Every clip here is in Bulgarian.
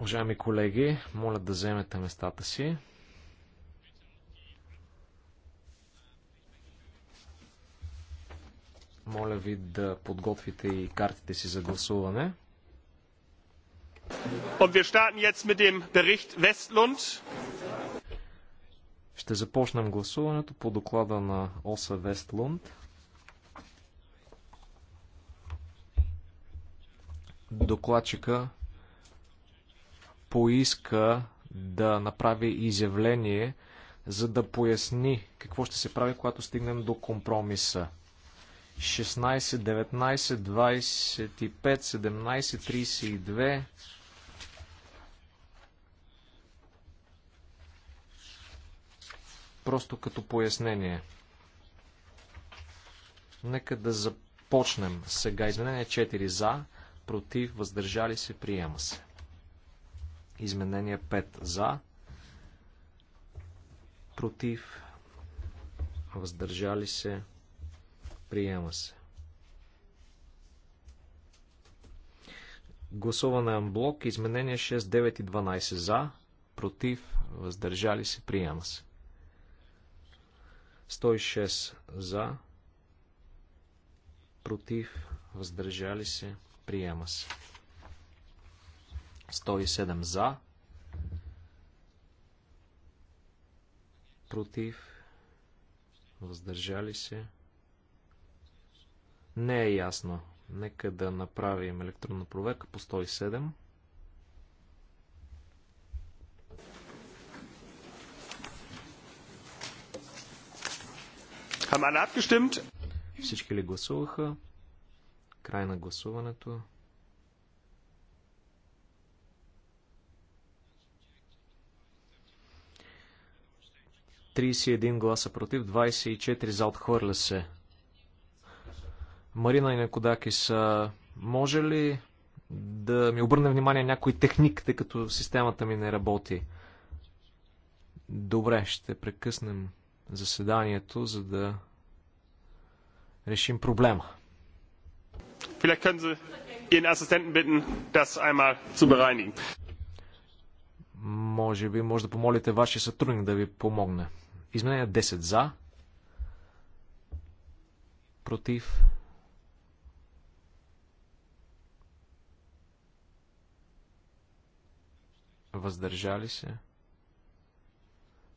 Уважаеми колеги, моля да вземете местата си. Моля ви да подготвите и картите си за гласуване. Und wir starten jetzt mit dem Bericht Westlund. Ще започнем гласуването по доклада на Оса Вестлунд. Докладчика поиска да направи изявление, за да поясни какво ще се прави, когато стигнем до компромиса. 16, 19, 25, 17, 32, просто като пояснение. Нека да започнем сега. Изменение 4 за, против, въздържали се, приема се. Изменение 5 за, против, въздържали се, приема се. Гласуване блок, изменение 6, 9 и 12 за, против, въздържали се, приема се. 106 за, против, въздържали се, приема се. 107 за, против, въздържали се. Не е ясно. Нека да направим електронна проверка по 107. Всички ли гласуваха? Край на гласуването. Тридесет един гласа против, 24 за отхвърля се. Марина и Некодакис, може ли да ми обърне внимание някой техник, тъй като системата ми не работи? Добре, ще прекъснем заседанието, за да решим проблема. Vielleicht können Sie Ihren Assistenten bitten, das einmal zu bereinigen. Може би може да помолите вашия сътрудник да ви помогне. Изменение 10 за. Против. Въздържали се.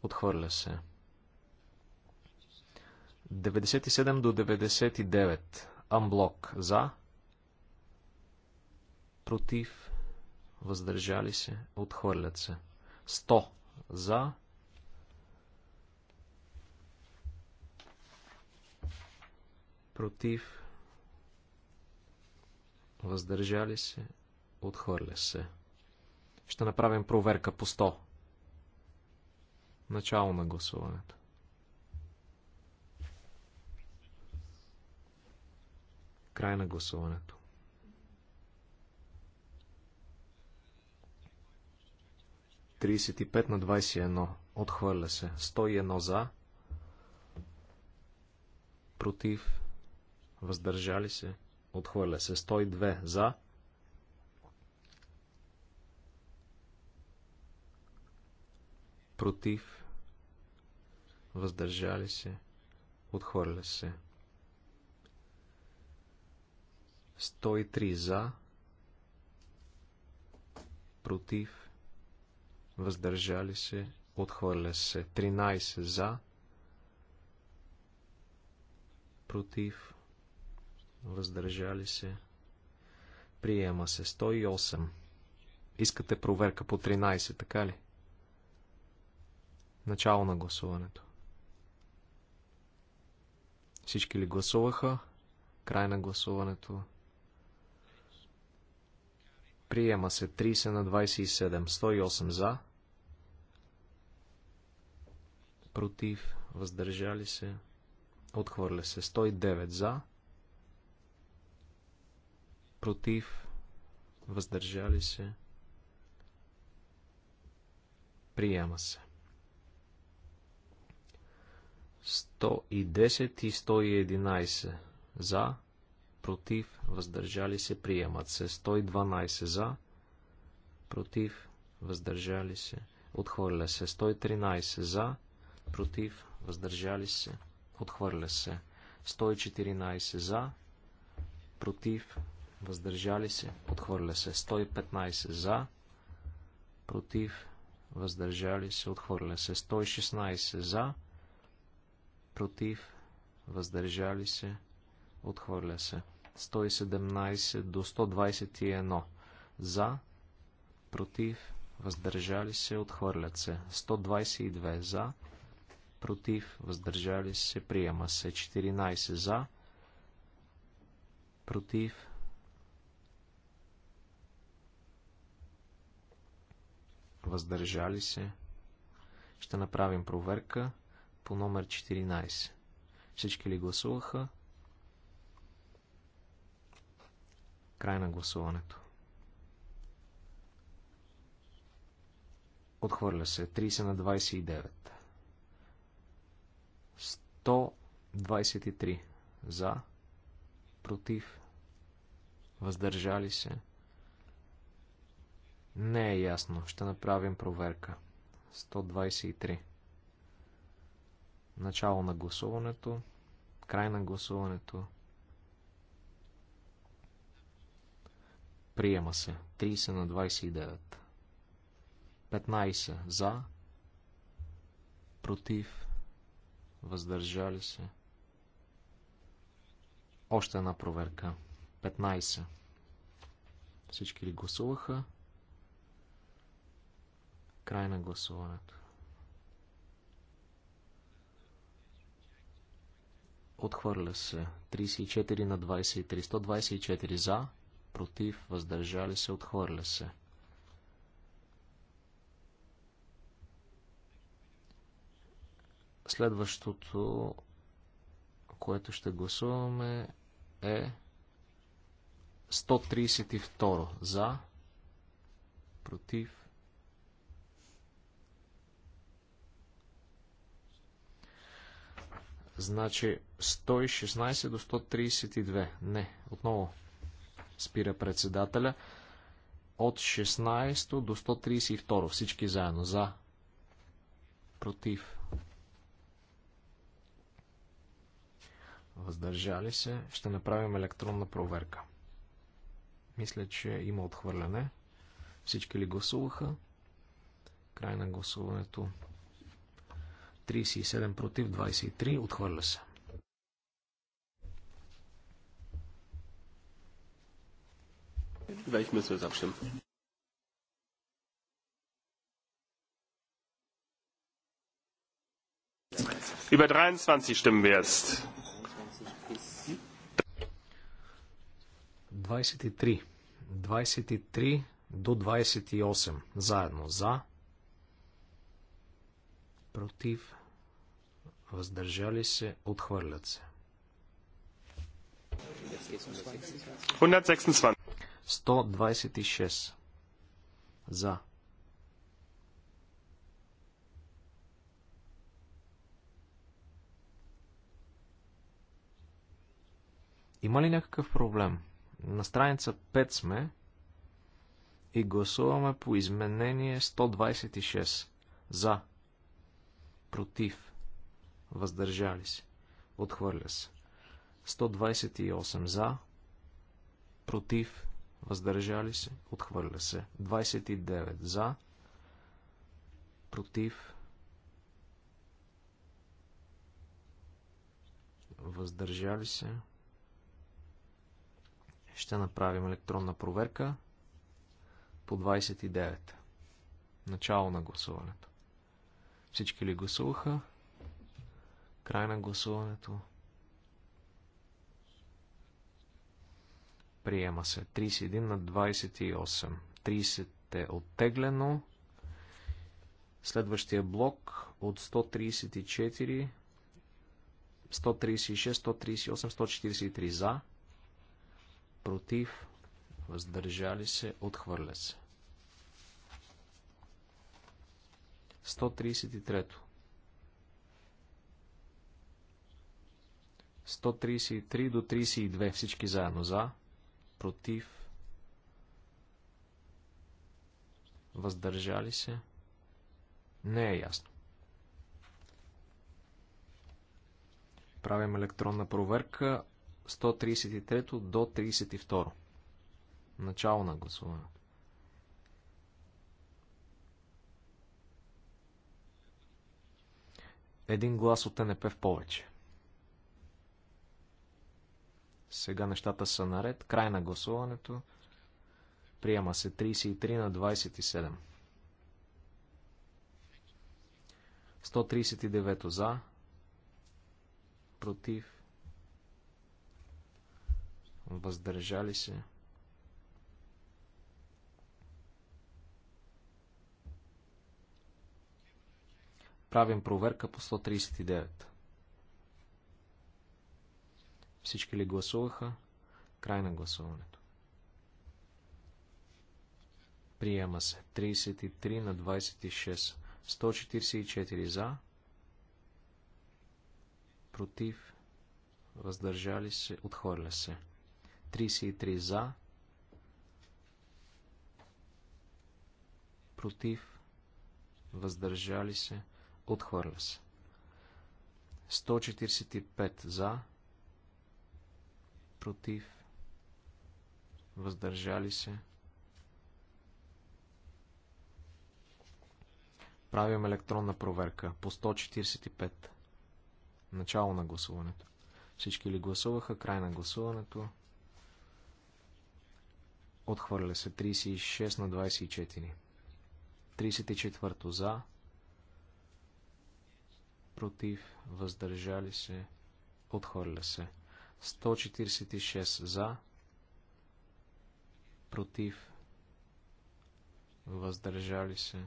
Отхвърля се. 97 до 99. Амблок. За. Против. Въздържали се. Отхвърлят се. 100. За. Против. Въздържали се. Отхвърля се. Ще направим проверка по 100. Начало на гласуването. Край на гласуването. Тридесет и пет на двадесет и едно. Отхвърля се. Сто и едно за. Против. Въздържали се. Отхвърля се. Сто и две за. Против. Въздържали се. Отхвърля се. 103 за, против, въздържали се, отхвърля се. 13 за, против, въздържали се, приема се. 108. Искате проверка по 13, така ли? Начало на гласуването. Всички ли гласуваха? Край на гласуването. Приема се 30 на 27. 108 за. Против. Въздържали се. Отхвърля се. 109 за. Против. Въздържали се. Приема се. 110 и 111 за против, въздържали се, приемат се. 112 за, против, въздържали се, отхвърля се. 113 за, против, въздържали се, отхвърля се. 114 за, против, въздържали се, отхвърля се. 115 за, против, въздържали се, отхвърля се. 116 за, против, въздържали се, отхвърля се. 117 до 121 за, против, въздържали се, отхвърлят се. 122 за, против, въздържали се, приема се. 14 за, против, въздържали се. Ще направим проверка по номер 14. Всички ли гласуваха? Край на гласуването. Отхвърля се. 30 на 29. 123 за, против, въздържали се. Не е ясно. Ще направим проверка. 123. Начало на гласуването. Край на гласуването. Приема се. 30 на 29. 15 за. Против. Въздържали се. Още една проверка. 15. Всички ли гласуваха? Край на гласуването. Отхвърля се. 34 на 23. 124 за против, въздържали се, отхвърля се. Следващото, което ще гласуваме е 132 за, против. Значи 116 до 132. Не, отново спира председателя. От 16 до 132. Всички заедно. За. Против. Въздържали се. Ще направим електронна проверка. Мисля, че има отхвърляне. Всички ли гласуваха? Край на гласуването. 37 против 23. Отхвърля се. Gleich müssen wir es abstimmen. Über 23 stimmen wir jetzt. 23. 23 до 28. Заедно за. Против. Въздържали се. Отхвърлят се. 126. 126 за. Има ли някакъв проблем? На страница 5 сме и гласуваме по изменение 126. За. Против. Въздържали се. Отхвърля се. 128 за. Против въздържали се, отхвърля се. 29 за, против, въздържали се. Ще направим електронна проверка по 29. Начало на гласуването. Всички ли гласуваха? Край на гласуването. Приема се. 31 на 28. 30 е оттеглено. Следващия блок от 134, 136, 138, 143 за, против, въздържали се, отхвърля се. 133. 133 до 32 всички заедно за, против, въздържали се, не е ясно. Правим електронна проверка 133 до 32. Начало на гласуване. Един глас от НП в повече. Сега нещата са наред. Край на гласуването. Приема се 33 на 27. 139 за. Против. Въздържали се. Правим проверка по 139. Всички ли гласуваха? Край на гласуването. Приема се. 33 на 26. 144 за. Против. Въздържали се. Отхвърля се. 33 за. Против. Въздържали се. Отхвърля се. 145 за против, въздържали се. Правим електронна проверка по 145. Начало на гласуването. Всички ли гласуваха? Край на гласуването. Отхвърля се 36 на 24. 34 за. Против. Въздържали се. Отхвърля се. 146 за, против, въздържали се,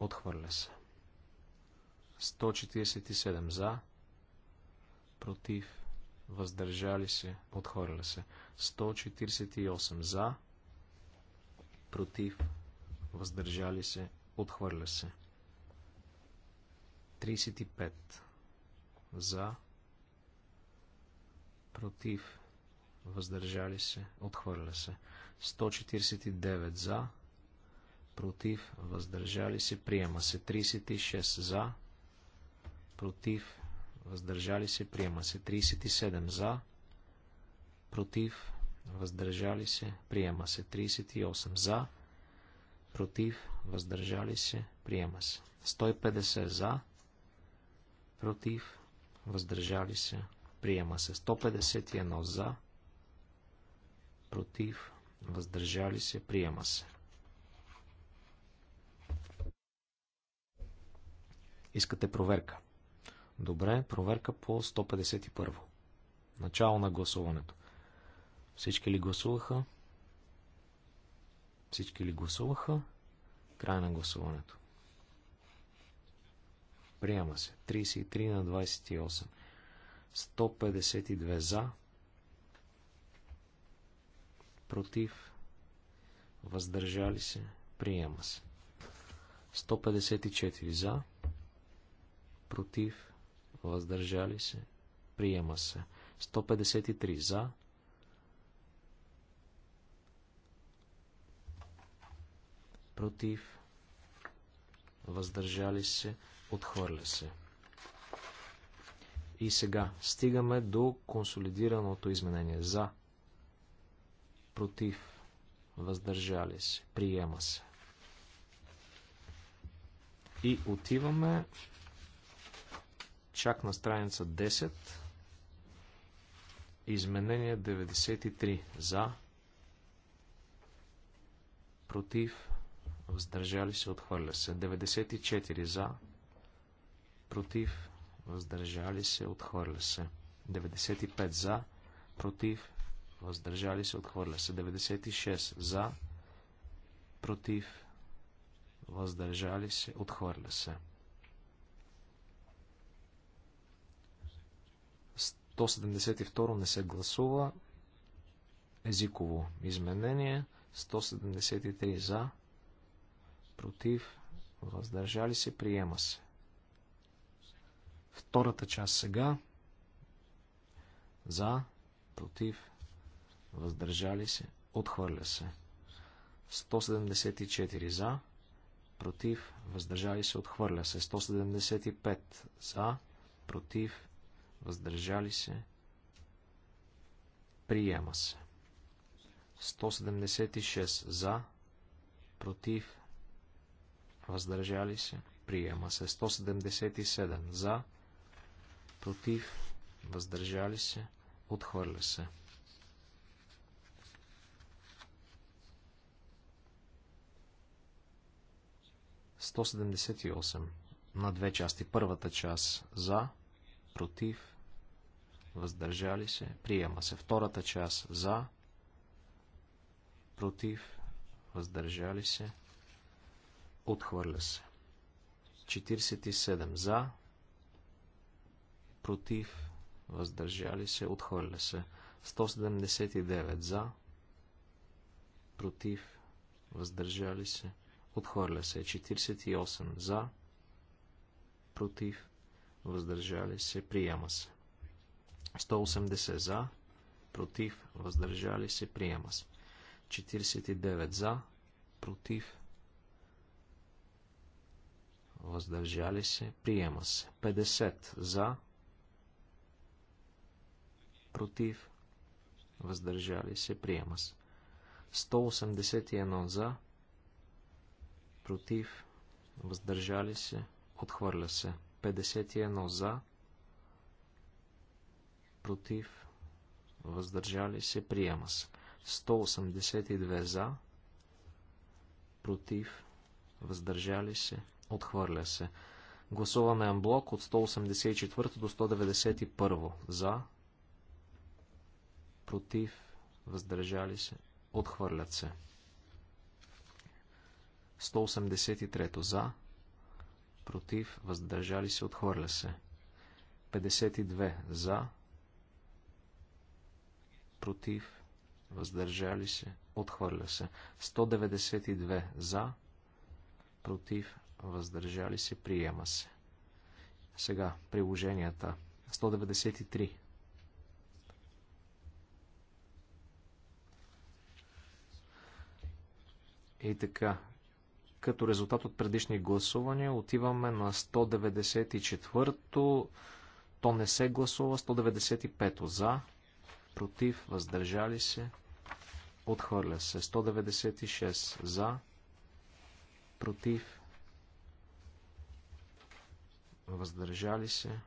отхвърля се. 147 за, против, въздържали се, отхвърля се. 148 за, против, въздържали се, отхвърля се. 35 за, против, въздържали се, отхвърля се. 149 за, против, въздържали се, приема се. 36 за, против, въздържали се, приема се. 37 за, против, въздържали се, приема се. 38 за, против, въздържали се, приема се. 150 за, против, въздържали се, приема се 151 за, против, въздържали се, приема се. Искате проверка. Добре, проверка по 151. Начало на гласуването. Всички ли гласуваха? Всички ли гласуваха? Край на гласуването. Приема се. 33 на 28. 152 за. Против. Въздържали се. Приема се. 154 за. Против. Въздържали се. Приема се. 153 за. Против. Въздържали се. Отхвърля се. И сега стигаме до консолидираното изменение. За. Против. Въздържали се. Приема се. И отиваме чак на страница 10. Изменение 93. За. Против. Въздържали се. Отхвърля се. 94. За против, въздържали се, отхвърля се. 95 за, против, въздържали се, отхвърля се. 96 за, против, въздържали се, отхвърля се. 172 не се гласува. Езиково изменение. 173 за, против, въздържали се, приема се. Втората част сега. За, против, въздържали се, отхвърля се. 174 за, против, въздържали се, отхвърля се. 175 за, против, въздържали се, приема се. 176 за, против, въздържали се, приема се. 177 за, против, въздържали се, отхвърля се. Сто седемдесет и осем на две части. Първата част за, против, въздържали се, приема се. Втората част за, против, въздържали се, отхвърля се. 47 за, против, въздържали се, отхвърля се. 179 за, против, въздържали се, отхвърля се. 48 за, против, въздържали се, приема се. 180 за, против, въздържали се, приема се. 49 за, против, въздържали се, приема се. 50 за, против, против, въздържали се, приема се. 181 за, против, въздържали се, отхвърля се. 51 за, против, въздържали се, приема се. 182 за, против, въздържали се, отхвърля се. Гласуваме блок от 184 до 191 за, против, въздържали се, отхвърлят се. 183 за, против, въздържали се, отхвърля се. 52 за, против, въздържали се, отхвърля се. 192 за, против, въздържали се, приема се. Сега, приложенията. 193 И така, като резултат от предишни гласувания отиваме на 194-то, то не се гласува, 195-то за, против, въздържали се, отхвърля се, 196 за, против, въздържали се.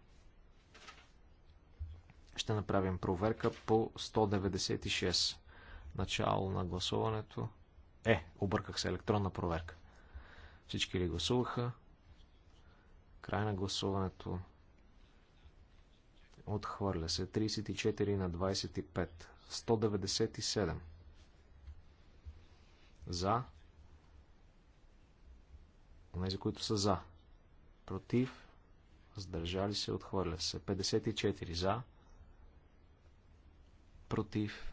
Ще направим проверка по 196. Начало на гласуването. Е, обърках се, електронна проверка. Всички ли гласуваха? Край на гласуването. Отхвърля се. 34 на 25. 197. За. Онези, които са за. Против. Сдържали се. Отхвърля се. 54. За. Против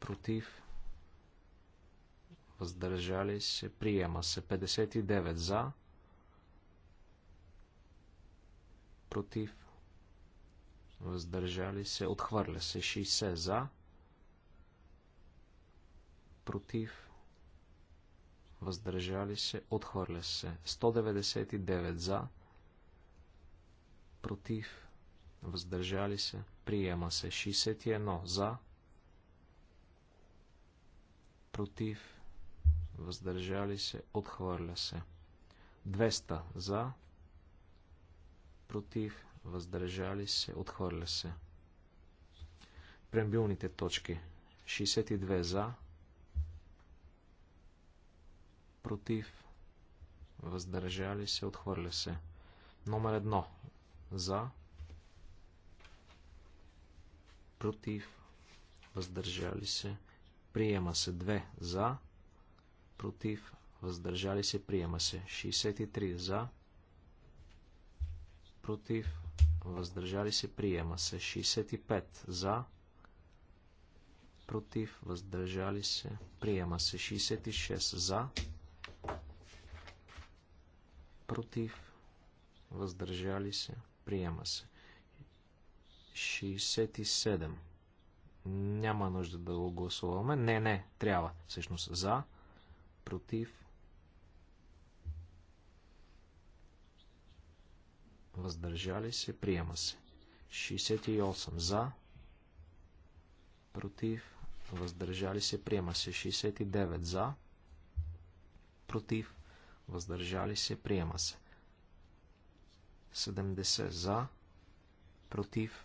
против, въздържали се, приема се. 59 за, против, въздържали се, отхвърля се. 60 за, против, въздържали се, отхвърля се. 199 за, против, въздържали се, приема се. 61 за, против, против, въздържали се, отхвърля се. 200 за, против, въздържали се, отхвърля се. Прембилните точки. 62 за, против, въздържали се, отхвърля се. Номер 1 за, против, въздържали се, Приема се 2 за. Против. Въздържали се. Приема се 63 за. Против. Въздържали се. Приема се 65 за. Против. Въздържали се. Приема се 66 за. Против. Въздържали се. Приема се. 67 няма нужда да го гласуваме. Не, не, трябва. Всъщност за, против, въздържали се, приема се. 68 за, против, въздържали се, приема се. 69 за, против, въздържали се, приема се. 70 за, против,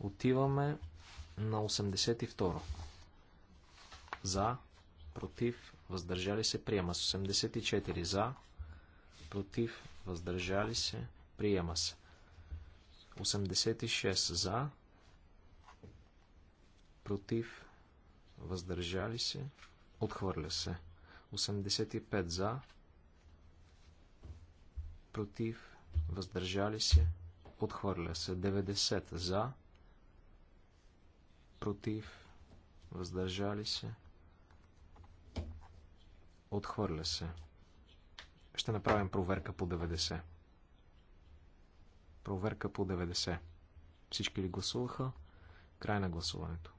Отиваме на 82. За, против, въздържали се, приема се. 84 за, против, въздържали се, приема се. 86 за, против, въздържали се, отхвърля се. 85 за, против, въздържали се, отхвърля се. 90 за, против, против, въздържали се, отхвърля се. Ще направим проверка по 90. Проверка по 90. Всички ли гласуваха? Край на гласуването.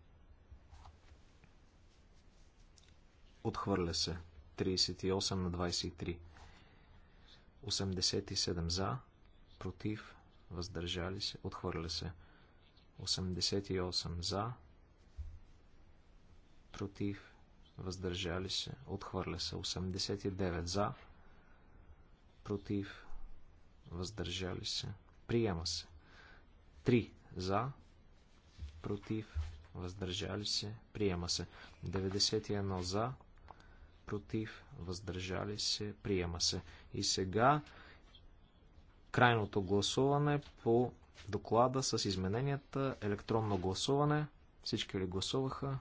Отхвърля се. 38 на 23. 87 за, против, въздържали се, отхвърля се. 88 за, против, въздържали се, отхвърля се. 89 за, против, въздържали се, приема се. 3 за, против, въздържали се, приема се. 91 за, против, въздържали се, приема се. И сега крайното гласуване по доклада с измененията, електронно гласуване. Всички ли гласуваха?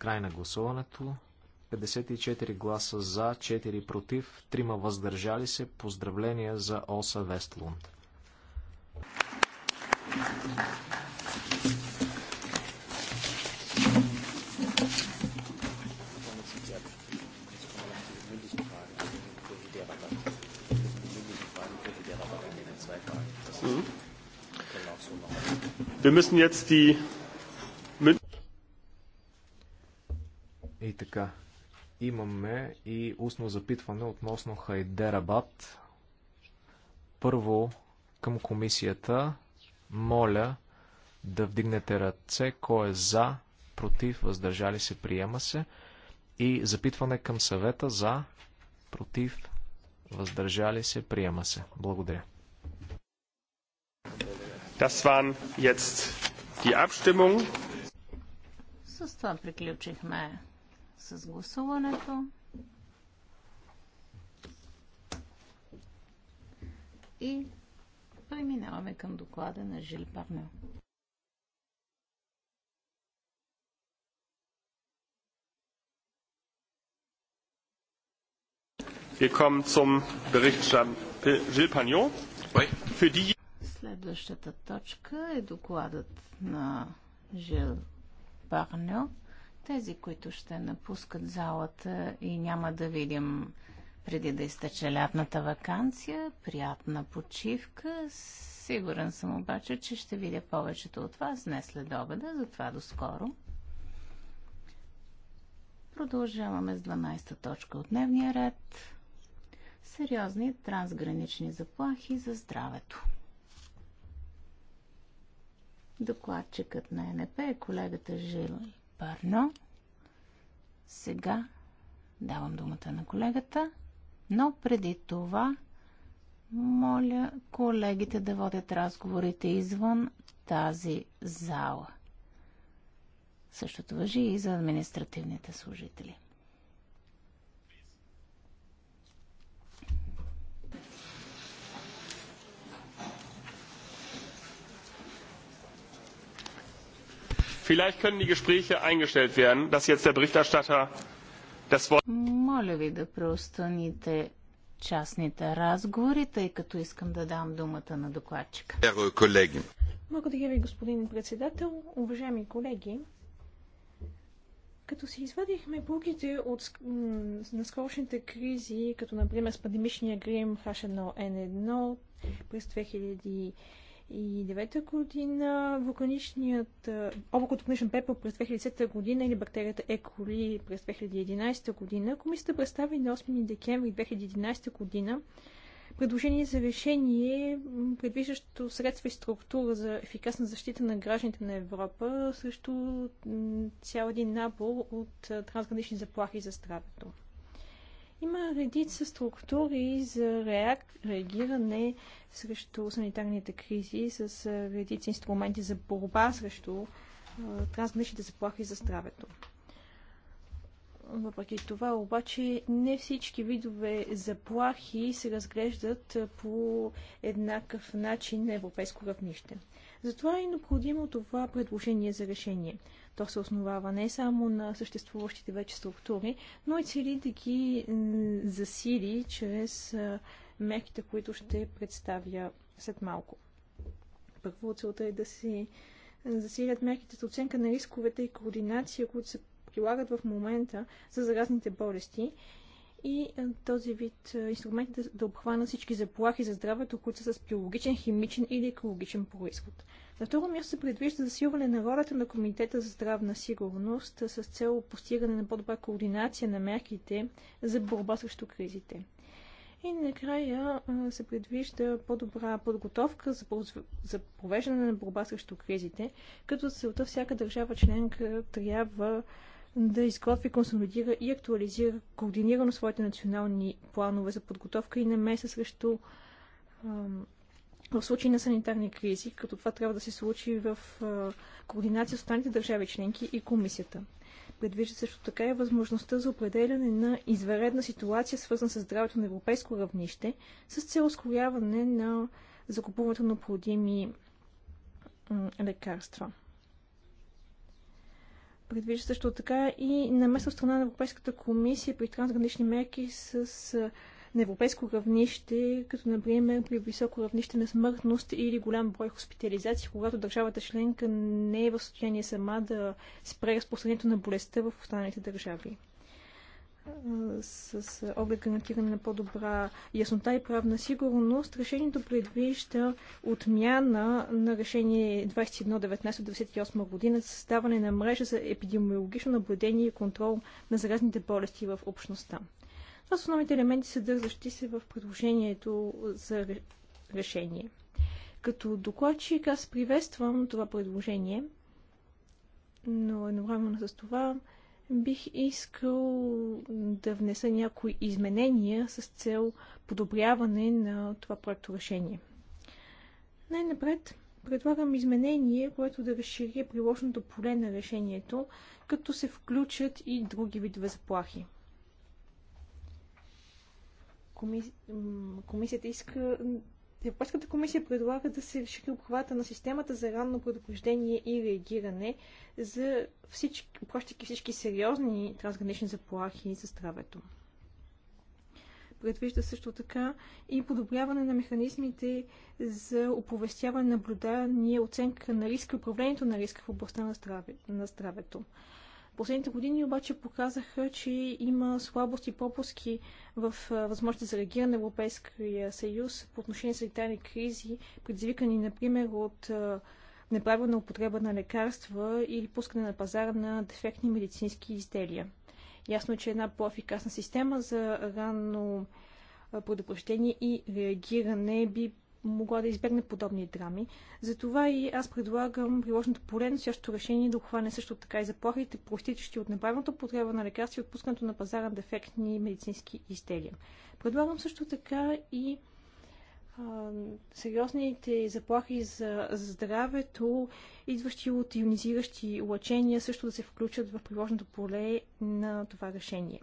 Край на гласуването. 54 гласа за, 4 против, 3 въздържали се. Поздравления за Оса Вестлунд. Wir müssen jetzt die И така, имаме и устно запитване относно Хайдерабад. Първо към комисията моля да вдигнете ръце, кой е за, против, въздържали се, приема се. И запитване към съвета за, против, въздържали се, приема се. Благодаря. Das waren jetzt die Abstimmung. С това приключихме с гласуването. И преминаваме към доклада на Жил Парнел. Wir kommen zum Für die... Следващата точка е докладът на Жил Парньо тези, които ще напускат залата и няма да видим преди да изтече лятната вакансия, приятна почивка. Сигурен съм обаче, че ще видя повечето от вас днес след обеда, затова до скоро. Продължаваме с 12-та точка от дневния ред. Сериозни трансгранични заплахи за здравето. Докладчикът на НП е колегата Жил Парно. Сега давам думата на колегата, но преди това моля колегите да водят разговорите извън тази зала. Същото въжи и за административните служители. Vielleicht können die Gespräche eingestellt werden, dass jetzt der Berichterstatter das Wort. Моля ви да преустановите частните разговори, тъй като искам да дам думата на докладчика. Е, Благодаря ви, господин председател. Уважаеми колеги, като си извадихме полките от наскорошните кризи, като например с пандемичния грим H1N1 през 2000 2009 година, вулканичният облак вулканичен пепел през 2010 година или бактерията Еколи през 2011 година, комисията представи на 8 декември 2011 година предложение за решение, предвиждащо средства и структура за ефикасна защита на гражданите на Европа срещу цял един набор от трансгранични заплахи за здравето. Има редица структури за реак... реагиране срещу санитарните кризи с редица инструменти за борба срещу трансграничните заплахи за здравето. Въпреки това, обаче, не всички видове заплахи се разглеждат по еднакъв начин на европейско равнище. Затова е необходимо това предложение за решение. То се основава не само на съществуващите вече структури, но и цели да ги засили чрез мерките, които ще представя след малко. Първо целта е да се засилят мерките за оценка на рисковете и координация, които се прилагат в момента за заразните болести и е, този вид е, инструмент да, е да обхвана всички заплахи за здравето, които са с биологичен, химичен или екологичен происход. На второ място се предвижда засилване на ролята на Комитета за здравна сигурност с цел постигане на по-добра координация на мерките за борба срещу кризите. И накрая се предвижда по-добра подготовка за, за провеждане на борба срещу кризите, като целта всяка държава членка трябва да изготви, консолидира и актуализира координирано своите национални планове за подготовка и намеса срещу в случай на санитарни кризи, като това трябва да се случи в координация с останалите държави членки и комисията. Предвижда също така и възможността за определяне на изваредна ситуация, свързана с здравето на европейско равнище, с цел ускоряване на закупуването на необходими лекарства. Предвижда също така и намеса страна на Европейската комисия при трансгранични мерки с на европейско равнище, като например при високо равнище на смъртност или голям брой хоспитализации, когато държавата членка не е в състояние сама да спре разпространението на болестта в останалите държави с оглед гарантиране на по-добра яснота и правна сигурност, решението предвижда отмяна на решение 2119 1998 година за създаване на мрежа за епидемиологично наблюдение и контрол на заразните болести в общността. Това са основните елементи, съдържащи се в предложението за решение. Като докладчик аз приветствам това предложение, но едновременно с това бих искал да внеса някои изменения с цел подобряване на това проекто решение. Най-напред предлагам изменение, което да разшири приложното поле на решението, като се включат и други видове заплахи. Комисията иска Европейската комисия предлага да се реши обхвата на системата за ранно предупреждение и реагиране за всички, прощайки всички сериозни трансгранични заплахи за здравето. Предвижда също така и подобряване на механизмите за оповестяване, наблюдание, оценка на риска и управлението на риска в областта на, здраве, на здравето. Последните години обаче показаха, че има слабости и пропуски в възможности за реагиране на Европейския съюз по отношение на санитарни кризи, предизвикани, например, от неправилна употреба на лекарства или пускане на пазара на дефектни медицински изделия. Ясно е, че е една по-ефикасна система за ранно предупреждение и реагиране би могла да избегне подобни драми. Затова и аз предлагам приложното поле на същото решение да охване също така и заплахите, простичащи от неправилната потреба на лекарства и отпускането на пазара на дефектни медицински изделия. Предлагам също така и сериозните заплахи за здравето, идващи от ионизиращи лъчения, също да се включат в приложното поле на това решение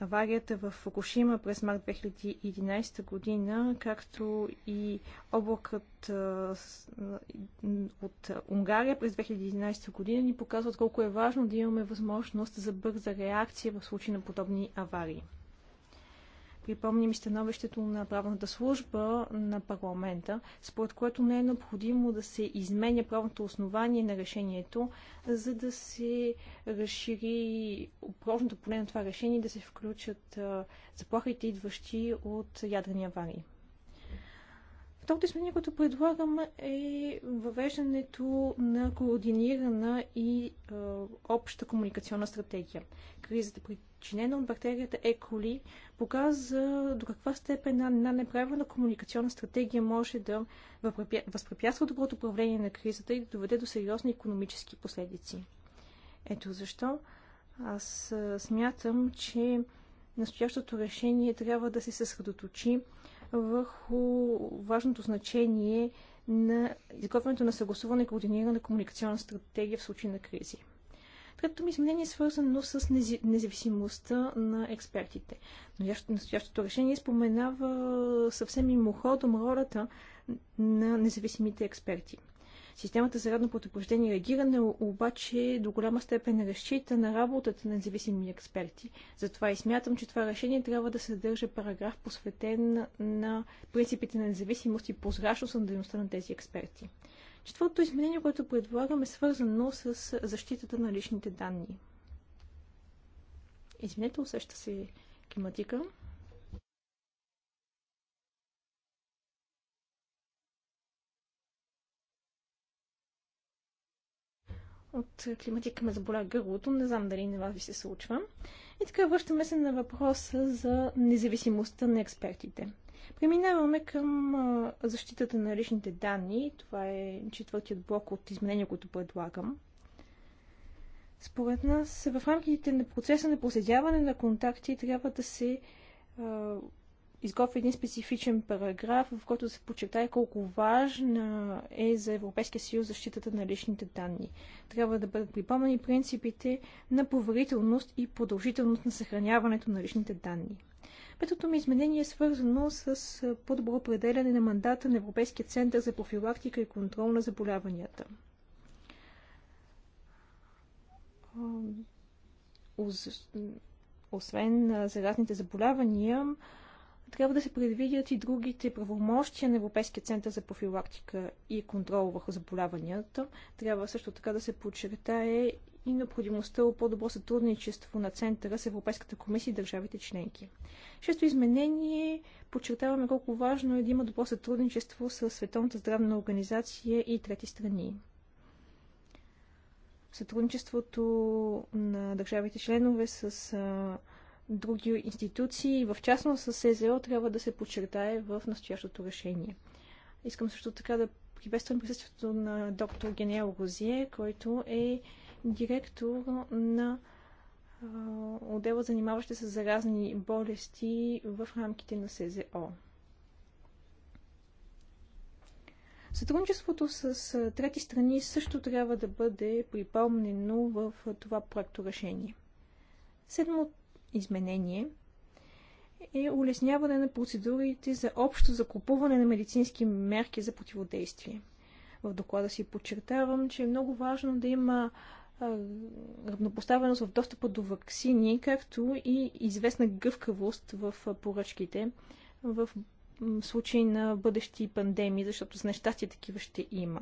аварията в Фукушима през март 2011 година, както и облакът от Унгария през 2011 година ни показват колко е важно да имаме възможност за бърза реакция в случай на подобни аварии. Припомним становището на правната служба на парламента, според което не е необходимо да се изменя правното основание на решението, за да се разшири прожното поне на това решение да се включат заплахите, идващи от ядрени аварии. Второто изменение, което предлагам е въвеждането на координирана и е, обща комуникационна стратегия. Кризата, при подчинена от бактерията E. Е. coli, показа до каква степен една неправилна комуникационна стратегия може да възпрепятства доброто управление на кризата и да доведе до сериозни економически последици. Ето защо аз смятам, че настоящото решение трябва да се съсредоточи върху важното значение на изготвянето на съгласуване и координирана комуникационна стратегия в случай на кризи. Третото ми изменение е свързано с независимостта на експертите. Но настоящото решение споменава съвсем мимоходом ролята на независимите експерти. Системата за радно предупреждение и реагиране обаче е до голяма степен разчита на работата на независими експерти. Затова и смятам, че това решение трябва да съдържа параграф посветен на принципите на независимост и прозрачност на дейността на тези експерти. Четвъртото изменение, което предлагам, е свързано с защитата на личните данни. Извинете, усеща се климатика. От климатика ме заболя гърлото, не знам дали на вас ви се случва. И така връщаме се на въпроса за независимостта на експертите. Преминаваме към защитата на личните данни. Това е четвъртият блок от изменения, които предлагам. Според нас, в рамките на процеса на проследяване на контакти трябва да се изготвя един специфичен параграф, в който се подчертае колко важна е за Европейския съюз защитата на личните данни. Трябва да бъдат припомнени принципите на поверителност и продължителност на съхраняването на личните данни. Петото ми изменение е свързано с по-добро определяне на мандата на Европейския център за профилактика и контрол на заболяванията. Освен заразните заболявания, трябва да се предвидят и другите правомощия на Европейския център за профилактика и контрол върху заболяванията. Трябва също така да се подчертае и необходимостта от по-добро сътрудничество на Центъра с Европейската комисия и държавите членки. Шесто изменение подчертаваме колко важно е да има добро сътрудничество с Световната здравна организация и трети страни. Сътрудничеството на държавите членове с други институции, в частност с СЗО, трябва да се подчертае в настоящото решение. Искам също така да приветствам присъствието на доктор Генел Розие, който е директор на отдела, занимаващи се с заразни болести в рамките на СЗО. Сътрудничеството с трети страни също трябва да бъде припомнено в това проекто решение. Седмо изменение е улесняване на процедурите за общо закупуване на медицински мерки за противодействие. В доклада си подчертавам, че е много важно да има равнопоставеност в достъпа до вакцини, както и известна гъвкавост в поръчките в случай на бъдещи пандемии, защото с нещастие такива ще има.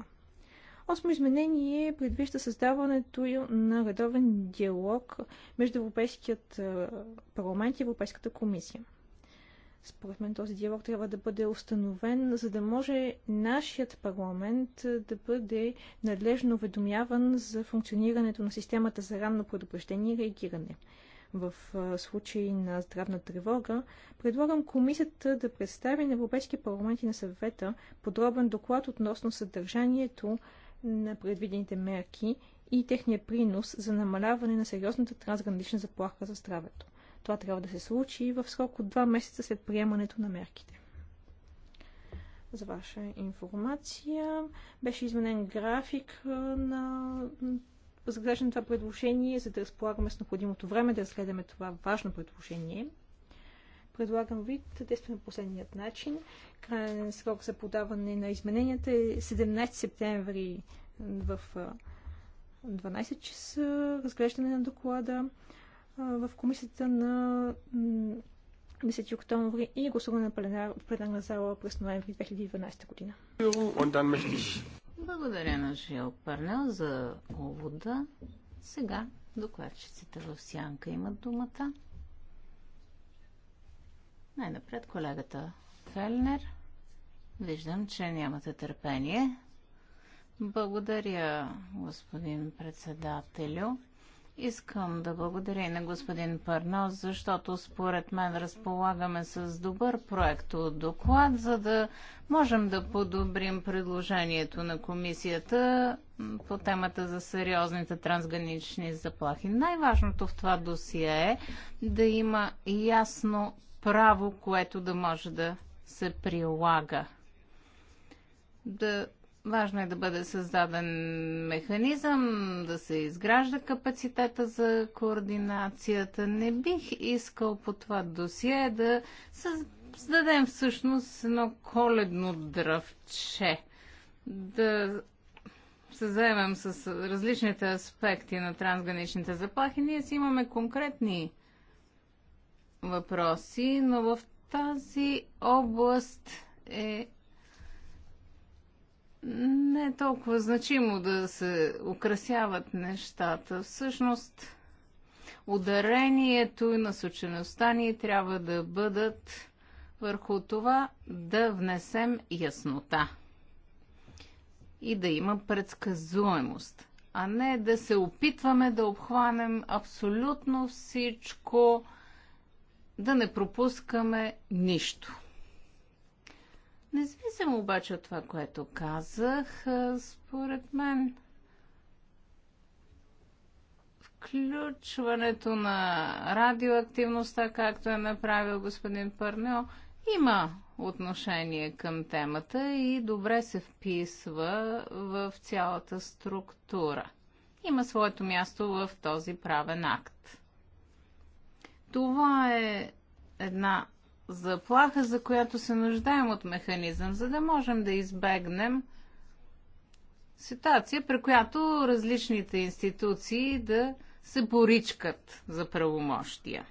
Осмо изменение предвижда създаването на редовен диалог между Европейският е, парламент и Европейската комисия. Според мен този диалог трябва да бъде установен, за да може нашият парламент е, да бъде надлежно уведомяван за функционирането на системата за ранно предупреждение и реагиране. В е, случай на здравна тревога, предлагам комисията да представи на Европейския парламент и на съвета подробен доклад относно съдържанието на предвидените мерки и техния принос за намаляване на сериозната трансгранична заплаха за здравето. Това трябва да се случи в срок от 2 месеца след приемането на мерките. За ваша информация, беше изменен график на разглеждане това предложение, за да разполагаме с необходимото време да разгледаме това важно предложение – предлагам ви да действаме на последният начин. Крайен срок за подаване на измененията е 17 септември в 12 часа, разглеждане на доклада в комисията на 10 октомври и гласуване на пленар, пленарна зала през ноември 2012 година. Благодаря на Жил Парнел за увода. Сега докладчиците в Сянка имат думата. Най-напред колегата Фелнер. Виждам, че нямате търпение. Благодаря, господин председателю. Искам да благодаря и на господин Парнос, защото според мен разполагаме с добър проект от доклад, за да можем да подобрим предложението на комисията по темата за сериозните трансгранични заплахи. Най-важното в това досие е да има ясно право, което да може да се прилага. Да, важно е да бъде създаден механизъм, да се изгражда капацитета за координацията. Не бих искал по това досие да създадем всъщност едно коледно дръвче. Да се заемем с различните аспекти на трансграничните заплахи, ние си имаме конкретни въпроси, но в тази област е не е толкова значимо да се украсяват нещата. Всъщност, ударението и насочеността ни трябва да бъдат върху това да внесем яснота и да има предсказуемост, а не да се опитваме да обхванем абсолютно всичко, да не пропускаме нищо. Независимо обаче от това, което казах, според мен включването на радиоактивността, както е направил господин Пърнео, има отношение към темата и добре се вписва в цялата структура. Има своето място в този правен акт. Това е една заплаха, за която се нуждаем от механизъм, за да можем да избегнем ситуация, при която различните институции да се поричкат за правомощия.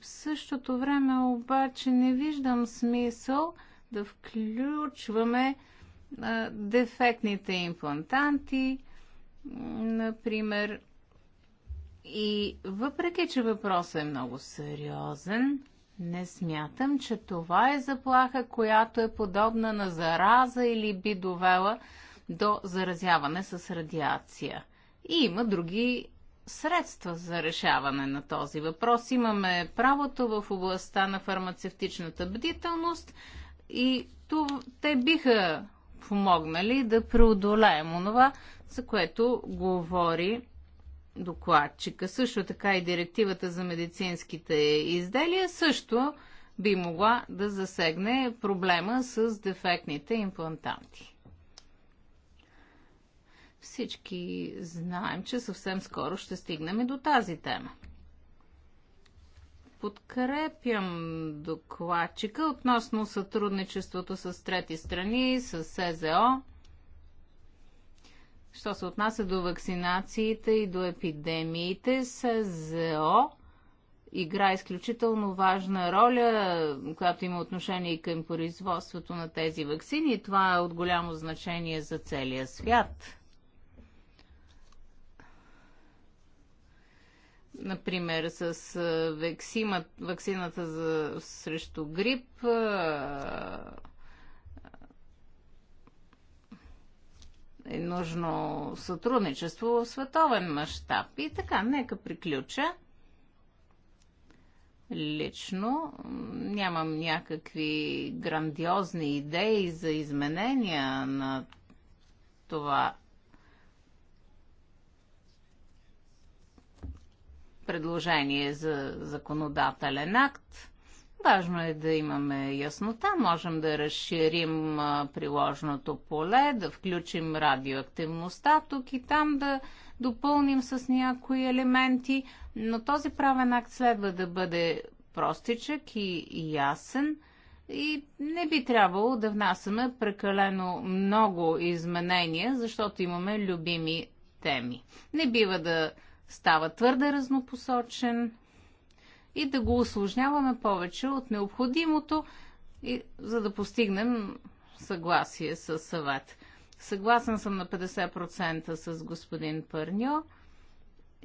В същото време обаче не виждам смисъл да включваме а, дефектните имплантанти, например, и въпреки, че въпросът е много сериозен, не смятам, че това е заплаха, която е подобна на зараза или би довела до заразяване с радиация. И има други средства за решаване на този въпрос. Имаме правото в областта на фармацевтичната бдителност и те биха помогнали да преодолеем онова, за което говори докладчика, също така и директивата за медицинските изделия също би могла да засегне проблема с дефектните имплантанти. Всички знаем, че съвсем скоро ще стигнем и до тази тема. Подкрепям докладчика относно сътрудничеството с трети страни, с СЗО що се отнася до вакцинациите и до епидемиите, СЗО игра изключително важна роля, която има отношение и към производството на тези вакцини. Това е от голямо значение за целия свят. Например, с ваксината за, срещу грип, е нужно сътрудничество в световен мащаб. И така, нека приключа. Лично нямам някакви грандиозни идеи за изменения на това предложение за законодателен акт. Важно е да имаме яснота, можем да разширим приложното поле, да включим радиоактивността тук и там, да допълним с някои елементи, но този правен акт следва да бъде простичък и ясен и не би трябвало да внасяме прекалено много изменения, защото имаме любими теми. Не бива да става твърде разнопосочен, и да го осложняваме повече от необходимото, и, за да постигнем съгласие с съвет. Съгласен съм на 50% с господин Пърньо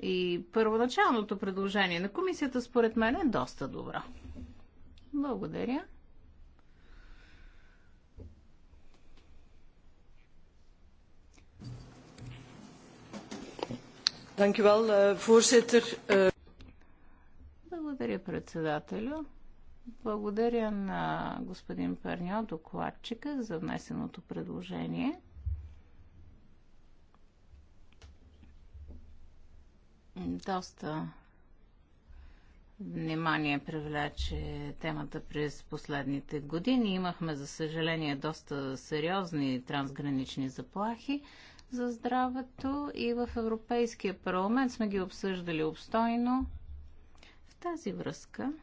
и първоначалното предложение на комисията според мен е доста добро. Благодаря. Eh, voorzitter eh, благодаря, председателю. Благодаря на господин Перньо, докладчика, за внесеното предложение. Доста внимание привлече темата през последните години. Имахме, за съжаление, доста сериозни трансгранични заплахи за здравето и в Европейския парламент сме ги обсъждали обстойно тази връзка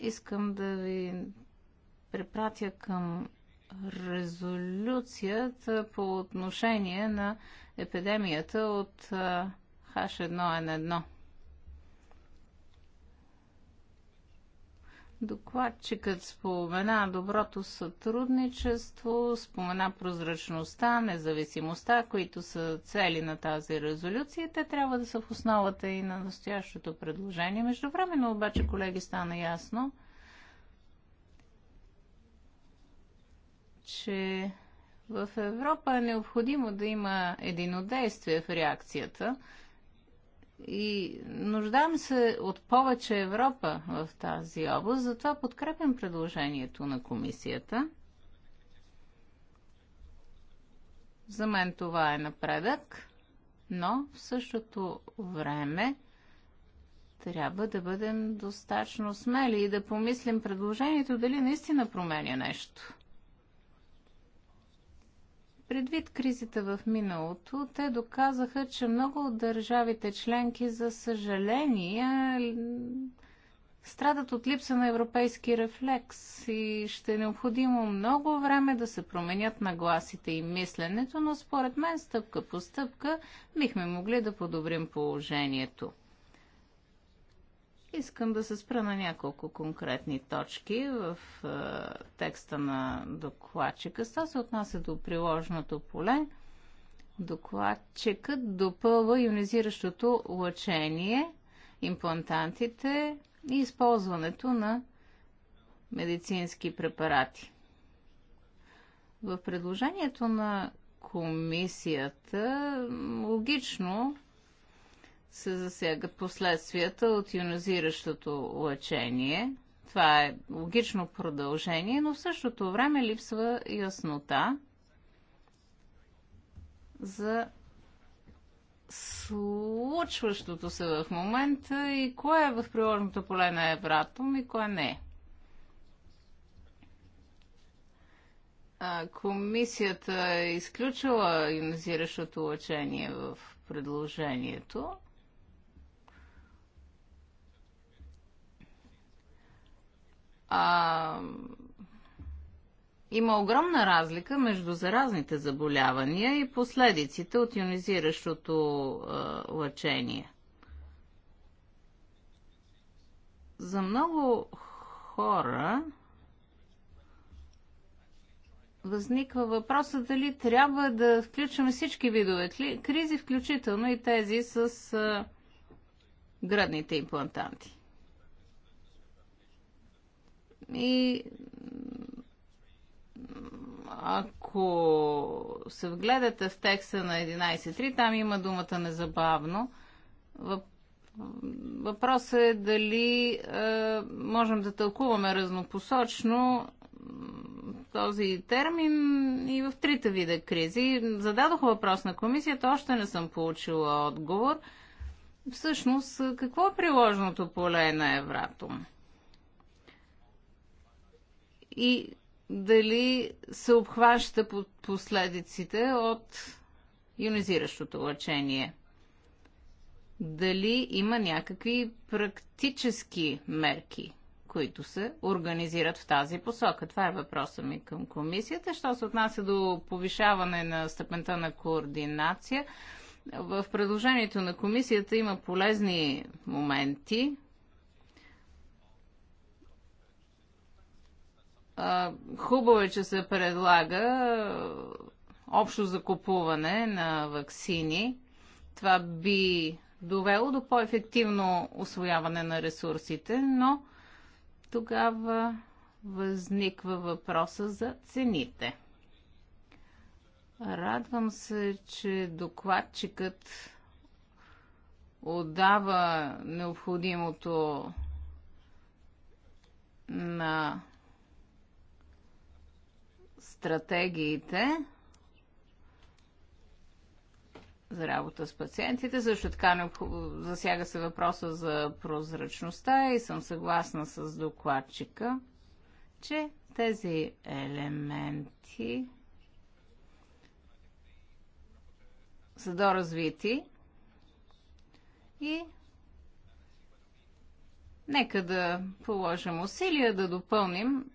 искам да ви препратя към резолюцията по отношение на епидемията от H1N1. Докладчикът спомена доброто сътрудничество, спомена прозрачността, независимостта, които са цели на тази резолюция. Те трябва да са в основата и на настоящото предложение. Между времено обаче, колеги, стана ясно, че в Европа е необходимо да има единодействие в реакцията – и нуждам се от повече Европа в тази област, затова подкрепям предложението на комисията. За мен това е напредък, но в същото време трябва да бъдем достатъчно смели и да помислим предложението дали наистина променя нещо. Предвид кризата в миналото, те доказаха, че много от държавите членки, за съжаление, е, страдат от липса на европейски рефлекс и ще е необходимо много време да се променят нагласите и мисленето, но според мен стъпка по стъпка бихме могли да подобрим положението. Искам да се спра на няколко конкретни точки в е, текста на докладчика. Това се отнася до приложното поле. Докладчикът допълва ионизиращото лъчение, имплантантите и използването на медицински препарати. В предложението на комисията логично се засягат последствията от ионизиращото лъчение. Това е логично продължение, но в същото време липсва яснота за случващото се в момента и кое е в приложното поле на Евратом и кое не е. А, комисията е изключила ионизиращото лъчение в предложението. а, има огромна разлика между заразните заболявания и последиците от ионизиращото а, лъчение. За много хора възниква въпроса дали трябва да включваме всички видове кризи, включително и тези с градните гръдните имплантанти. И ако се вгледате в текста на 11.3, там има думата незабавно. Въпросът е дали е, можем да тълкуваме разнопосочно този термин и в трите вида кризи. Зададох въпрос на комисията, още не съм получила отговор. Всъщност, какво е приложното поле на Евратом? и дали се обхваща под последиците от ионизиращото лъчение. Дали има някакви практически мерки, които се организират в тази посока? Това е въпроса ми към комисията. Що се отнася до повишаване на степента на координация, в предложението на комисията има полезни моменти, Хубаво е, че се предлага общо закупуване на вакцини. Това би довело до по-ефективно освояване на ресурсите, но тогава възниква въпроса за цените. Радвам се, че докладчикът отдава необходимото на стратегиите за работа с пациентите. Също така засяга се въпроса за прозрачността и съм съгласна с докладчика, че тези елементи са доразвити и нека да положим усилия да допълним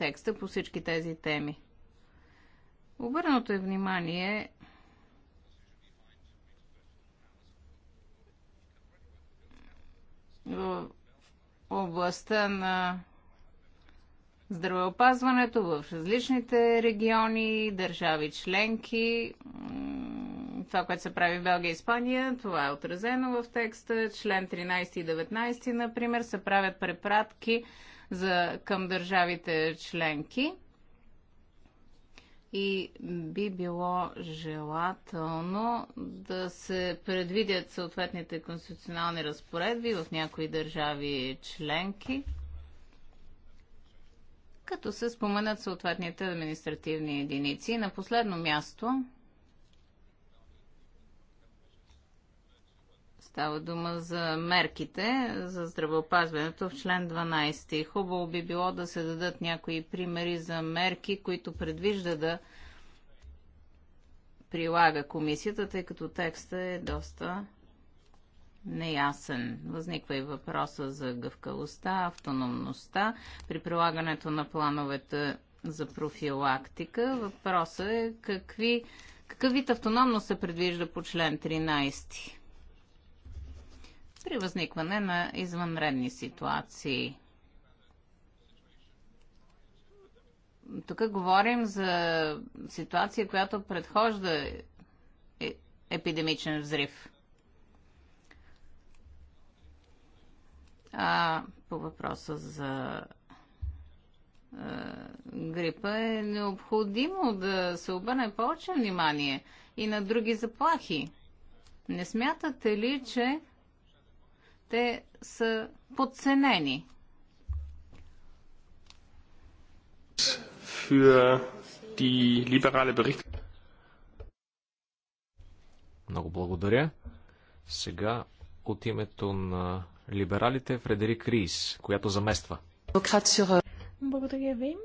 текста по всички тези теми. Обърнато е внимание в областта на здравеопазването в различните региони, държави членки. Това, което се прави в Белгия и Испания, това е отразено в текста. Член 13 и 19, например, се правят препратки за, към държавите членки и би било желателно да се предвидят съответните конституционални разпоредби в някои държави членки, като се споменат съответните административни единици. И на последно място Става дума за мерките за здравеопазването в член 12. Хубаво би било да се дадат някои примери за мерки, които предвижда да прилага комисията, тъй като текстът е доста неясен. Възниква и въпроса за гъвкавостта, автономността при прилагането на плановете за профилактика. Въпросът е какви, какъв вид автономност се предвижда по член 13 при възникване на извънредни ситуации. Тук говорим за ситуация, която предхожда е, епидемичен взрив. А по въпроса за а, грипа е необходимо да се обърне повече внимание и на други заплахи. Не смятате ли, че те са подценени. Много благодаря. Сега от името на либералите Фредерик Рис, която замества. Благодаря ви.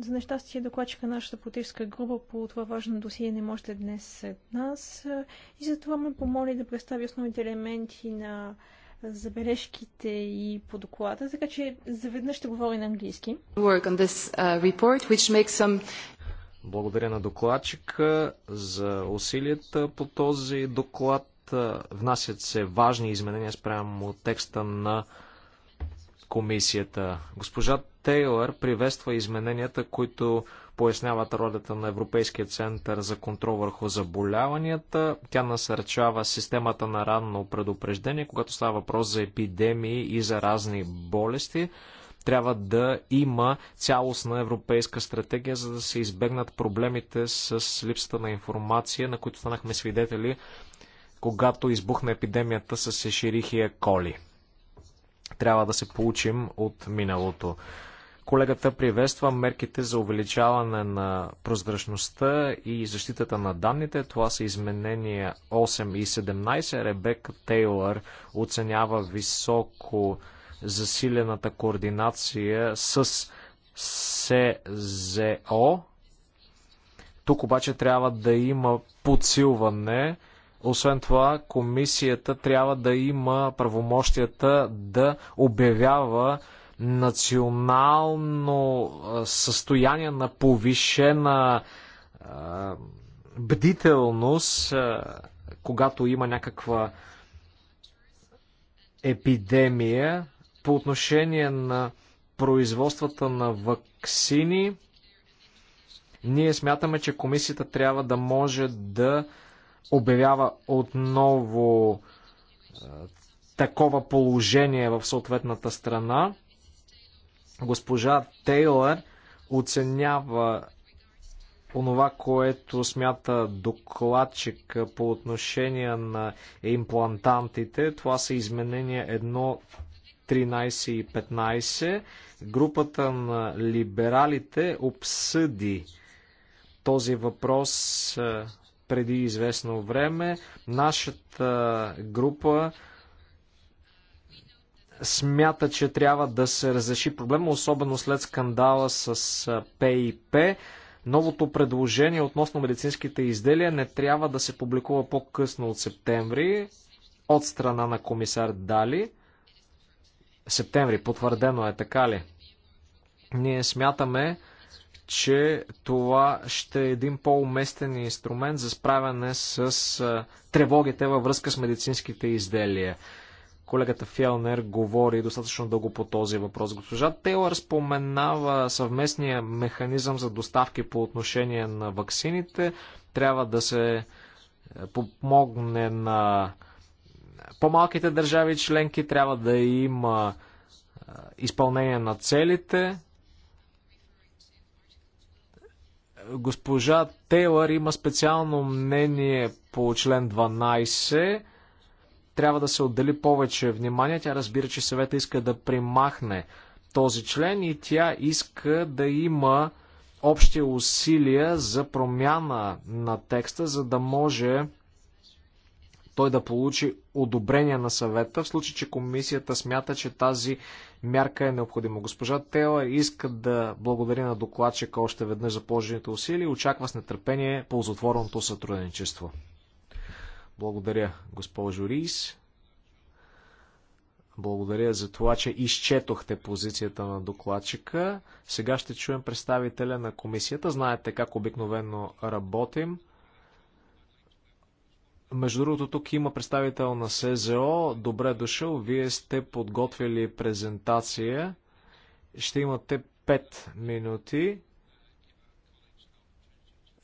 За нещастие докладчика нашата политическа група по това важно досие не може да е днес сред нас и затова ме помоли да представи основните елементи на забележките и по доклада, така че заведнъж ще говоря на английски. Uh, Благодаря на докладчика за усилията по този доклад. Внасят се важни изменения спрямо текста на комисията. Госпожа Тейлър приветства измененията, които поясняват ролята на Европейския център за контрол върху заболяванията. Тя насърчава системата на ранно предупреждение, когато става въпрос за епидемии и за разни болести. Трябва да има цялостна европейска стратегия, за да се избегнат проблемите с липсата на информация, на които станахме свидетели, когато избухна епидемията с Еширихия коли. Трябва да се получим от миналото. Колегата приветства мерките за увеличаване на прозрачността и защитата на данните. Това са изменения 8 и 17. Ребек Тейлър оценява високо засилената координация с СЗО. Тук обаче трябва да има подсилване. Освен това, комисията трябва да има правомощията да обявява национално състояние на повишена бдителност, когато има някаква епидемия по отношение на производствата на вакцини. Ние смятаме, че комисията трябва да може да обявява отново такова положение в съответната страна. Госпожа Тейлър оценява онова, което смята докладчик по отношение на имплантантите. Това са изменения 1, 13 и 15. Групата на либералите обсъди този въпрос е, преди известно време. Нашата група смята, че трябва да се разреши проблема, особено след скандала с ПИП. Новото предложение относно медицинските изделия не трябва да се публикува по-късно от септември от страна на комисар Дали. Септември, потвърдено е така ли? Ние смятаме, че това ще е един по-уместен инструмент за справяне с тревогите във връзка с медицинските изделия. Колегата Фелнер говори достатъчно дълго по този въпрос. Госпожа Тейлър споменава съвместния механизъм за доставки по отношение на ваксините. Трябва да се е, помогне на по-малките държави членки, трябва да има е, изпълнение на целите. Госпожа Тейлър има специално мнение по член 12 трябва да се отдели повече внимание. Тя разбира, че съвета иска да примахне този член и тя иска да има общи усилия за промяна на текста, за да може той да получи одобрение на съвета, в случай, че комисията смята, че тази мярка е необходима. Госпожа Тела иска да благодари на докладчика още веднъж за положените усилия и очаква с нетърпение ползотворното сътрудничество. Благодаря, госпожо Рис. Благодаря за това, че изчетохте позицията на докладчика. Сега ще чуем представителя на комисията. Знаете как обикновено работим. Между другото, тук има представител на СЗО. Добре дошъл. Вие сте подготвили презентация. Ще имате 5 минути.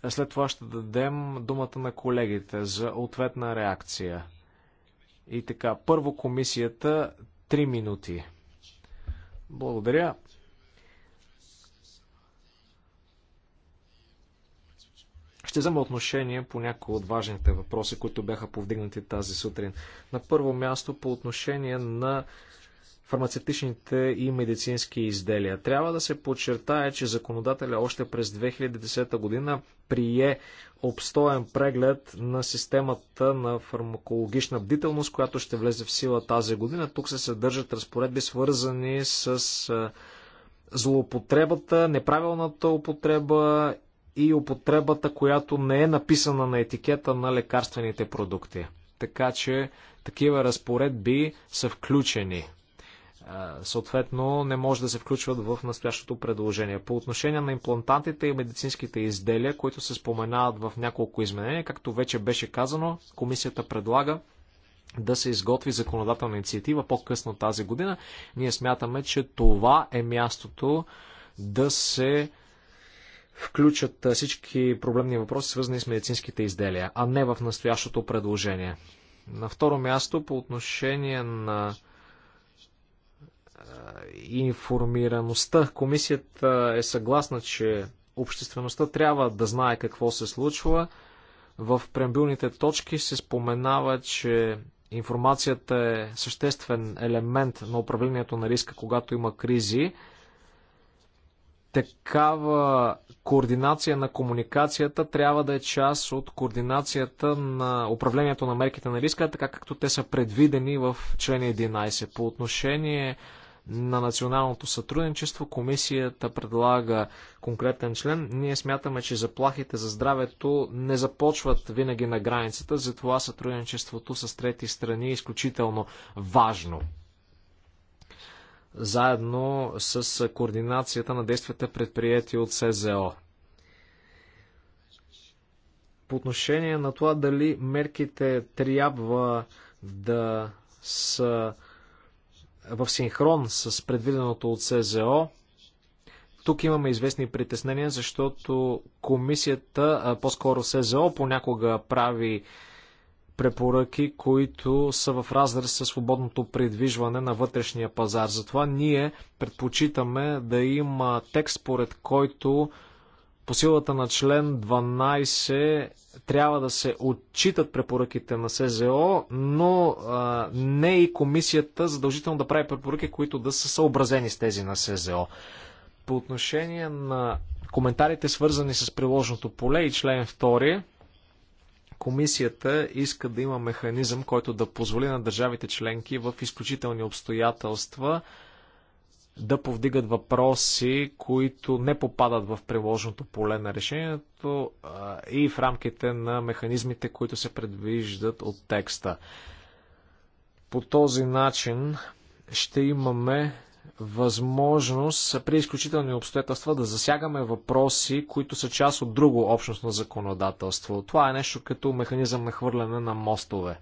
Е, след това ще дадем думата на колегите за ответна реакция. И така, първо комисията 3 минути. Благодаря. Ще взема отношение по някои от важните въпроси, които бяха повдигнати тази сутрин. На първо място по отношение на фармацевтичните и медицински изделия. Трябва да се подчертае, че законодателя още през 2010 година прие обстоен преглед на системата на фармакологична бдителност, която ще влезе в сила тази година. Тук се съдържат разпоредби свързани с злоупотребата, неправилната употреба и употребата, която не е написана на етикета на лекарствените продукти. Така че такива разпоредби са включени съответно не може да се включват в настоящото предложение. По отношение на имплантантите и медицинските изделия, които се споменават в няколко изменения, както вече беше казано, комисията предлага да се изготви законодателна инициатива по-късно тази година. Ние смятаме, че това е мястото да се включат всички проблемни въпроси, свързани с медицинските изделия, а не в настоящото предложение. На второ място, по отношение на информираността. Комисията е съгласна, че обществеността трябва да знае какво се случва. В преамбилните точки се споменава, че информацията е съществен елемент на управлението на риска, когато има кризи. Такава координация на комуникацията трябва да е част от координацията на управлението на мерките на риска, така както те са предвидени в член 11. По отношение на националното сътрудничество. Комисията предлага конкретен член. Ние смятаме, че заплахите за здравето не започват винаги на границата, затова сътрудничеството с трети страни е изключително важно. Заедно с координацията на действията предприяти от СЗО. По отношение на това дали мерките трябва да са в синхрон с предвиденото от СЗО. Тук имаме известни притеснения, защото комисията, по-скоро СЗО, понякога прави препоръки, които са в разрез със свободното придвижване на вътрешния пазар. Затова ние предпочитаме да има текст, според който по силата на член 12 трябва да се отчитат препоръките на СЗО, но а, не и комисията задължително да прави препоръки, които да са съобразени с тези на СЗО. По отношение на коментарите, свързани с приложното поле и член 2, комисията иска да има механизъм, който да позволи на държавите членки в изключителни обстоятелства да повдигат въпроси, които не попадат в приложното поле на решението и в рамките на механизмите, които се предвиждат от текста. По този начин ще имаме възможност при изключителни обстоятелства да засягаме въпроси, които са част от друго общностно законодателство. Това е нещо като механизъм на хвърляне на мостове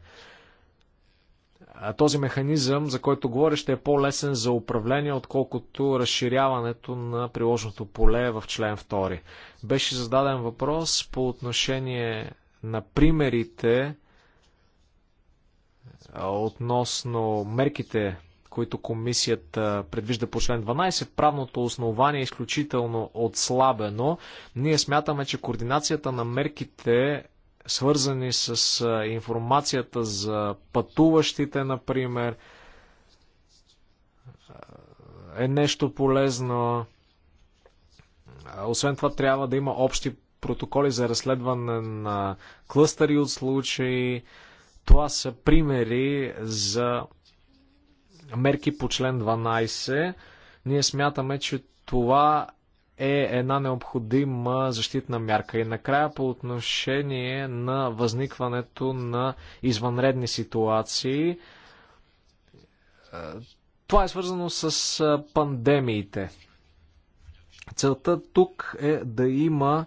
този механизъм, за който говоря, ще е по-лесен за управление, отколкото разширяването на приложното поле в член 2. Беше зададен въпрос по отношение на примерите относно мерките, които комисията предвижда по член 12. Правното основание е изключително отслабено. Ние смятаме, че координацията на мерките свързани с информацията за пътуващите, например, е нещо полезно. Освен това, трябва да има общи протоколи за разследване на клъстъри от случаи. Това са примери за мерки по член 12. Ние смятаме, че това е една необходима защитна мярка. И накрая по отношение на възникването на извънредни ситуации, е, това е свързано с е, пандемиите. Целта тук е да има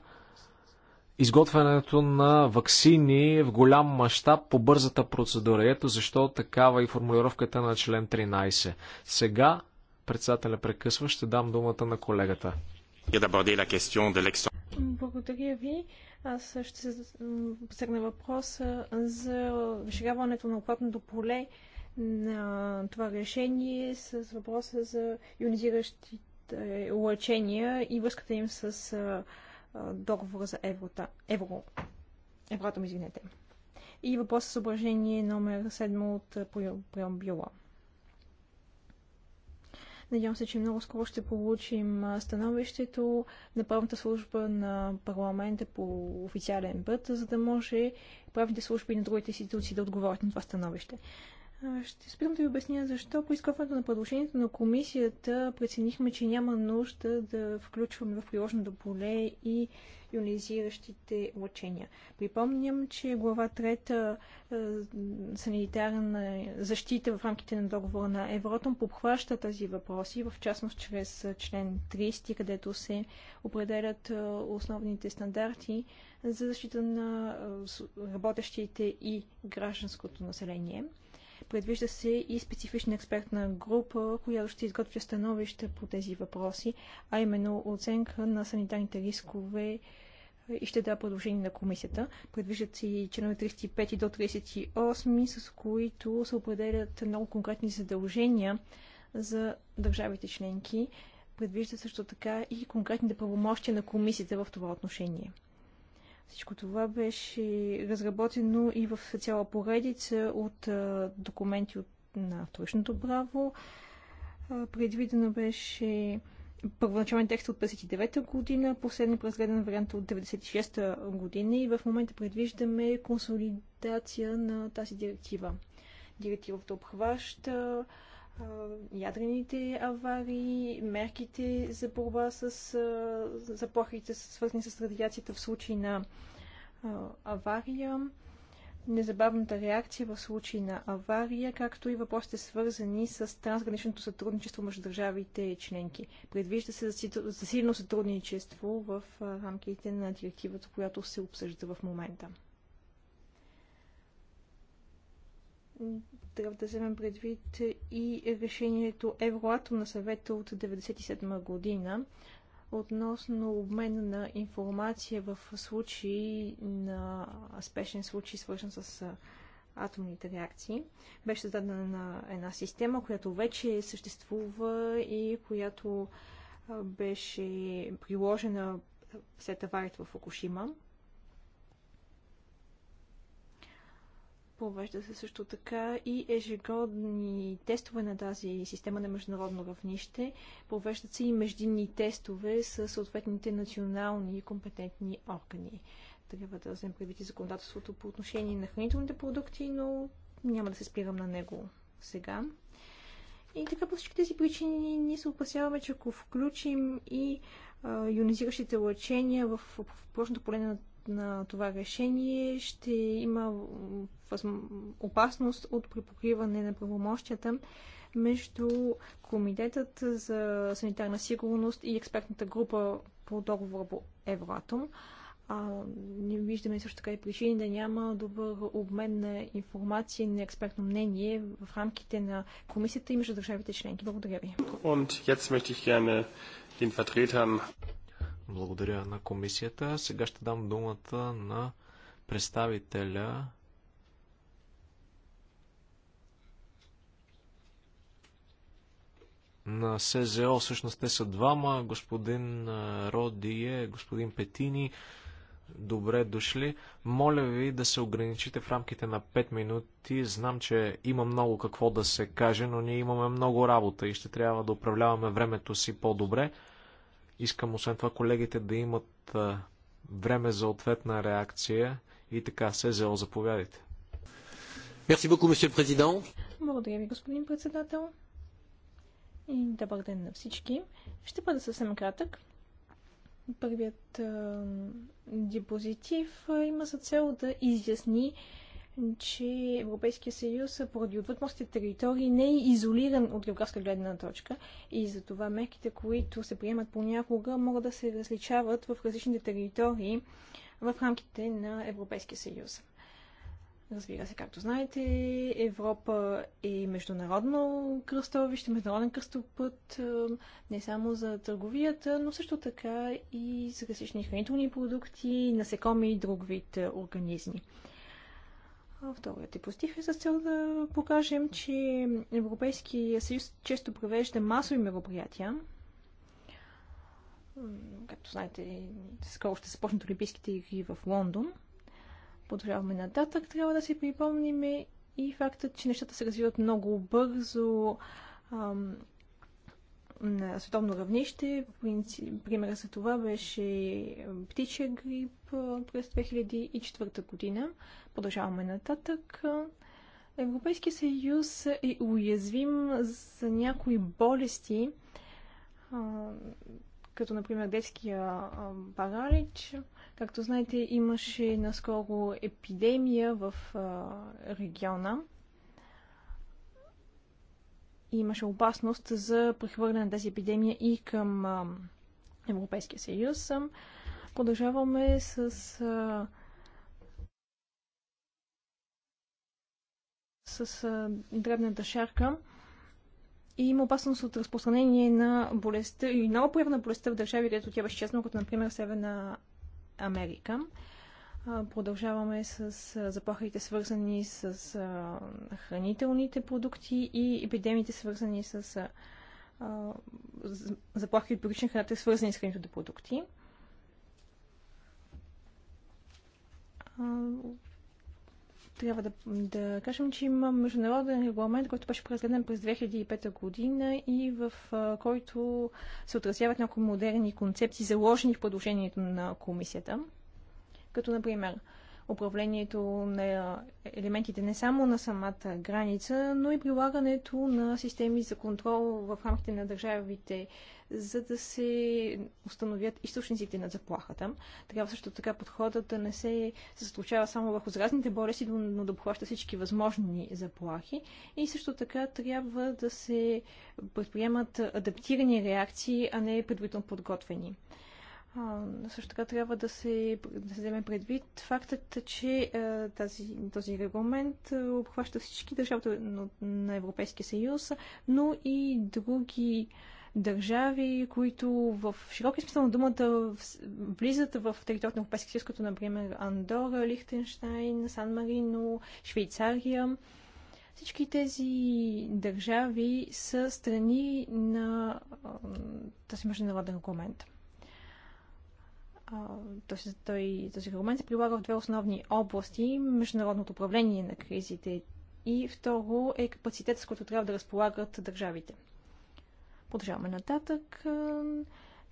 изготвянето на ваксини в голям мащаб по бързата процедура. Ето защо такава и формулировката на член 13. Сега председателя прекъсва, ще дам думата на колегата. Благодаря ви. Аз ще посегна въпроса за разширяването на оплатното поле на това решение с въпроса за ионизиращите лъчения и връзката им с договора за еврота, евро, евратом, извинете. И въпрос съображение номер 7 от Приом Биола. Надявам се, че много скоро ще получим становището на правната служба на парламента по официален път, за да може правните служби на другите институции да отговорят на това становище. Ще спирам да ви обясня защо по изкопването на предложението на комисията преценихме, че няма нужда да включваме в приложното поле и ионизиращите лъчения. Припомням, че глава 3 санитарна защита в рамките на договора на Евротон обхваща тази въпроси, в частност чрез член 30, където се определят основните стандарти за защита на работещите и гражданското население. Предвижда се и специфична експертна група, която ще изготвя становище по тези въпроси, а именно оценка на санитарните рискове и ще дава продължение на комисията. Предвиждат се и членове 35 до 38, с които се определят много конкретни задължения за държавите членки. Предвижда също така и конкретните правомощия на комисията в това отношение. Всичко това беше разработено и в цяла поредица от документи от, на вторичното право. предвидено беше първоначален текст от 59-та година, последно разгледан вариант от 96-та година и в момента предвиждаме консолидация на тази директива. Директивата обхваща ядрените аварии, мерките за борба с заплахите, свързани с радиацията в случай на авария, незабавната реакция в случай на авария, както и въпросите свързани с трансграничното сътрудничество между държавите и членки. Предвижда се засилено сътрудничество в рамките на директивата, която се обсъжда в момента. трябва да вземем предвид и решението Евроатом на съвета от 1997 година относно обмен на информация в случаи на спешен случай, свързан с атомните реакции. Беше създадена на една система, която вече съществува и която беше приложена след аварията в Фукушима. Провежда се също така и ежегодни тестове на тази система на международно равнище. Провеждат се и междинни тестове с съответните национални компетентни органи. Трябва да вземем предвид и законодателството по отношение на хранителните продукти, но няма да се спирам на него сега. И така по всички тези причини ние се опасяваме, че ако включим и а, ионизиращите лъчения в, в, в прочното поле на на това решение ще има опасност от препокриване на правомощията между Комитетът за санитарна сигурност и експертната група по договора по Евроатом. А, не виждаме също така и причини да няма добър обмен на информация и на експертно мнение в рамките на комисията и между държавите членки. Благодаря ви. Благодаря на комисията. Сега ще дам думата на представителя на СЗО. Всъщност те са двама. Господин Родие, господин Петини. Добре дошли. Моля ви да се ограничите в рамките на 5 минути. Знам, че има много какво да се каже, но ние имаме много работа и ще трябва да управляваме времето си по-добре. Искам освен това колегите да имат време за ответна реакция и така, СЗО, заповядайте. Мерси beaucoup, monsieur президент. Благодаря ви, господин председател. И добър ден на всички. Ще бъда съвсем кратък. Първият а, депозитив има за цел да изясни че Европейския съюз поради отвъдмостите територии не е изолиран от географска гледна точка и затова мерките, които се приемат понякога, могат да се различават в различните територии в рамките на Европейския съюз. Разбира се, както знаете, Европа е международно кръстовище, международен кръстопът, е, не само за търговията, но също така и за различни хранителни продукти, насекоми и друг вид е, организми. Вторият е постив е с цел да покажем, че Европейския съюз често провежда масови мероприятия. Както знаете, скоро ще започнат Олимпийските игри в Лондон. Подвяваме нататък. Трябва да си припомним и факта, че нещата се развиват много бързо на световно равнище. Примера за това беше птичия грип през 2004 година. Продължаваме нататък. Европейския съюз е уязвим за някои болести, като например детския паралич. Както знаете, имаше наскоро епидемия в региона имаше опасност за прехвърляне на тази епидемия и към Европейския съюз. Продължаваме с с дребната шарка и има опасност от разпространение на болестта и нова проява на болестта в държави, където тя беше честна, като например Северна Америка. Продължаваме с заплахите, свързани с хранителните продукти и епидемиите, свързани с заплахи от биологични храната, свързани с хранителните продукти. трябва да, да кажем, че има международен регламент, който беше преразгледан през 2005 година и в а, който се отразяват някои модерни концепции, заложени в продължението на комисията като например управлението на елементите не само на самата граница, но и прилагането на системи за контрол в рамките на държавите, за да се установят източниците на заплахата. Трябва също така подходът да не се съсредоточава само върху заразните болести, но да обхваща всички възможни заплахи. И също така трябва да се предприемат адаптирани реакции, а не предварително подготвени. А, също така трябва да се, да се вземе предвид фактът, че а, тази, този регламент обхваща всички държави на Европейския съюз, но и други държави, които в широки смисъл на думата влизат в територията на Европейския съюз, като например Андора, Лихтенштайн, Сан Марино, Швейцария. Всички тези държави са страни на този международен регламент този, той, този регламент се прилага в две основни области международното управление на кризите и второ е капацитет, с който трябва да разполагат държавите. Продължаваме нататък.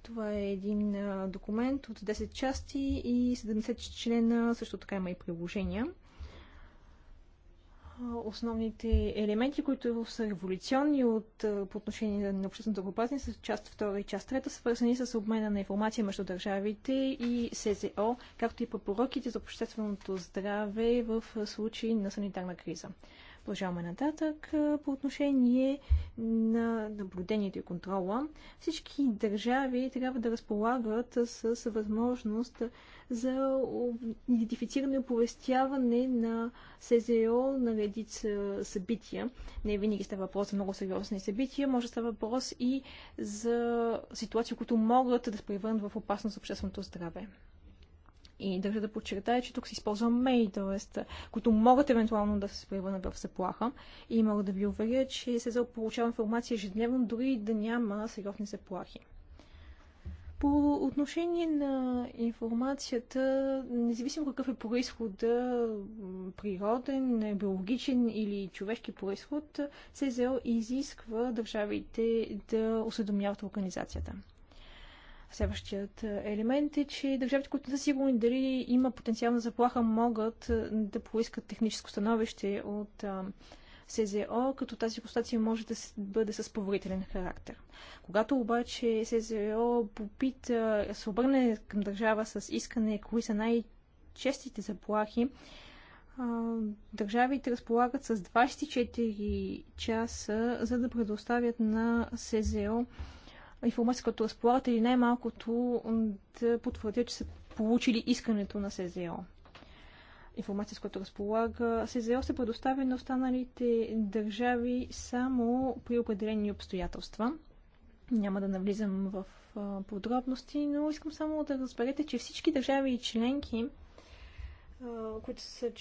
Това е един документ от 10 части и 70 члена, също така има и приложения основните елементи, които са революционни от, по отношение на общественото опазване, са част втора и част трета, свързани с обмена на информация между държавите и СЗО, както и препоръките за общественото здраве в случай на санитарна криза. Продължаваме нататък. По отношение на наблюдението и контрола, всички държави трябва да разполагат с възможност за идентифициране и оповестяване на СЗО на редица събития. Не винаги става въпрос за много сериозни събития, може да става въпрос и за ситуации, които могат да се превърнат в опасност за общественото здраве. И държа да подчертая, че тук се използва мей, т.е. които могат евентуално да се превърнат в заплаха. И мога да ви уверя, че се получава информация ежедневно, дори да няма сериозни заплахи. По отношение на информацията, независимо какъв е происхода, природен, биологичен или човешки происход, СЗО изисква държавите да осведомяват организацията. Следващият е, елемент е, че държавите, които не са сигурни дали има потенциална заплаха, могат е, да поискат техническо становище от е, СЗО, като тази констатация може да бъде с поверителен характер. Когато обаче СЗО попита, се обърне към държава с искане, кои са най-честите заплахи, държавите разполагат с 24 часа, за да предоставят на СЗО информация, като разполагат или най-малкото да потвърдят, че са получили искането на СЗО. Информация, с която разполага СЗО, се предоставя на останалите държави само при определени обстоятелства. Няма да навлизам в подробности, но искам само да разберете, че всички държави и членки които са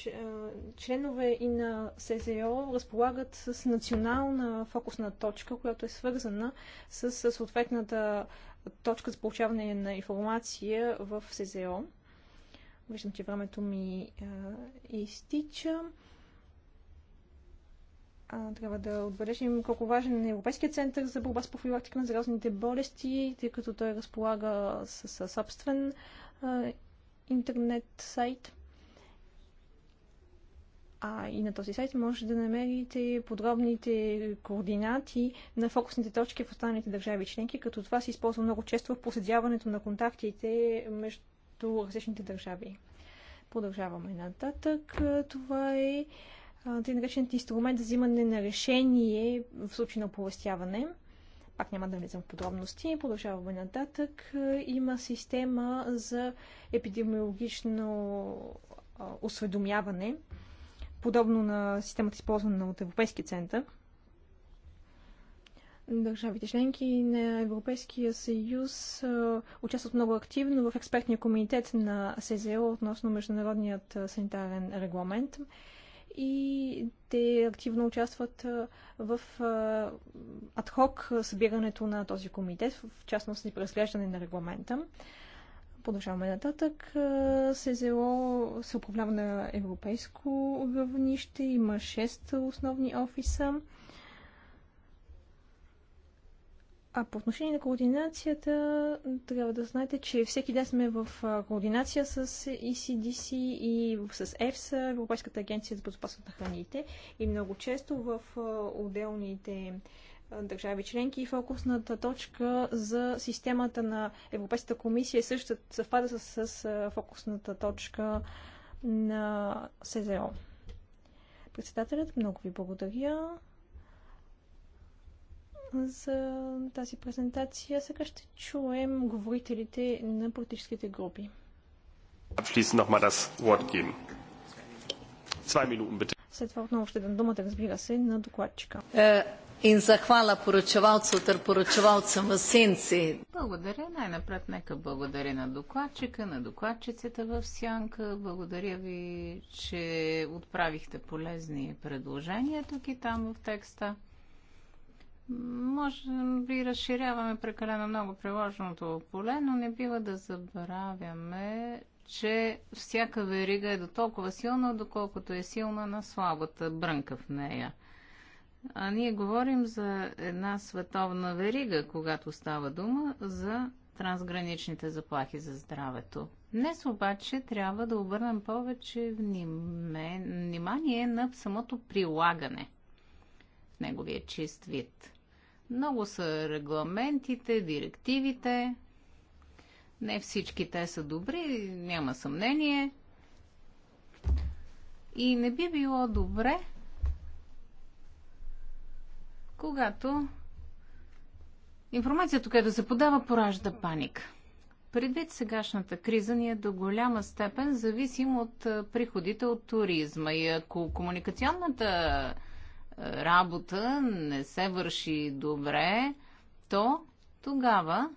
членове и на СЗО, разполагат с национална фокусна точка, която е свързана с съответната точка за получаване на информация в СЗО. Виждам, че времето ми изтича. трябва да отбележим колко важен е Европейския център за борба с профилактика на заразните болести, тъй като той разполага с, собствен интернет сайт. А и на този сайт може да намерите подробните координати на фокусните точки в останалите държави членки, като това се използва много често в поседяването на контактите между различните държави. Продължаваме нататък. Това е тъй нареченият инструмент за взимане на решение в случай на оповестяване. Пак няма да влизам в подробности. Продължаваме нататък. Има система за епидемиологично осведомяване подобно на системата, използвана от Европейския център. Държавите членки на Европейския съюз участват много активно в експертния комитет на СЗО относно Международният санитарен регламент и те активно участват в адхок събирането на този комитет, в частност и преразглеждане на регламента. Продължаваме нататък. Е, СЗО се управлява на европейско равнище. Има 6 основни офиса. А по отношение на координацията, трябва да знаете, че всеки ден сме в координация с ECDC и с EFSA, Европейската агенция за безопасност на храните. И много често в отделните държави членки и фокусната точка за системата на Европейската комисия е също съвпада с, с фокусната точка на СЗО. Председателят, много ви благодаря за тази презентация. Сега ще чуем говорителите на политическите групи. След това отново ще дам думата, разбира се, на докладчика. Е, in zahvala poročevalcu ter poročevalcem v senci. Благодаря. Най-напред нека благодаря на докладчика, на докладчицата в Сянка. Благодаря ви, че отправихте полезни предложения тук и там в текста. Може би разширяваме прекалено много приложеното поле, но не бива да забравяме, че всяка верига е до толкова силна, доколкото е силна на слабата брънка в нея – а ние говорим за една световна верига, когато става дума за трансграничните заплахи за здравето. Днес обаче трябва да обърнем повече внимание на самото прилагане в неговия чист вид. Много са регламентите, директивите. Не всички те са добри, няма съмнение. И не би било добре когато информацията, която се подава, поражда паника. Предвид сегашната криза, ние до голяма степен зависим от приходите от туризма. И ако комуникационната работа не се върши добре, то тогава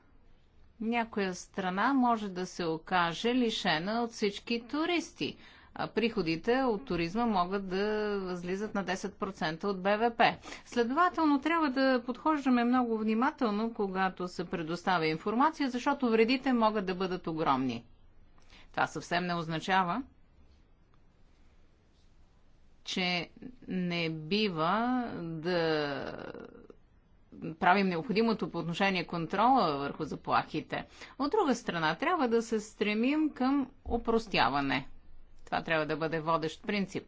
някоя страна може да се окаже лишена от всички туристи приходите от туризма могат да възлизат на 10% от БВП. Следователно, трябва да подхождаме много внимателно, когато се предоставя информация, защото вредите могат да бъдат огромни. Това съвсем не означава, че не бива да правим необходимото по отношение контрола върху заплахите. От друга страна, трябва да се стремим към опростяване – това трябва да бъде водещ принцип.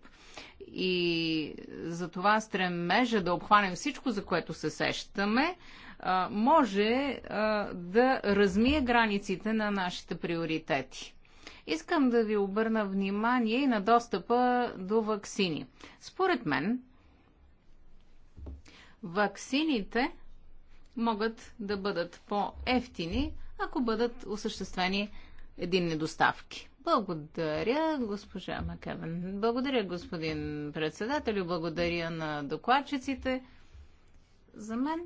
И за това стремежа да обхванем всичко, за което се сещаме, може да размие границите на нашите приоритети. Искам да ви обърна внимание и на достъпа до ваксини. Според мен, ваксините могат да бъдат по-ефтини, ако бъдат осъществени единни доставки. Благодаря, госпожа Макевен. Благодаря, господин председател, Благодаря на докладчиците. За мен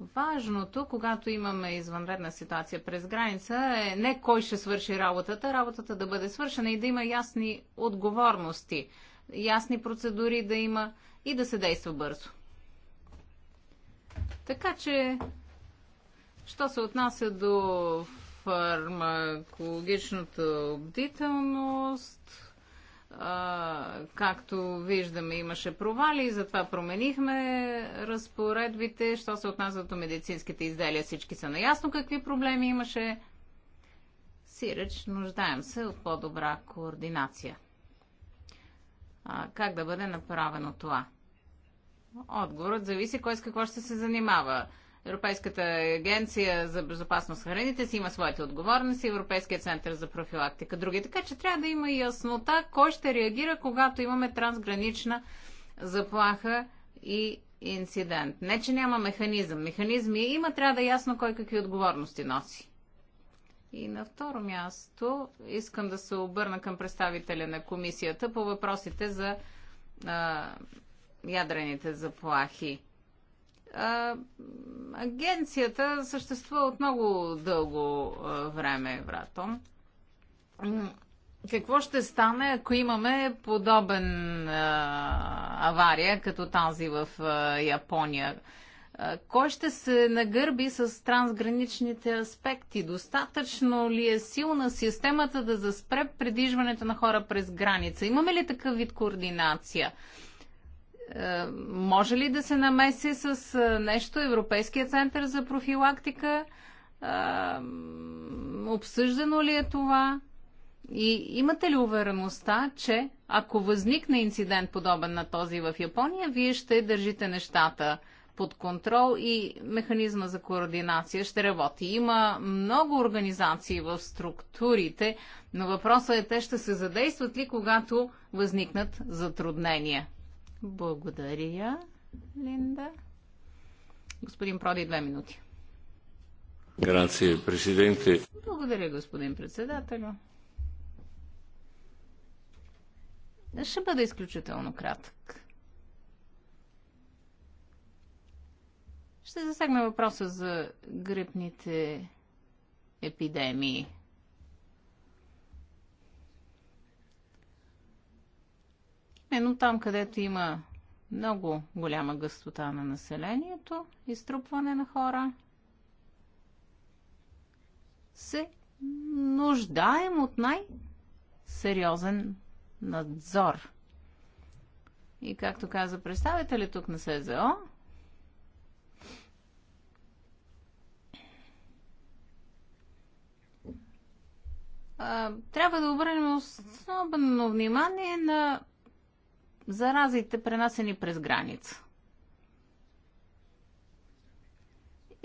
важното, когато имаме извънредна ситуация през граница, е не кой ще свърши работата, работата да бъде свършена и да има ясни отговорности, ясни процедури да има и да се действа бързо. Така че, що се отнася до фармакологичната бдителност. А, както виждаме, имаше провали, затова променихме разпоредбите. Що се отнася до медицинските изделия, всички са наясно какви проблеми имаше. Сиреч, нуждаем се от по-добра координация. А, как да бъде направено това? Отговорът зависи кой с какво ще се занимава Европейската агенция за безопасност храните си има своите отговорности, Европейския център за профилактика, други. Така че трябва да има яснота кой ще реагира, когато имаме трансгранична заплаха и инцидент. Не, че няма механизъм. Механизми има, трябва да е ясно кой какви отговорности носи. И на второ място искам да се обърна към представителя на комисията по въпросите за а, ядрените заплахи агенцията съществува от много дълго време, вратом. Какво ще стане, ако имаме подобен авария, като тази в Япония? Кой ще се нагърби с трансграничните аспекти? Достатъчно ли е силна системата да заспре предижването на хора през граница? Имаме ли такъв вид координация? Е, може ли да се намеси с е, нещо Европейския център за профилактика? Е, обсъждано ли е това? И имате ли увереността, че ако възникне инцидент подобен на този в Япония, вие ще държите нещата под контрол и механизма за координация ще работи. Има много организации в структурите, но въпросът е те ще се задействат ли, когато възникнат затруднения. Благодаря, Линда. Господин Проди, две минути. Грация, президенте. Благодаря, господин председател. Ще бъда изключително кратък. Ще засегна въпроса за грипните епидемии. Не, но там, където има много голяма гъстота на населението, изтрупване на хора, се нуждаем от най-сериозен надзор. И както каза представителя тук на СЗО, трябва да обърнем особено внимание на заразите, пренасени през граница.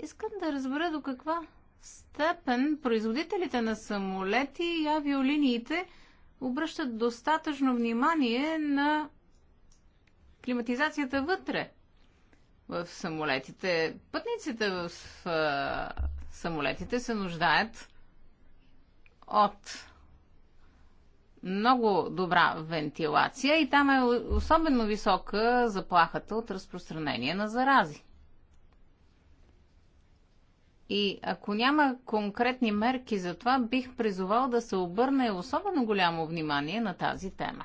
Искам да разбера до каква степен производителите на самолети и авиолиниите обръщат достатъчно внимание на климатизацията вътре в самолетите. Пътниците в самолетите се нуждаят от много добра вентилация и там е особено висока заплахата от разпространение на зарази. И ако няма конкретни мерки за това, бих призовал да се обърне особено голямо внимание на тази тема.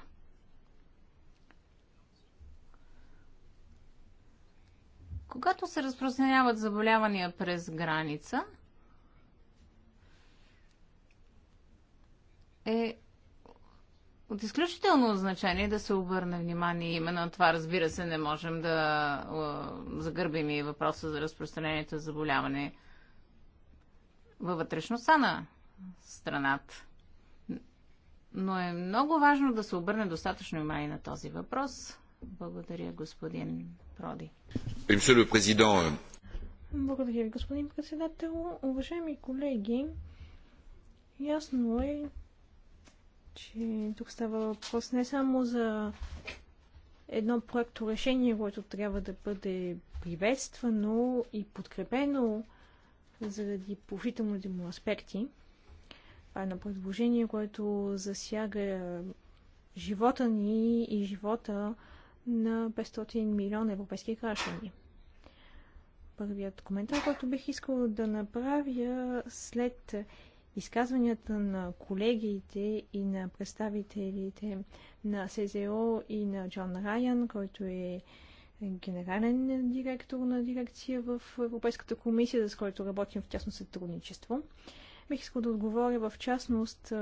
Когато се разпространяват заболявания през граница, е от изключително значение да се обърне внимание именно на това. Разбира се, не можем да загърбим и въпроса за разпространението за заболяване във вътрешността на страната. Но е много важно да се обърне достатъчно внимание на този въпрос. Благодаря, господин Проди. Euh, Благодаря ви, господин председател. Уважаеми колеги, ясно е, че тук става въпрос не само за едно проекто решение, което трябва да бъде приветствано и подкрепено заради положителните му аспекти. Това е едно предложение, което засяга живота ни и живота на 500 милиона европейски граждани. Първият коментар, който бих искал да направя след изказванията на колегите и на представителите на СЗО и на Джон Райан, който е генерален директор на дирекция в Европейската комисия, с който работим в тясно сътрудничество. Бих искал да отговоря в частност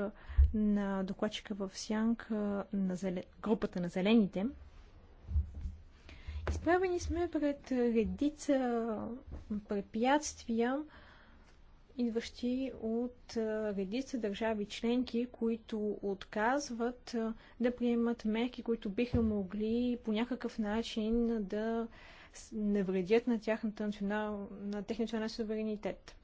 на докладчика в Сянка на зеле... групата на зелените. Изправени сме пред редица препятствия, идващи от редица държави членки, които отказват да приемат мерки, които биха могли по някакъв начин да не вредят на, тяхната национал... на техния национален суверенитет.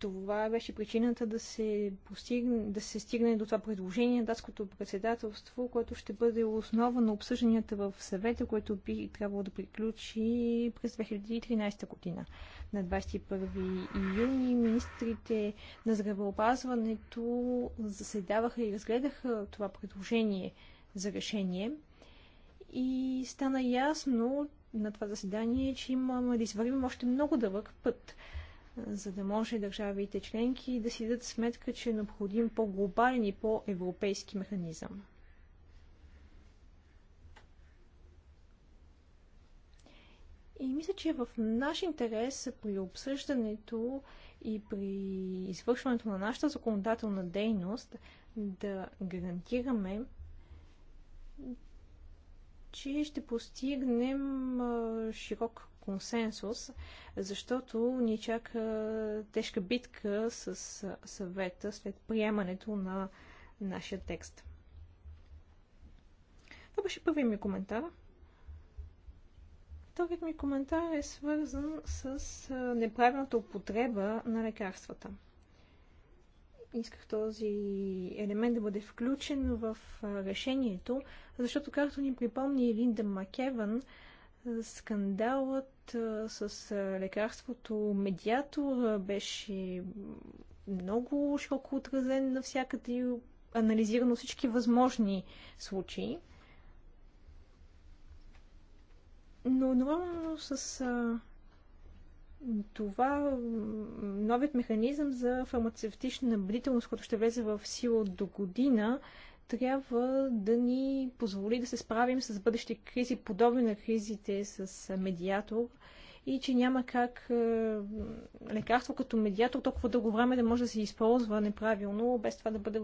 Това беше причината да се, постигне, да се стигне до това предложение на датското председателство, което ще бъде основа на обсъжданията в съвета, което би трябвало да приключи през 2013 година. На 21 июни министрите на здравеопазването заседаваха и разгледаха това предложение за решение. И стана ясно на това заседание, че имаме да извървим още много дълъг път за да може държавите членки да си дадат сметка, че е необходим по-глобален и по-европейски механизъм. И мисля, че е в наш интерес при обсъждането и при извършването на нашата законодателна дейност да гарантираме, че ще постигнем широк консенсус, защото ни чака тежка битка с съвета след приемането на нашия текст. Това беше първият ми коментар. Вторият ми коментар е свързан с неправилната употреба на лекарствата. Исках този елемент да бъде включен в решението, защото, както ни припомни Линда Макеван, Скандалът с лекарството медиатор беше много широко отразен навсякъде и анализирано всички възможни случаи. Но нормално с а, това новият механизъм за фармацевтична бдителност, който ще влезе в сила до година, трябва да ни позволи да се справим с бъдещи кризи, подобни на кризите с медиатор и че няма как лекарство като медиатор толкова дълго време да може да се използва неправилно, без това да бъде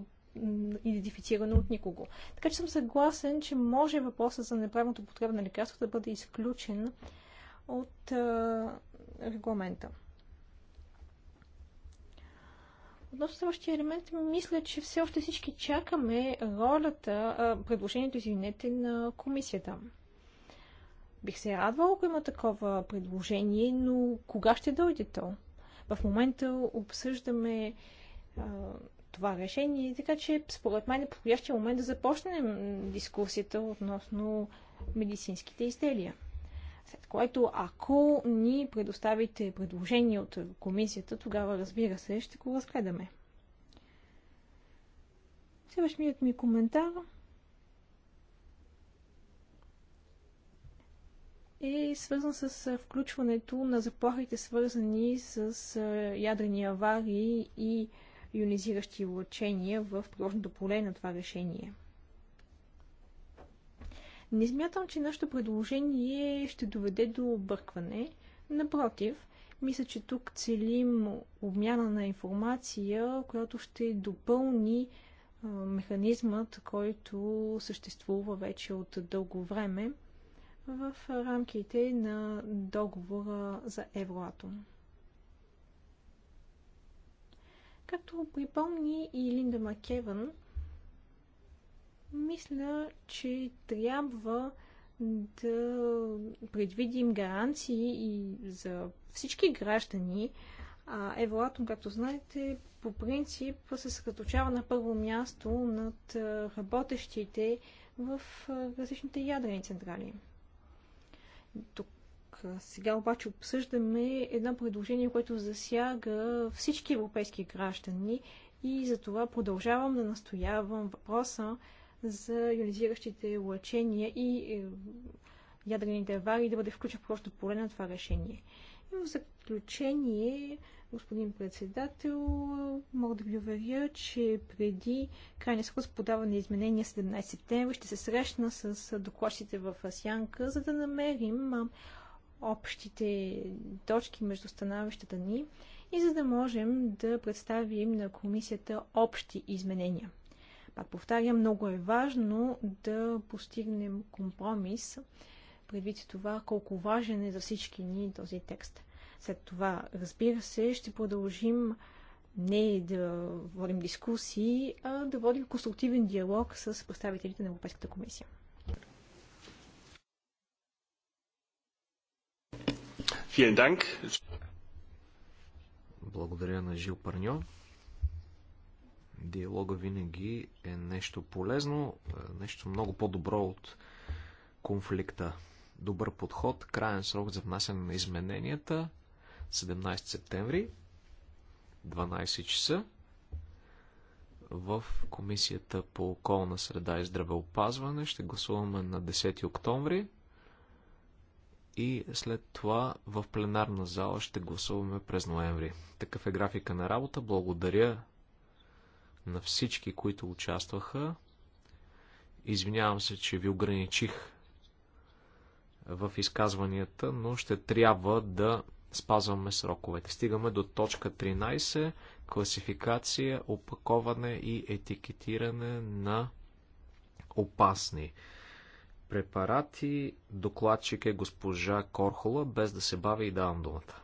идентифицирано от никого. Така че съм съгласен, че може въпросът за неправилното потреба на лекарство да бъде изключен от регламента. Относно следващия елемент, мисля, че все още всички чакаме ролята, предложението, извинете, на комисията. Бих се радвала, ако има такова предложение, но кога ще дойде то? В момента обсъждаме а, това решение, така че според мен е подходящия момент да започнем дискусията относно медицинските изделия. След което, ако ни предоставите предложение от комисията, тогава разбира се, ще го разгледаме. Следващият ми коментар е свързан с включването на заплахите, свързани с ядрени аварии и ионизиращи лъчения в приложното поле на това решение – не смятам, че нашето предложение ще доведе до объркване. Напротив, мисля, че тук целим обмяна на информация, която ще допълни механизмът, който съществува вече от дълго време в рамките на договора за Евроатом. Както припомни и Линда Макеван, мисля, че трябва да предвидим гаранции и за всички граждани. А Евроатом, както знаете, по принцип се съсредоточава на първо място над работещите в различните ядрени централи. Тук сега обаче обсъждаме едно предложение, което засяга всички европейски граждани и за това продължавам да настоявам въпроса за ионизиращите лъчения и е, ядрените аварии да бъде включен просто поле на това решение. И в заключение, господин председател, мога да ви уверя, че преди крайния срок с подаване изменения 17 септември ще се срещна с докладчите в Асянка, за да намерим общите точки между становищата ни и за да можем да представим на комисията общи изменения. Пак повтарям, много е важно да постигнем компромис, предвид това колко важен е за всички ни този текст. След това, разбира се, ще продължим не да водим дискусии, а да водим конструктивен диалог с представителите на Европейската комисия. Благодаря на Жил Парньо. Диалога винаги е нещо полезно, е нещо много по-добро от конфликта. Добър подход, крайен срок за внасяне на измененията 17 септември, 12 часа в Комисията по околна среда и здравеопазване. Ще гласуваме на 10 октомври и след това в пленарна зала ще гласуваме през ноември. Такъв е графика на работа. Благодаря на всички, които участваха. Извинявам се, че ви ограничих в изказванията, но ще трябва да спазваме сроковете. Стигаме до точка 13 класификация, опаковане и етикетиране на опасни препарати. Докладчик е госпожа Корхола, без да се бави и давам думата.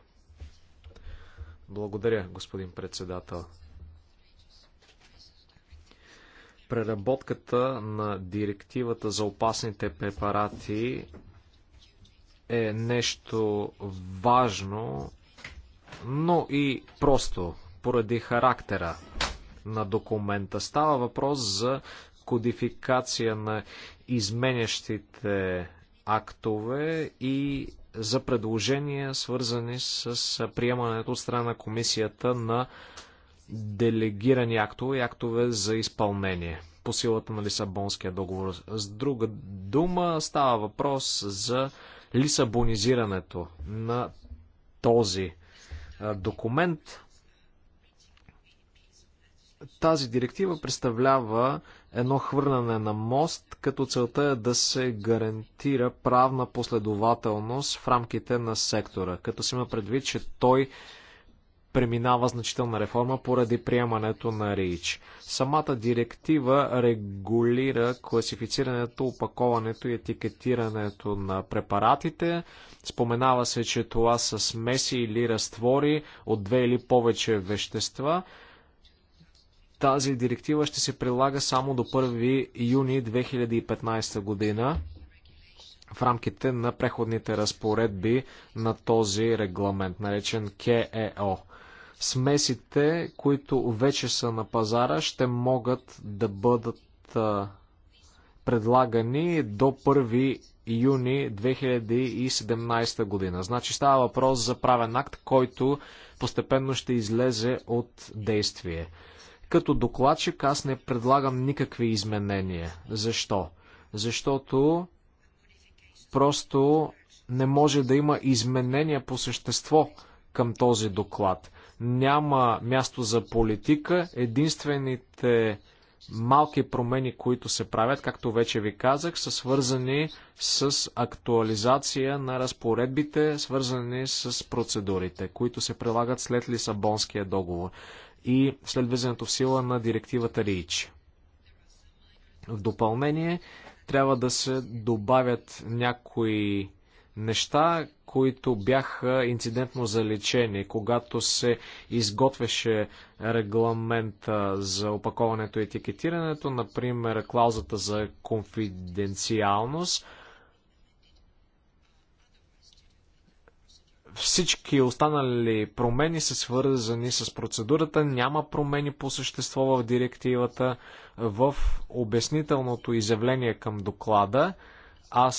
Благодаря, господин председател. Преработката на директивата за опасните препарати е нещо важно, но и просто, поради характера на документа. Става въпрос за кодификация на изменящите актове и за предложения, свързани с приемането от страна на комисията на делегирани актове и актове за изпълнение по силата на Лисабонския договор. С друга дума става въпрос за лисабонизирането на този документ. Тази директива представлява едно хвърляне на мост, като целта е да се гарантира правна последователност в рамките на сектора, като се има предвид, че той преминава значителна реформа поради приемането на РИЧ. Самата директива регулира класифицирането, опаковането и етикетирането на препаратите. Споменава се, че това са смеси или разтвори от две или повече вещества. Тази директива ще се прилага само до 1 юни 2015 година в рамките на преходните разпоредби на този регламент, наречен КЕО смесите, които вече са на пазара, ще могат да бъдат предлагани до 1 юни 2017 година. Значи става въпрос за правен акт, който постепенно ще излезе от действие. Като докладчик аз не предлагам никакви изменения. Защо? Защото просто не може да има изменения по същество към този доклад няма място за политика. Единствените малки промени, които се правят, както вече ви казах, са свързани с актуализация на разпоредбите, свързани с процедурите, които се прилагат след Лисабонския договор и след влизането в сила на директивата РИЧ. В допълнение трябва да се добавят някои неща, които бяха инцидентно залечени, когато се изготвяше регламента за опаковането и етикетирането, например клаузата за конфиденциалност. Всички останали промени са свързани с процедурата. Няма промени по същество в директивата. В обяснителното изявление към доклада аз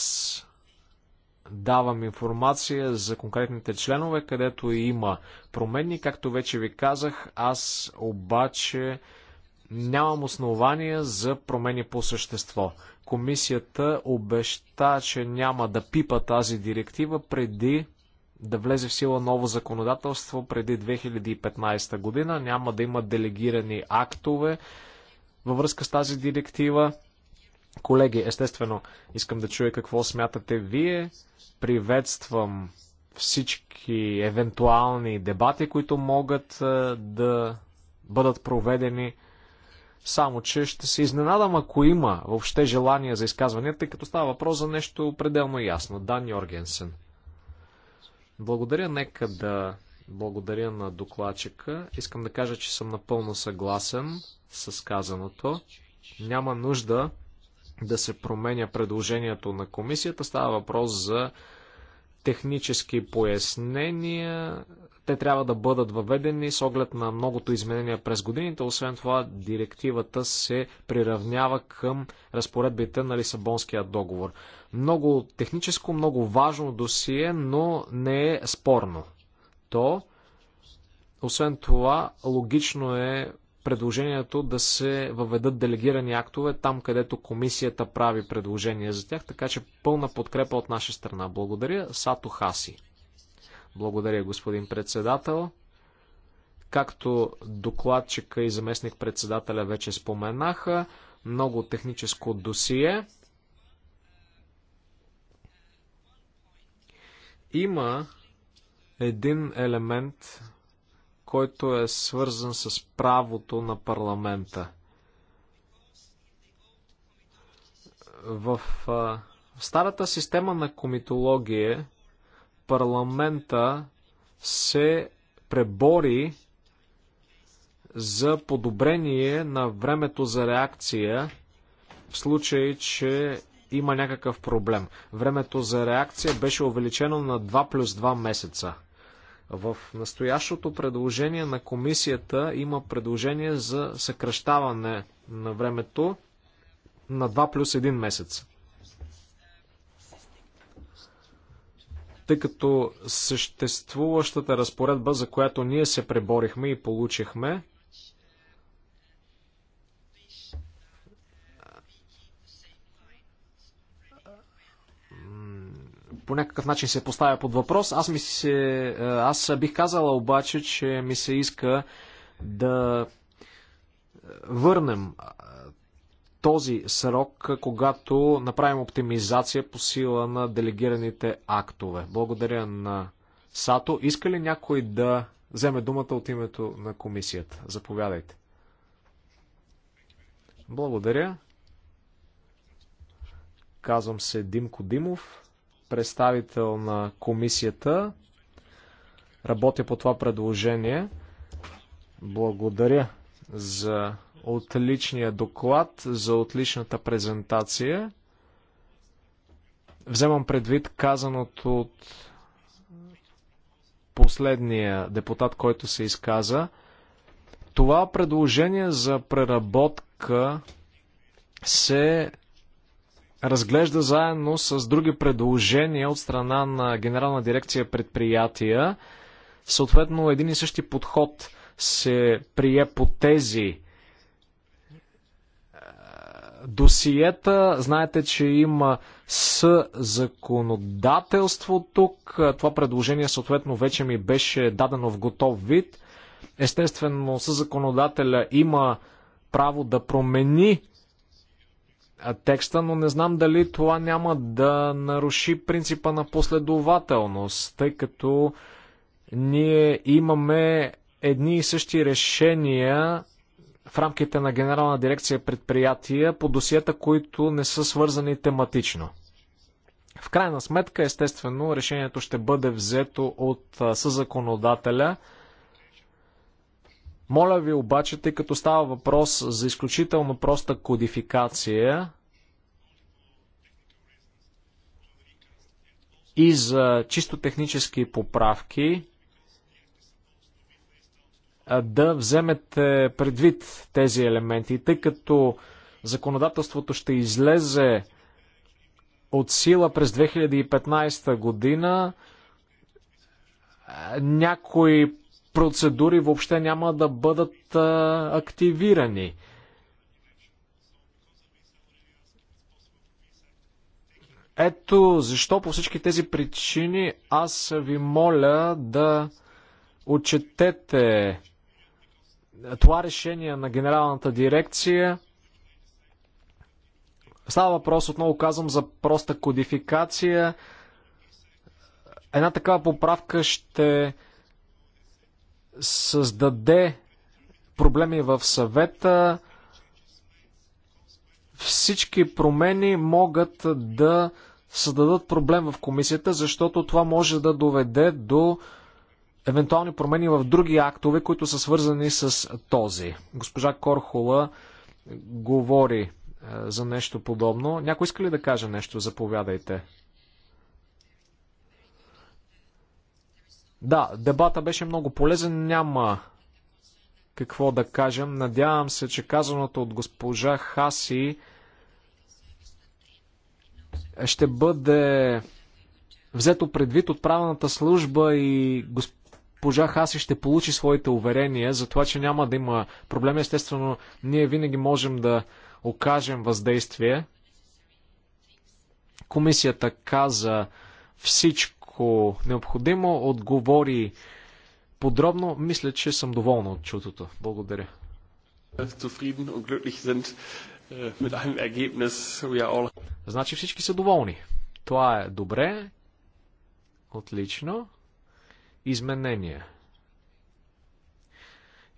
давам информация за конкретните членове, където има промени. Както вече ви казах, аз обаче нямам основания за промени по същество. Комисията обеща, че няма да пипа тази директива преди да влезе в сила ново законодателство преди 2015 година. Няма да има делегирани актове във връзка с тази директива. Колеги, естествено, искам да чуя какво смятате вие. Приветствам всички евентуални дебати, които могат е, да бъдат проведени. Само, че ще се изненадам, ако има въобще желание за изказвания, тъй като става въпрос за нещо пределно ясно. Дан Йоргенсен. Благодаря, нека да благодаря на докладчика. Искам да кажа, че съм напълно съгласен с казаното. Няма нужда да се променя предложението на комисията. Става въпрос за технически пояснения. Те трябва да бъдат въведени с оглед на многото изменения през годините. Освен това, директивата се приравнява към разпоредбите на Лисабонския договор. Много техническо, много важно досие, но не е спорно. То, освен това, логично е предложението да се въведат делегирани актове там, където комисията прави предложения за тях, така че пълна подкрепа от наша страна. Благодаря, Сато Хаси. Благодаря, господин председател. Както докладчика и заместник председателя вече споменаха, много техническо досие. Има един елемент, който е свързан с правото на парламента. В старата система на комитология парламента се пребори за подобрение на времето за реакция в случай, че има някакъв проблем. Времето за реакция беше увеличено на 2 плюс 2 месеца. В настоящото предложение на комисията има предложение за съкръщаване на времето на 2 плюс 1 месец. Тъй като съществуващата разпоредба, за която ние се преборихме и получихме, по някакъв начин се поставя под въпрос. Аз, ми се, е, аз бих казала обаче, че ми се иска да върнем този срок, когато направим оптимизация по сила на делегираните актове. Благодаря на Сато. Иска ли някой да вземе думата от името на комисията? Заповядайте. Благодаря. Казвам се Димко Димов представител на комисията. Работя по това предложение. Благодаря за отличния доклад, за отличната презентация. Вземам предвид казаното от последния депутат, който се изказа. Това предложение за преработка се разглежда заедно с други предложения от страна на Генерална дирекция предприятия. Съответно, един и същи подход се прие по тези е, досиета. Знаете, че има с законодателство тук. Това предложение съответно вече ми беше дадено в готов вид. Естествено, с законодателя има право да промени текста, но не знам дали това няма да наруши принципа на последователност, тъй като ние имаме едни и същи решения в рамките на Генерална дирекция предприятия по досиета, които не са свързани тематично. В крайна сметка, естествено, решението ще бъде взето от съзаконодателя – моля ви обаче, тъй като става въпрос за изключително проста кодификация и за чисто технически поправки, да вземете предвид тези елементи, тъй като законодателството ще излезе от сила през 2015 година, някои процедури въобще няма да бъдат активирани. Ето защо по всички тези причини аз ви моля да отчетете това решение на генералната дирекция. Става въпрос, отново казвам, за проста кодификация. Една такава поправка ще създаде проблеми в съвета, всички промени могат да създадат проблем в комисията, защото това може да доведе до евентуални промени в други актове, които са свързани с този. Госпожа Корхола говори е, за нещо подобно. Някой иска ли да каже нещо? Заповядайте. Да, дебата беше много полезен. Няма какво да кажем. Надявам се, че казаното от госпожа Хаси ще бъде взето предвид от правната служба и госпожа Хаси ще получи своите уверения за това, че няма да има проблеми. Естествено, ние винаги можем да окажем въздействие. Комисията каза всичко ако необходимо, отговори подробно. Мисля, че съм доволна от чутото. Благодаря. Значи всички са доволни. Това е добре. Отлично. Изменения.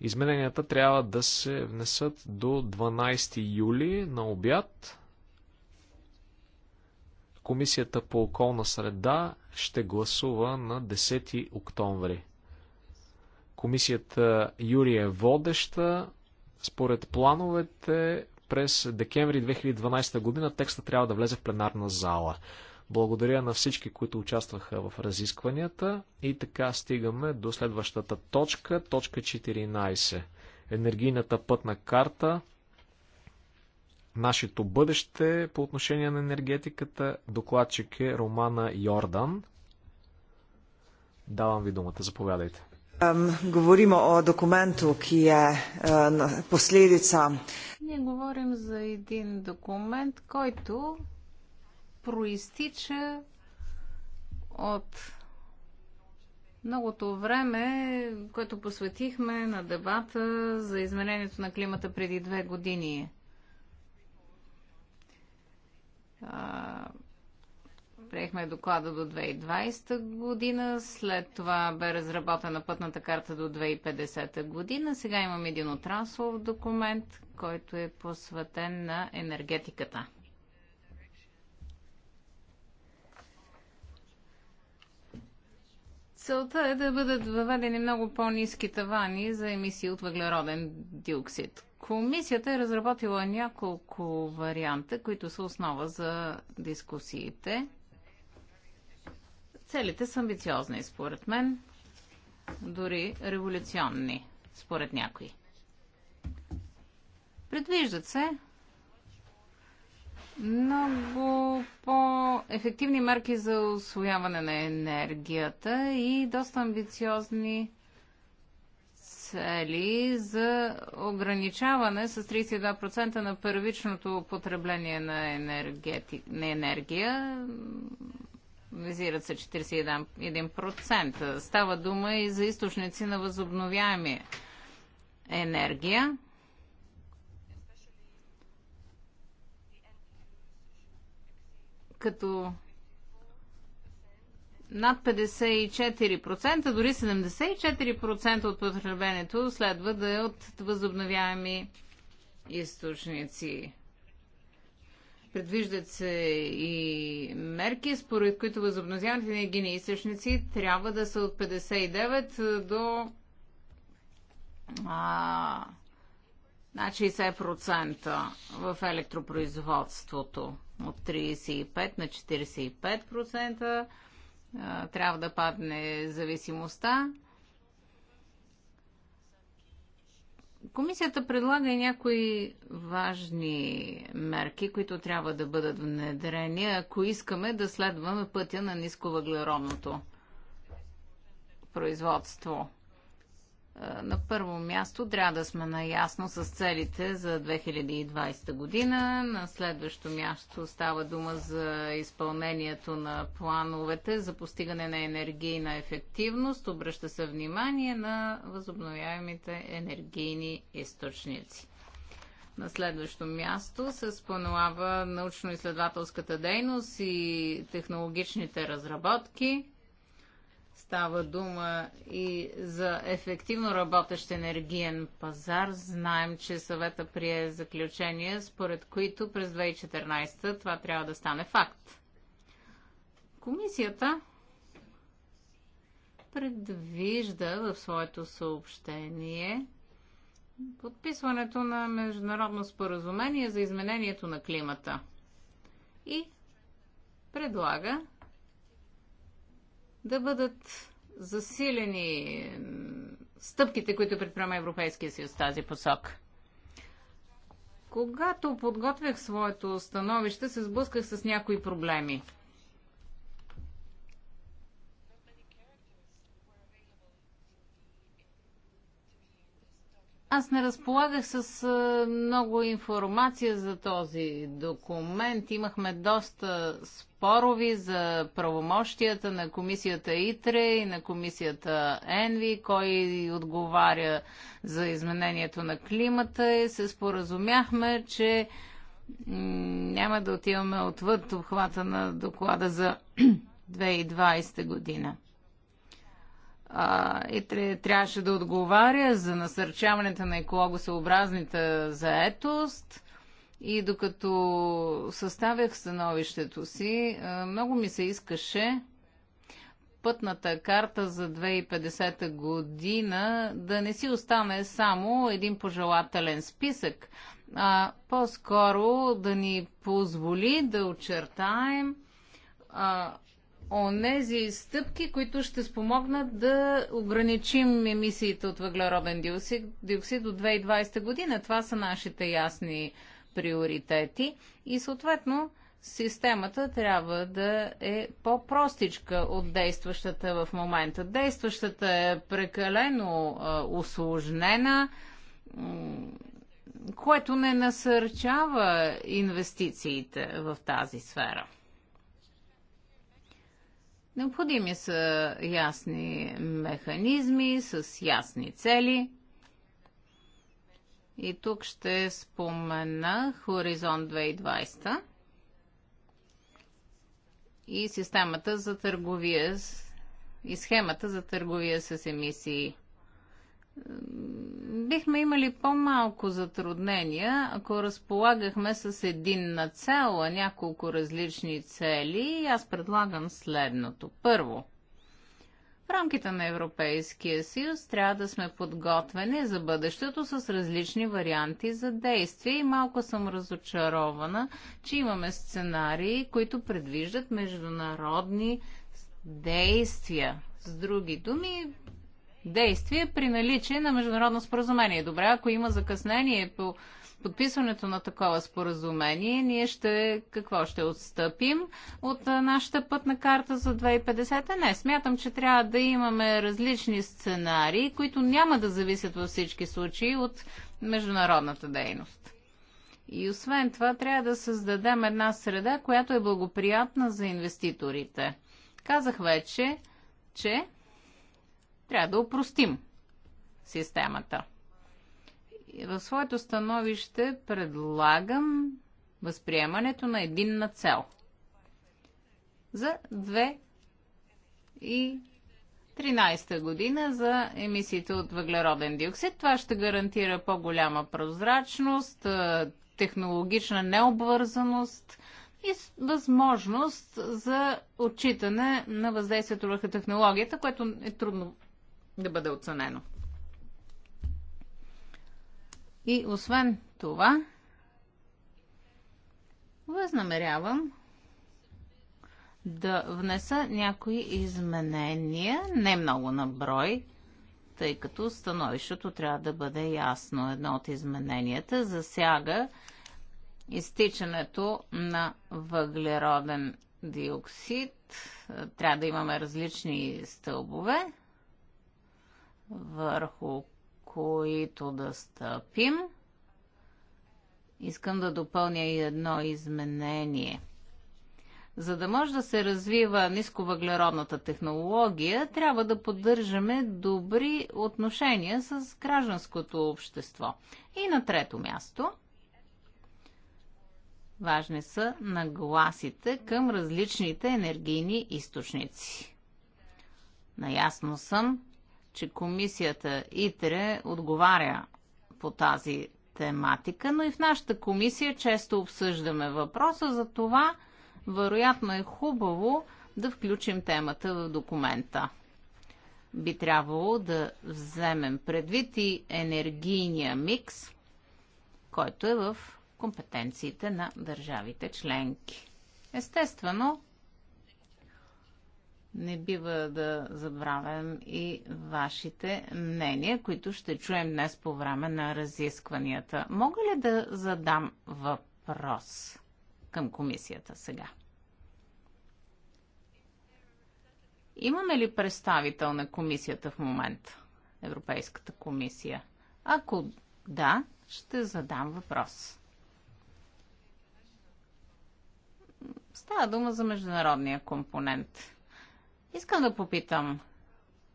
Измененията трябва да се внесат до 12 юли на обяд. Комисията по околна среда ще гласува на 10 октомври. Комисията Юрия е водеща. Според плановете през декември 2012 година текста трябва да влезе в пленарна зала. Благодаря на всички, които участваха в разискванията и така стигаме до следващата точка, точка 14. Енергийната пътна карта нашето бъдеще по отношение на енергетиката. Докладчик е Романа Йордан. Давам ви думата, заповядайте. Говоримо о документу, ки е, е последица. Ние говорим за един документ, който проистича от многото време, което посветихме на дебата за изменението на климата преди две години приехме доклада до 2020 година, след това бе разработена пътната карта до 2050 година. Сега имам един отраслов документ, който е посветен на енергетиката. Целта е да бъдат въведени много по-низки тавани за емисии от въглероден диоксид, Комисията е разработила няколко варианта, които са основа за дискусиите. Целите са амбициозни, според мен, дори революционни, според някои. Предвиждат се много по-ефективни мерки за освояване на енергията и доста амбициозни цели за ограничаване с 32% на първичното потребление на, енергети... на енергия. Визират се 41%. Става дума и за източници на възобновяеми енергия. Като над 54%, дори 74% от потребението следва да е от възобновяеми източници. Предвиждат се и мерки, според които възобновяемите енергийни източници трябва да са от 59 до а, на 60% в електропроизводството, от 35 на 45% трябва да падне зависимостта. Комисията предлага и някои важни мерки, които трябва да бъдат внедрени, ако искаме да следваме пътя на нисковъглеродното производство. На първо място трябва да сме наясно с целите за 2020 година. На следващо място става дума за изпълнението на плановете за постигане на енергийна ефективност. Обръща се внимание на възобновяемите енергийни източници. На следващо място се споменава научно-изследователската дейност и технологичните разработки Става дума и за ефективно работещ енергиен пазар. Знаем, че съвета прие заключения, според които през 2014 това трябва да стане факт. Комисията предвижда в своето съобщение подписването на международно споразумение за изменението на климата и предлага да бъдат засилени стъпките, които предприема Европейския съюз в тази посок. Когато подготвях своето становище, се сблъсках с някои проблеми – Аз не разполагах с много информация за този документ. Имахме доста спорови за правомощията на комисията ИТРЕ и на комисията ЕНВИ, кой отговаря за изменението на климата и се споразумяхме, че няма да отиваме отвъд обхвата на доклада за 2020 година а, и трябваше да отговаря за насърчаването на екологосъобразната заетост. И докато съставях становището си, много ми се искаше пътната карта за 2050 година да не си остане само един пожелателен списък, а по-скоро да ни позволи да очертаем а, онези стъпки, които ще спомогнат да ограничим емисиите от въглероден диоксид, диоксид до 2020 година. Това са нашите ясни приоритети и съответно системата трябва да е по-простичка от действащата в момента. Действащата е прекалено а, усложнена, което не насърчава инвестициите в тази сфера. Необходими са ясни механизми с ясни цели. И тук ще спомена Хоризонт 2020 и системата за търговия и схемата за търговия с емисии бихме имали по-малко затруднения, ако разполагахме с един на цяло, а няколко различни цели. Аз предлагам следното. Първо, в рамките на Европейския съюз трябва да сме подготвени за бъдещето с различни варианти за действие и малко съм разочарована, че имаме сценарии, които предвиждат международни действия. С други думи, действие при наличие на международно споразумение. Добре, ако има закъснение по подписването на такова споразумение, ние ще, какво ще отстъпим от нашата пътна карта за 2050? Не, смятам, че трябва да имаме различни сценарии, които няма да зависят във всички случаи от международната дейност. И освен това, трябва да създадем една среда, която е благоприятна за инвеститорите. Казах вече, че трябва да упростим системата. И в своето становище предлагам възприемането на единна цел за 2013 година за емисиите от въглероден диоксид. Това ще гарантира по-голяма прозрачност, технологична необвързаност и възможност за отчитане на въздействието върху технологията, което е трудно да бъде оценено. И освен това, възнамерявам да внеса някои изменения, не много на брой, тъй като становището трябва да бъде ясно. Едно от измененията засяга изтичането на въглероден диоксид. Трябва да имаме различни стълбове върху които да стъпим. Искам да допълня и едно изменение. За да може да се развива нисковъглеродната технология, трябва да поддържаме добри отношения с гражданското общество. И на трето място, важни са нагласите към различните енергийни източници. Наясно съм, че комисията ИТРЕ отговаря по тази тематика, но и в нашата комисия често обсъждаме въпроса, за това вероятно е хубаво да включим темата в документа. Би трябвало да вземем предвид и енергийния микс, който е в компетенциите на държавите членки. Естествено, не бива да забравям и вашите мнения, които ще чуем днес по време на разискванията. Мога ли да задам въпрос към комисията сега? Имаме ли представител на комисията в момента? Европейската комисия? Ако да, ще задам въпрос. Става дума за международния компонент. Искам да попитам,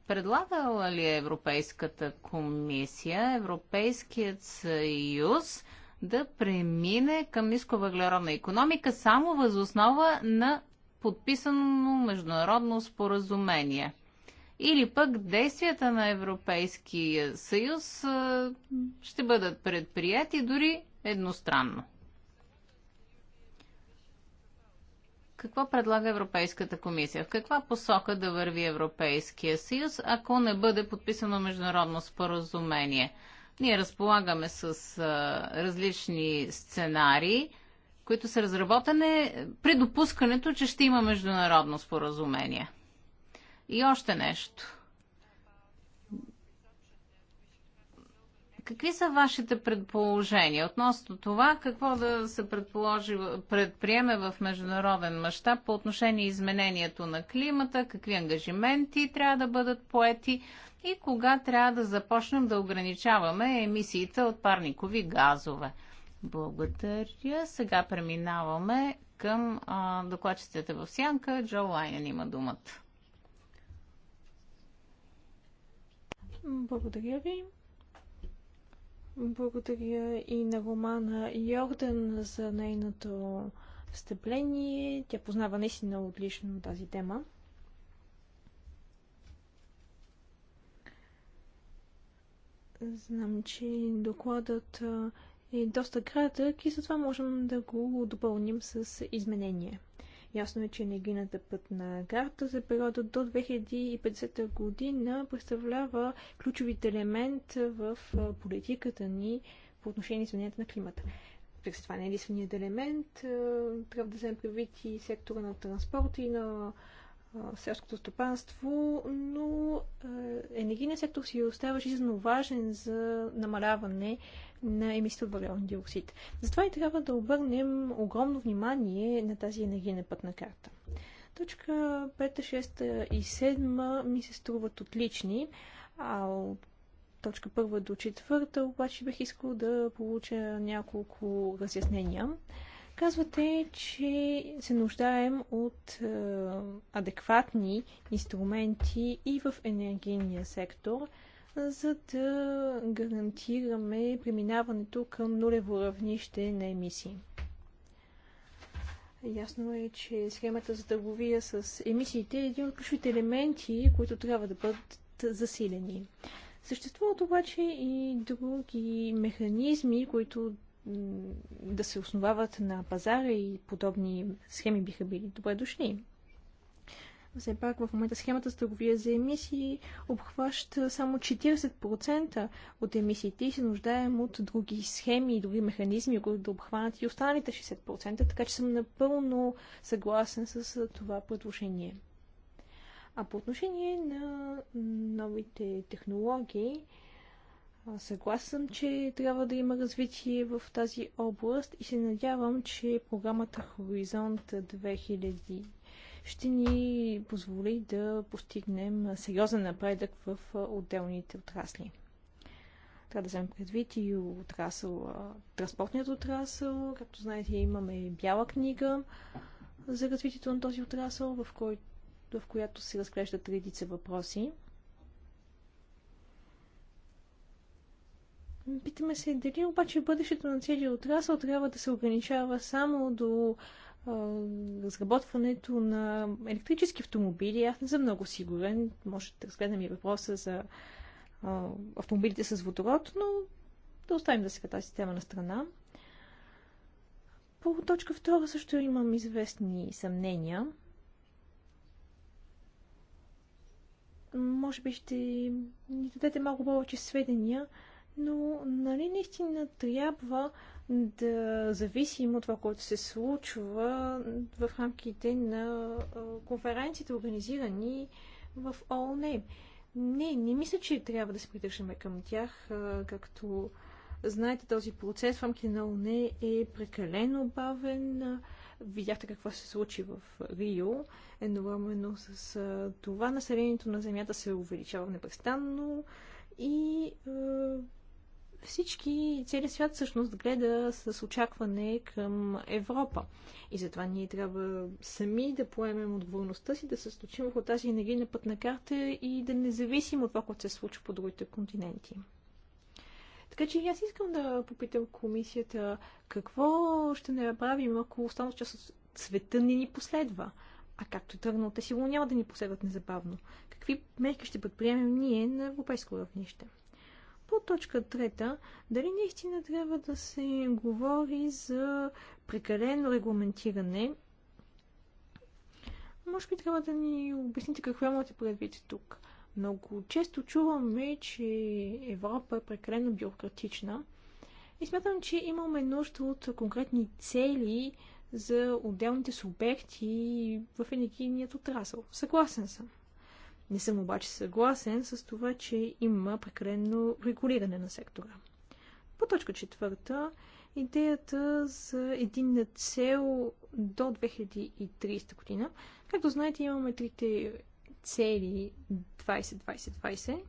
предлагала ли е Европейската комисия, Европейският съюз да премине към нисковъглеродна економика само възоснова на подписано международно споразумение? Или пък действията на Европейския съюз ще бъдат предприяти дори едностранно? Какво предлага Европейската комисия? В каква посока да върви Европейския съюз, ако не бъде подписано международно споразумение? Ние разполагаме с а, различни сценарии, които са разработени при допускането, че ще има международно споразумение. И още нещо – Какви са вашите предположения относно това какво да се предположи, предприеме в международен мащаб по отношение изменението на климата, какви ангажименти трябва да бъдат поети и кога трябва да започнем да ограничаваме емисиите от парникови газове? Благодаря. Сега преминаваме към а, докладчиците в сянка. Джо Лайнен има думата. Благодаря ви. Благодаря и на Романа Йордан за нейното встъпление. Тя познава наистина отлично тази тема. Знам, че докладът е доста кратък и затова можем да го допълним с изменение. Ясно е, че енергийната пътна карта за периода до 2050 година представлява ключовите елемент в политиката ни по отношение изменението на климата. През това не е единственият елемент. Трябва да вземем предвид и сектора на транспорта и на селското стопанство, но енергийният сектор си остава жизненно важен за намаляване на емисията от въглероден диоксид. Затова и трябва да обърнем огромно внимание на тази енергийна пътна карта. Точка 5, 6 и 7 ми се струват отлични, а от точка 1 до 4 обаче бих искал да получа няколко разяснения. Казвате, че се нуждаем от е, адекватни инструменти и в енергийния сектор – за да гарантираме преминаването към нулево равнище на емисии. Ясно е, че схемата за търговия с емисиите е един от ключовите елементи, които трябва да бъдат засилени. Съществуват обаче и други механизми, които да се основават на пазара и подобни схеми биха били добре дошли. Все пак в момента схемата с търговия за емисии обхваща само 40% от емисиите и се нуждаем от други схеми и други механизми, които да обхванат и останалите 60%, така че съм напълно съгласен с това предложение. А по отношение на новите технологии, Съгласен съм, че трябва да има развитие в тази област и се надявам, че програмата Хоризонт ще ни позволи да постигнем сериозен напредък в отделните отрасли. Трябва да вземем предвид и отрасъл, транспортният отрасъл. Както знаете, имаме и бяла книга за развитието на този отрасъл, в, кой, в която се разглеждат редица въпроси. Питаме се дали обаче бъдещето на целият отрасъл трябва да се ограничава само до разработването на електрически автомобили, аз не съм много сигурен. Може да разгледам и въпроса за автомобилите с водород, но да оставим да сега тази тема на страна. По точка втора също имам известни съмнения. Може би ще ни дадете малко повече сведения, но нали наистина трябва да зависим от това, което се случва в рамките на конференциите, организирани в ООН. Не, не мисля, че трябва да се придържаме към тях, както знаете, този процес в рамките на ООН е прекалено бавен. Видяхте какво се случи в Рио. Едновременно с това населението на Земята се увеличава непрестанно и всички, целият свят всъщност гледа с очакване към Европа. И затова ние трябва сами да поемем отговорността си, да се случим върху тази енергийна пътна карта и да не зависим от това, което се случва по другите континенти. Така че аз искам да попитам комисията какво ще не направим, ако останалата част от света не ни последва. А както тръгна, те сигурно няма да ни последват незабавно. Какви мерки ще предприемем ние на европейско равнище? По точка трета, дали наистина трябва да се говори за прекалено регламентиране? Може би трябва да ни обясните какво имате предвид тук. Много често чуваме, че Европа е прекалено бюрократична и смятам, че имаме нужда от конкретни цели за отделните субекти в енергийният отрасъл. Съгласен съм. Не съм обаче съгласен с това, че има прекалено регулиране на сектора. По точка четвърта, идеята за на цел до 2030 година. Както знаете, имаме трите цели 20-20-20.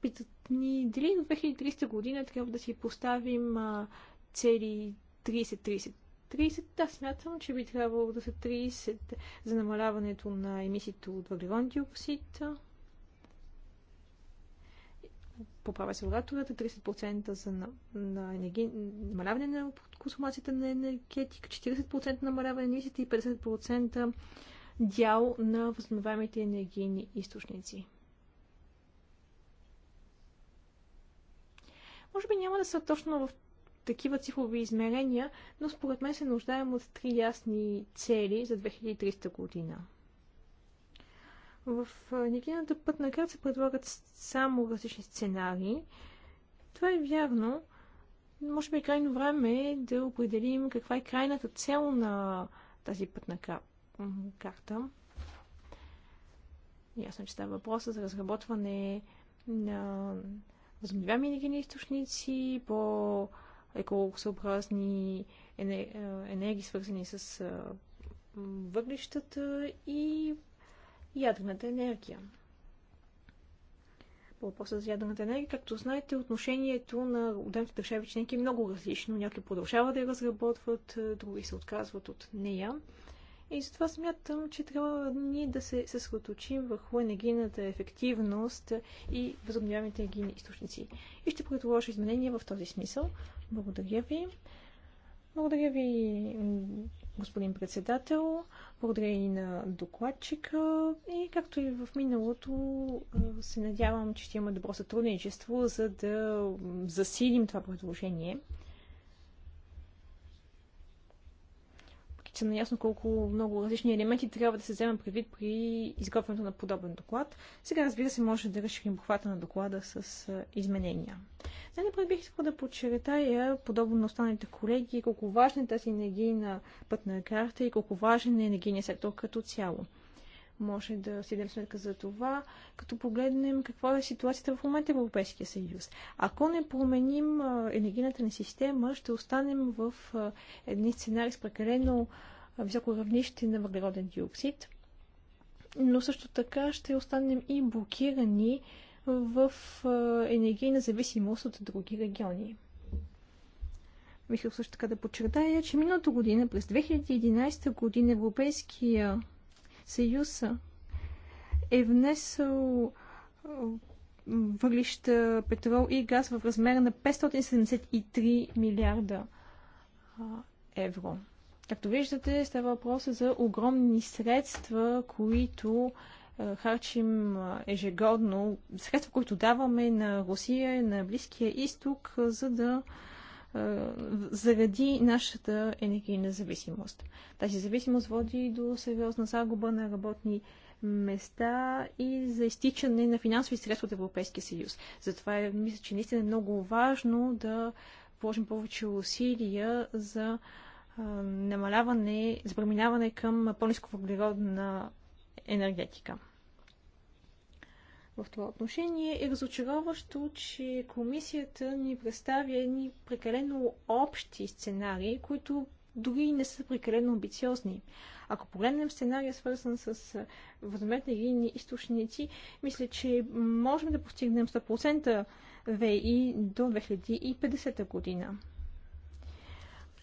Питат ни дали до 2030 година трябва да си поставим цели 30 30 30, да, смятам, че би трябвало да са 30 за намаляването на емисиите от въглероден диоксид. Поправя се вратовете, 30% за на, на енерги... намаляване на консумацията на енергетика, 40% намаляване на емисиите и 50% дял на възобновяемите енергийни източници. Може би няма да са точно в такива цифрови измерения, но според мен се нуждаем от три ясни цели за 2300 година. В енергийната пътна карта се предлагат само различни сценарии. Това е вярно. Може би е крайно време е да определим каква е крайната цел на тази пътна карта. Ясно, че става въпроса за разработване на възобновяеми енергийни източници, по екологосъобразни енергии, свързани с въглищата и ядрената енергия. По въпроса за ядрената енергия, както знаете, отношението на отделните държави членки е много различно. Някои продължават да я разработват, други се отказват от нея. И затова смятам, че трябва ние да се съсредоточим върху енергийната ефективност и възобновяемите енергийни източници. И ще предложа изменения в този смисъл. Благодаря ви. Благодаря ви, господин председател. Благодаря и на докладчика. И както и в миналото, е, се надявам, че ще има добро сътрудничество, за да засилим това предложение. са наясно колко много различни елементи трябва да се вземат предвид при изготвянето на подобен доклад. Сега, разбира се, може да разширим обхвата на доклада с изменения. Най-напред бих искала да подчертая, подобно на останалите колеги, колко важна е тази енергийна пътна карта и колко важен е енергийният сектор като цяло може да си дадем сметка за това, като погледнем каква е ситуацията в момента в Европейския съюз. Ако не променим енергийната ни система, ще останем в едни сценари с прекалено високо равнище на въглероден диоксид, но също така ще останем и блокирани в енергийна зависимост от други региони. Мисля също така да подчертая, че миналото година, през 2011 година, Европейския съюз е внесъл въглища, петрол и газ в размера на 573 милиарда евро. Както виждате, става въпрос за огромни средства, които харчим ежегодно, средства, които даваме на Русия, на Близкия изток, за да заради нашата енергийна зависимост. Тази зависимост води до сериозна загуба на работни места и за изтичане на финансови средства от Европейския съюз. Затова е, мисля, че наистина е много важно да положим повече усилия за намаляване, за преминаване към по низко въглеродна енергетика. В това отношение е разочароващо, че комисията ни представя едни прекалено общи сценарии, които дори не са прекалено амбициозни. Ако погледнем сценария, свързан с възможните енергийни източници, мисля, че можем да постигнем 100% ВИ до 2050 година.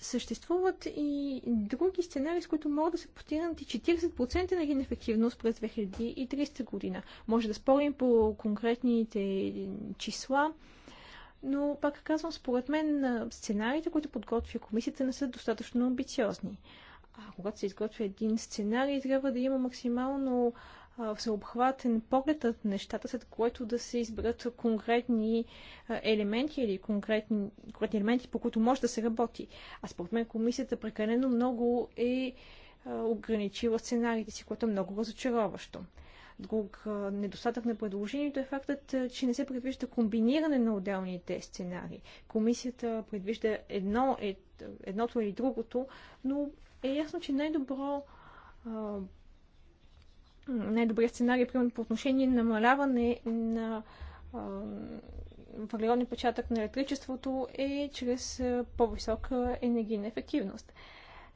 Съществуват и други сценарии, с които могат да се постигнат и 40% на ефективност през 2030 година. Може да спорим по конкретните числа, но пак казвам, според мен сценариите, които подготвя комисията, не са достатъчно амбициозни. А когато се изготвя един сценарий, трябва да има максимално всеобхватен поглед на нещата, след което да се изберат конкретни елементи или конкретни, конкретни елементи, по които може да се работи. А според мен комисията прекалено много е ограничила сценариите си, което е много разочароващо. Друг недостатък на предложението е фактът, че не се предвижда комбиниране на отделните сценари. Комисията предвижда едно, едното или другото, но е ясно, че най-добро най добрия сценарий, примерно по отношение на намаляване на въглероден печатък на електричеството е чрез по-висока енергийна ефективност.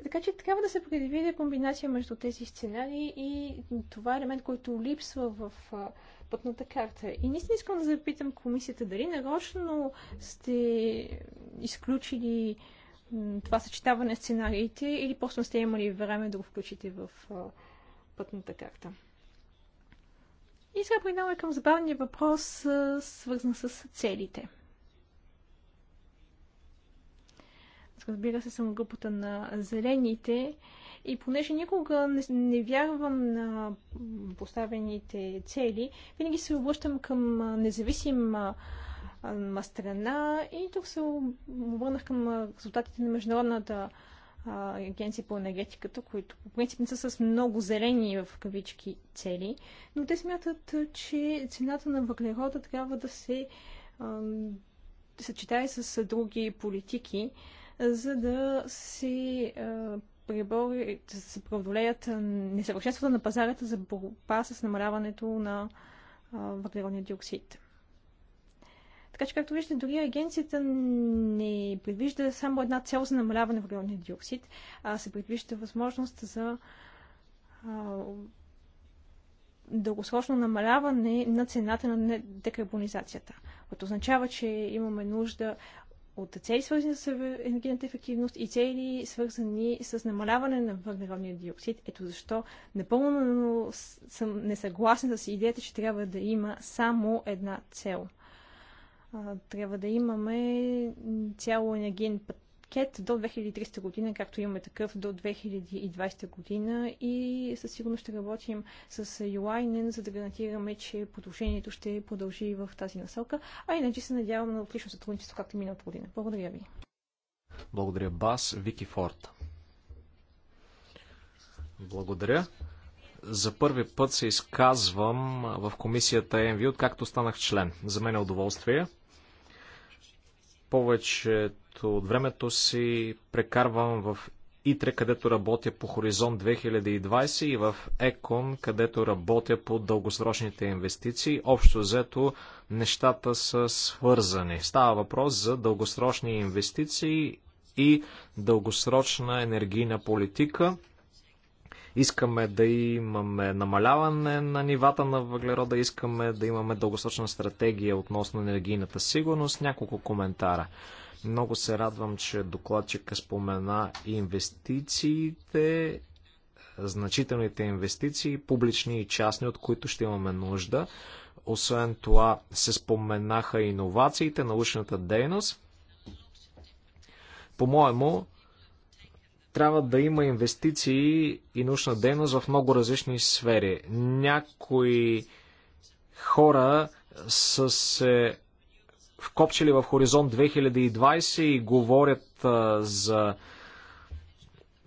Така че трябва да се предвиди комбинация между тези сценарии и това е елемент, който липсва в пътната карта. И наистина искам да запитам комисията дали нарочно сте изключили това съчетаване на сценариите или просто сте имали време да го включите в пътната карта. И сега преминаваме към забавния въпрос, свързан с целите. Разбира се, съм групата на зелените и понеже никога не, не вярвам на поставените цели, винаги се обръщам към независима страна и тук се обърнах към резултатите на международната агенции по енергетиката, които по принцип не са с много зелени в кавички цели, но те смятат, че цената на въглерода трябва да се а, съчетае с други политики, за да се да се преодолеят несъвършенствата на пазарата за борба с намаляването на въглеродния диоксид. Така че, както виждате, дори агенцията не предвижда само една цел за намаляване на въглеродния диоксид, а се предвижда възможност за а, дългосрочно намаляване на цената на декарбонизацията. Което означава, че имаме нужда от цели свързани с енергийната ефективност и цели свързани с намаляване на въглеродния диоксид. Ето защо напълно съм несъгласна с идеята, че трябва да има само една цел – трябва да имаме цяло енергиен пакет до 2300 година, както имаме такъв до 2020 година и със сигурност ще работим с Юлайнен, за да гарантираме, че продължението ще продължи в тази насока. А иначе се надявам на отлично сътрудничество, както миналата година. Благодаря ви. Благодаря, Бас. Вики Форд. Благодаря. За първи път се изказвам в комисията ЕМВ, откакто станах член. За мен е удоволствие повечето от времето си прекарвам в ИТРЕ, където работя по Хоризонт 2020 и в ЕКОН, където работя по дългосрочните инвестиции. Общо взето нещата са свързани. Става въпрос за дългосрочни инвестиции и дългосрочна енергийна политика – Искаме да имаме намаляване на нивата на въглерода, искаме да имаме дългосрочна стратегия относно енергийната сигурност. Няколко коментара. Много се радвам, че докладчика спомена инвестициите, значителните инвестиции, публични и частни, от които ще имаме нужда. Освен това се споменаха иновациите, научната дейност. По-моему, трябва да има инвестиции и научна дейност в много различни сфери. Някои хора са се вкопчили в Хоризонт 2020 и говорят а, за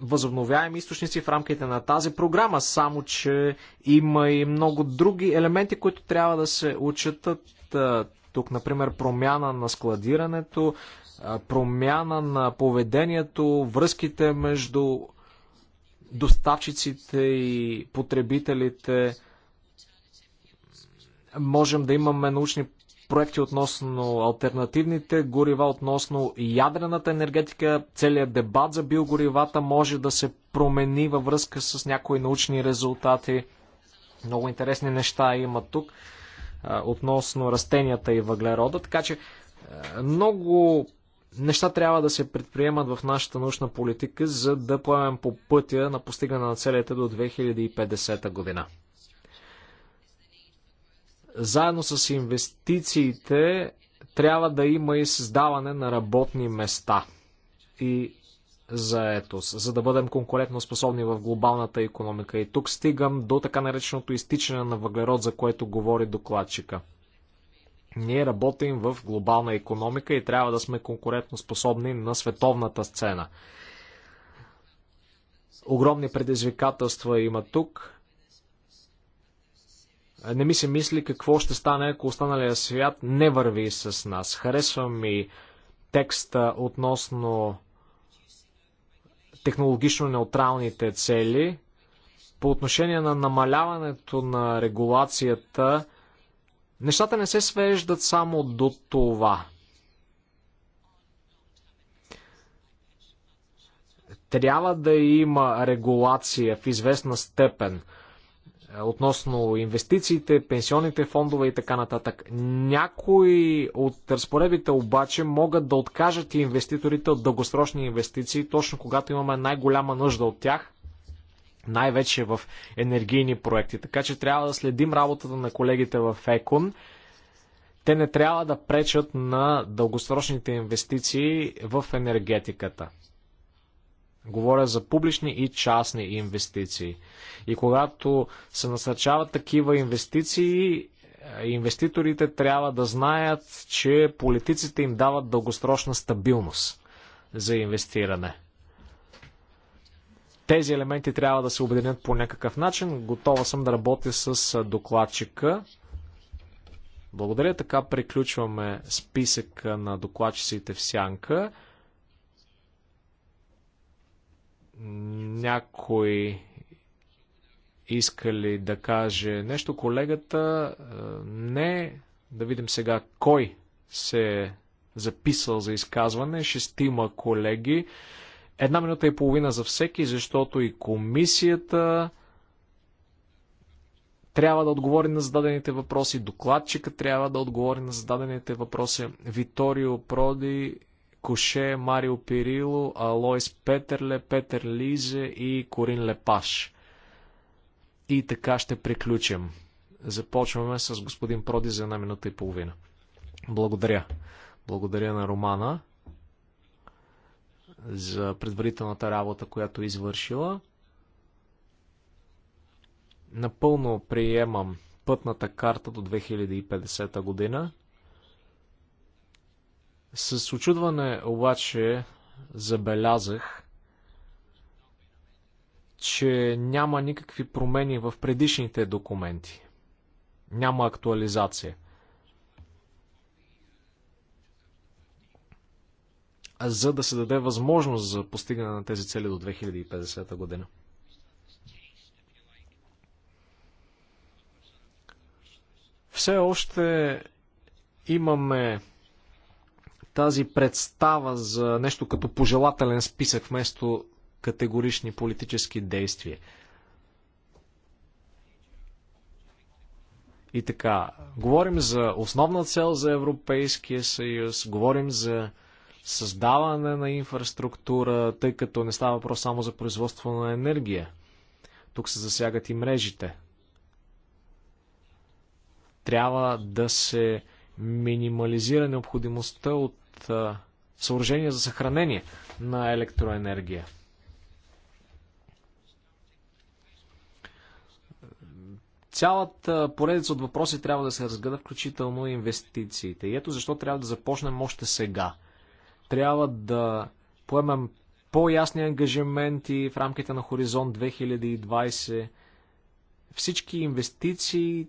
възобновяеми източници в рамките на тази програма, само че има и много други елементи, които трябва да се учат, Тук, например, промяна на складирането, промяна на поведението, връзките между доставчиците и потребителите. Можем да имаме научни проекти относно альтернативните горива, относно ядрената енергетика. Целият дебат за биогоривата може да се промени във връзка с някои научни резултати. Много интересни неща има тук относно растенията и въглерода. Така че много неща трябва да се предприемат в нашата научна политика, за да поемем по пътя на постигане на целите до 2050 година. Заедно с инвестициите трябва да има и създаване на работни места и заетост, за да бъдем конкурентно способни в глобалната економика. И тук стигам до така нареченото изтичане на въглерод, за което говори докладчика – ние работим в глобална економика и трябва да сме конкурентоспособни на световната сцена. Огромни предизвикателства има тук. Не ми се мисли какво ще стане, ако останалия свят не върви с нас. Харесвам и текста относно технологично неутралните цели. По отношение на намаляването на регулацията, Нещата не се свеждат само до това. Трябва да има регулация в известна степен е, относно инвестициите, пенсионните фондове и така нататък. Някои от разпоредбите обаче могат да откажат и инвеститорите от дългосрочни инвестиции, точно когато имаме най-голяма нужда от тях най-вече в енергийни проекти. Така че трябва да следим работата на колегите в ЕКОН. Те не трябва да пречат на дългосрочните инвестиции в енергетиката. Говоря за публични и частни инвестиции. И когато се насърчават такива инвестиции, е, инвеститорите трябва да знаят, че политиците им дават дългосрочна стабилност за инвестиране. Тези елементи трябва да се обединят по някакъв начин. Готова съм да работя с докладчика. Благодаря. Така приключваме списък на докладчиците в сянка. Някой иска ли да каже нещо колегата? Не. Да видим сега кой се е записал за изказване. Шестима колеги. Една минута и половина за всеки, защото и комисията трябва да отговори на зададените въпроси, докладчика трябва да отговори на зададените въпроси, Виторио Проди, Коше, Марио Пирило, Алойс Петерле, Петер Лизе и Корин Лепаш. И така ще приключим. Започваме с господин Проди за една минута и половина. Благодаря. Благодаря на Романа за предварителната работа, която е извършила. Напълно приемам пътната карта до 2050 година. С очудване обаче забелязах, че няма никакви промени в предишните документи. Няма актуализация. за да се даде възможност за постигане на тези цели до 2050 година. Все още имаме тази представа за нещо като пожелателен списък вместо категорични политически действия. И така, говорим за основна цел за Европейския съюз, говорим за създаване на инфраструктура, тъй като не става въпрос само за производство на енергия. Тук се засягат и мрежите. Трябва да се минимализира необходимостта от съоръжения за съхранение на електроенергия. Цялата поредица от въпроси трябва да се разгледа, включително инвестициите. И ето защо трябва да започнем още сега – трябва да поемем по-ясни ангажименти в рамките на Хоризонт 2020. Всички инвестиции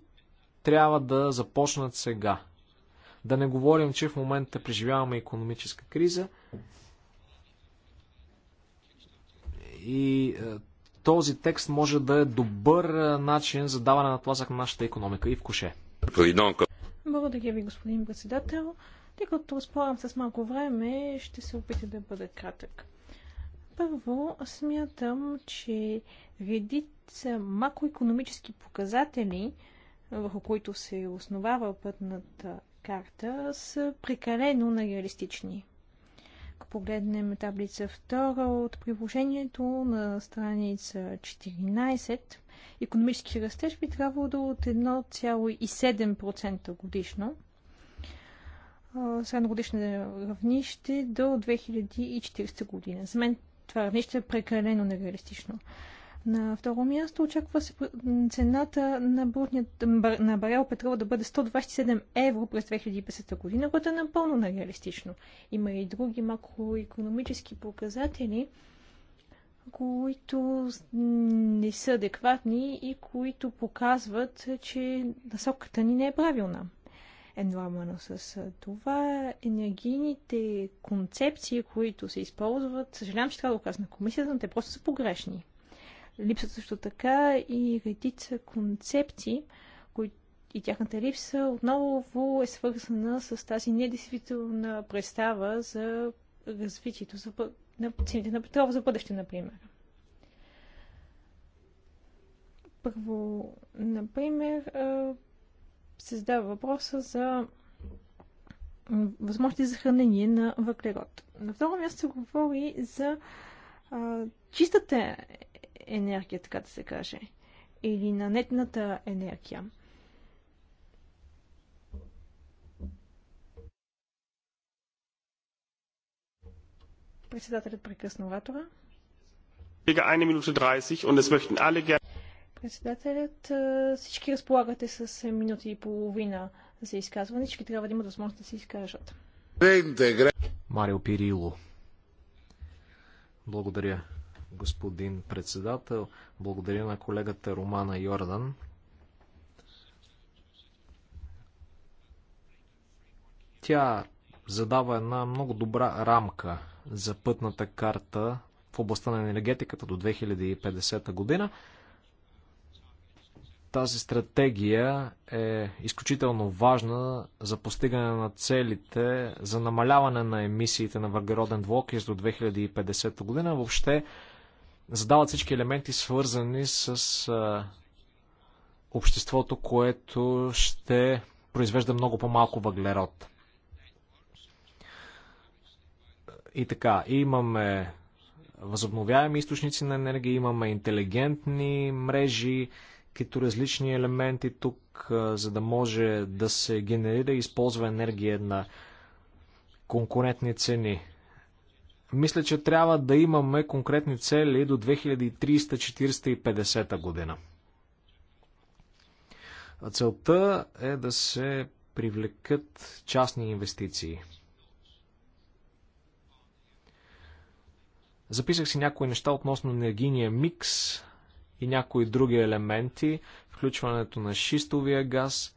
трябва да започнат сега. Да не говорим, че в момента преживяваме економическа криза и е, този текст може да е добър е, начин за даване на тласък на нашата економика и в коше. Благодаря ви, господин председател. Тъй като разполагам с малко време, ще се опитя да бъда кратък. Първо, смятам, че редица макроекономически показатели, върху които се основава пътната карта, са прекалено нереалистични. Ако погледнем таблица 2 от приложението на страница 14, економически растеж би трябвало да е от 1,7% годишно – средногодишно равнище до 2040 година. За мен това равнище е прекалено нереалистично. На второ място очаква се цената на, брутният, на барел петрол да бъде 127 евро през 2050 година, което е напълно нереалистично. Има и други макроекономически показатели, които не са адекватни и които показват, че насоката ни не е правилна едновременно с това. Енергийните концепции, които се използват, съжалявам, че трябва да оказа на комисията, но те просто са погрешни. Липсват също така и редица концепции, които и тяхната липса отново е свързана с тази недействителна представа за развитието за, на цените на петрола за бъдеще, например. Първо, например, се задава въпроса за възможности за хранение на въглерод. На второ място се говори за а, чистата енергия, така да се каже, или на нетната енергия. Председателят прекъсна оратора. 1 минута 30 и es möchten alle Председателят, всички разполагате с е, минути и половина за изказване. Всички трябва да имат възможност да се изкажат. Марио Пирило. Благодаря, господин председател. Благодаря на колегата Романа Йордан. Тя задава една много добра рамка за пътната карта в областта на енергетиката до 2050 година. Тази стратегия е изключително важна за постигане на целите за намаляване на емисиите на въглероден двуокис до 2050 година. Въобще задават всички елементи, свързани с обществото, което ще произвежда много по-малко въглерод. И така, имаме възобновяеми източници на енергия, имаме интелигентни мрежи, като различни елементи тук, за да може да се генерира и използва енергия на конкурентни цени. Мисля, че трябва да имаме конкретни цели до 2340-50 година. Целта е да се привлекат частни инвестиции. Записах си някои неща относно енергийния микс, и някои други елементи, включването на шистовия газ.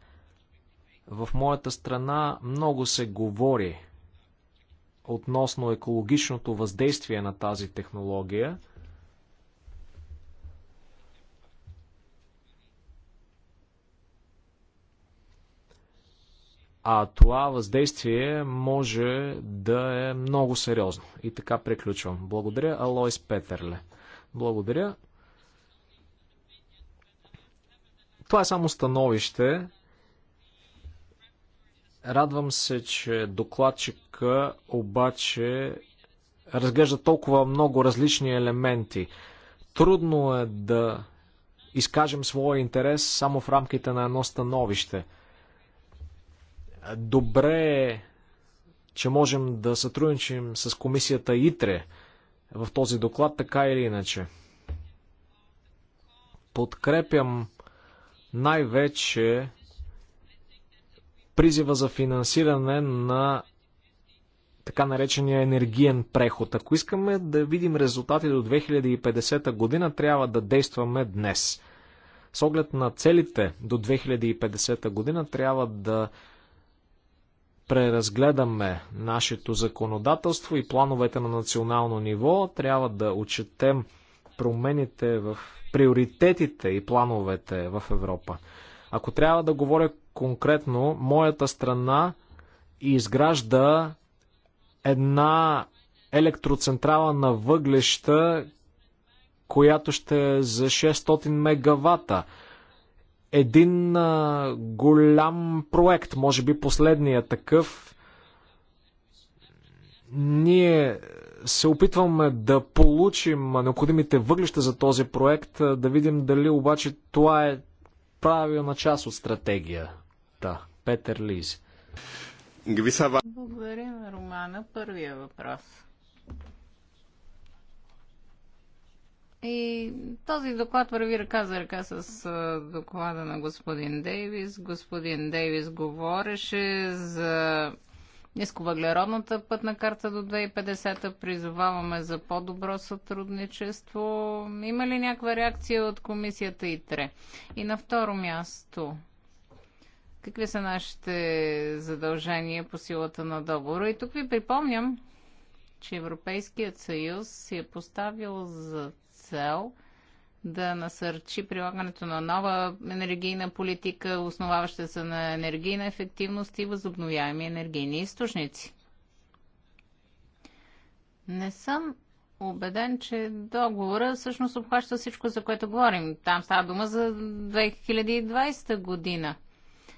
В моята страна много се говори относно екологичното въздействие на тази технология. А това въздействие може да е много сериозно. И така приключвам. Благодаря, Алойс Петерле. Благодаря. Това е само становище. Радвам се, че докладчика обаче разглежда толкова много различни елементи. Трудно е да изкажем своя интерес само в рамките на едно становище. Добре е, че можем да сътрудничим с комисията ИТРЕ в този доклад, така или иначе. Подкрепям най-вече призива за финансиране на така наречения енергиен преход. Ако искаме да видим резултати до 2050 година, трябва да действаме днес. С оглед на целите до 2050 година, трябва да преразгледаме нашето законодателство и плановете на национално ниво. Трябва да отчетем промените в приоритетите и плановете в Европа. Ако трябва да говоря конкретно, моята страна изгражда една електроцентрала на въглеща, която ще е за 600 мегавата. Един а, голям проект, може би последния такъв. Ние се опитваме да получим необходимите въглища за този проект, да видим дали обаче това е правилна част от стратегията. Да, Петър Лиз. Благодаря на Романа. Първия въпрос. И този доклад върви ръка за ръка с доклада на господин Дейвис. Господин Дейвис говореше за Нисковъглеродната пътна карта до 2050 та призоваваме за по-добро сътрудничество. Има ли някаква реакция от комисията ИТРЕ? И на второ място, какви са нашите задължения по силата на договора? И тук ви припомням, че Европейският съюз си е поставил за цел – да насърчи прилагането на нова енергийна политика, основаваща се на енергийна ефективност и възобновяеми енергийни източници. Не съм убеден, че договора всъщност обхваща всичко, за което говорим. Там става дума за 2020 година.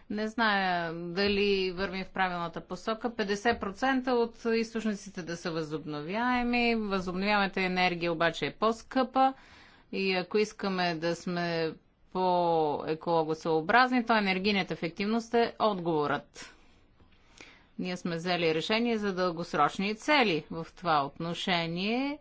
Не зная дали вървим в правилната посока. 50% от източниците да са възобновяеми. Възобновяемата енергия обаче е по-скъпа. И ако искаме да сме по-екологосъобразни, то енергийната ефективност е отговорът. Ние сме взели решение за дългосрочни цели в това отношение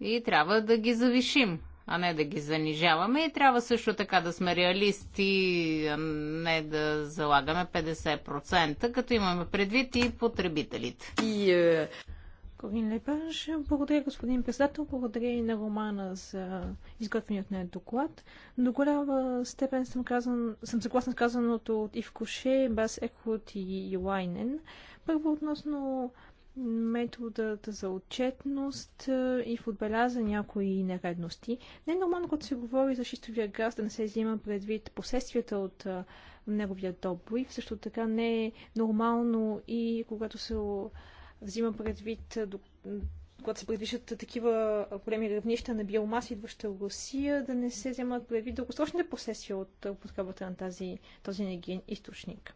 и трябва да ги завишим, а не да ги занижаваме. И трябва също така да сме реалисти, а не да залагаме 50%, като имаме предвид и потребителите. И, е, Корин Лепаш. Благодаря, господин председател. Благодаря и на Романа за изготвеният на доклад. До голяма степен съм, казан, съм съгласна с казаното от Ивкоше, Бас Екхот и Лайнен. Първо относно методът за отчетност е, и в отбеляза някои нередности. Не е нормално, когато се говори за шистовия газ, да не се взима предвид последствията от е, неговия добив. Също така не е нормално и когато се взима предвид, е, когато се предвиждат такива големи равнища на биомаса, идваща в Русия, да не се вземат предвид дългосрочните посесии от е, употребата на тази, този енергиен източник.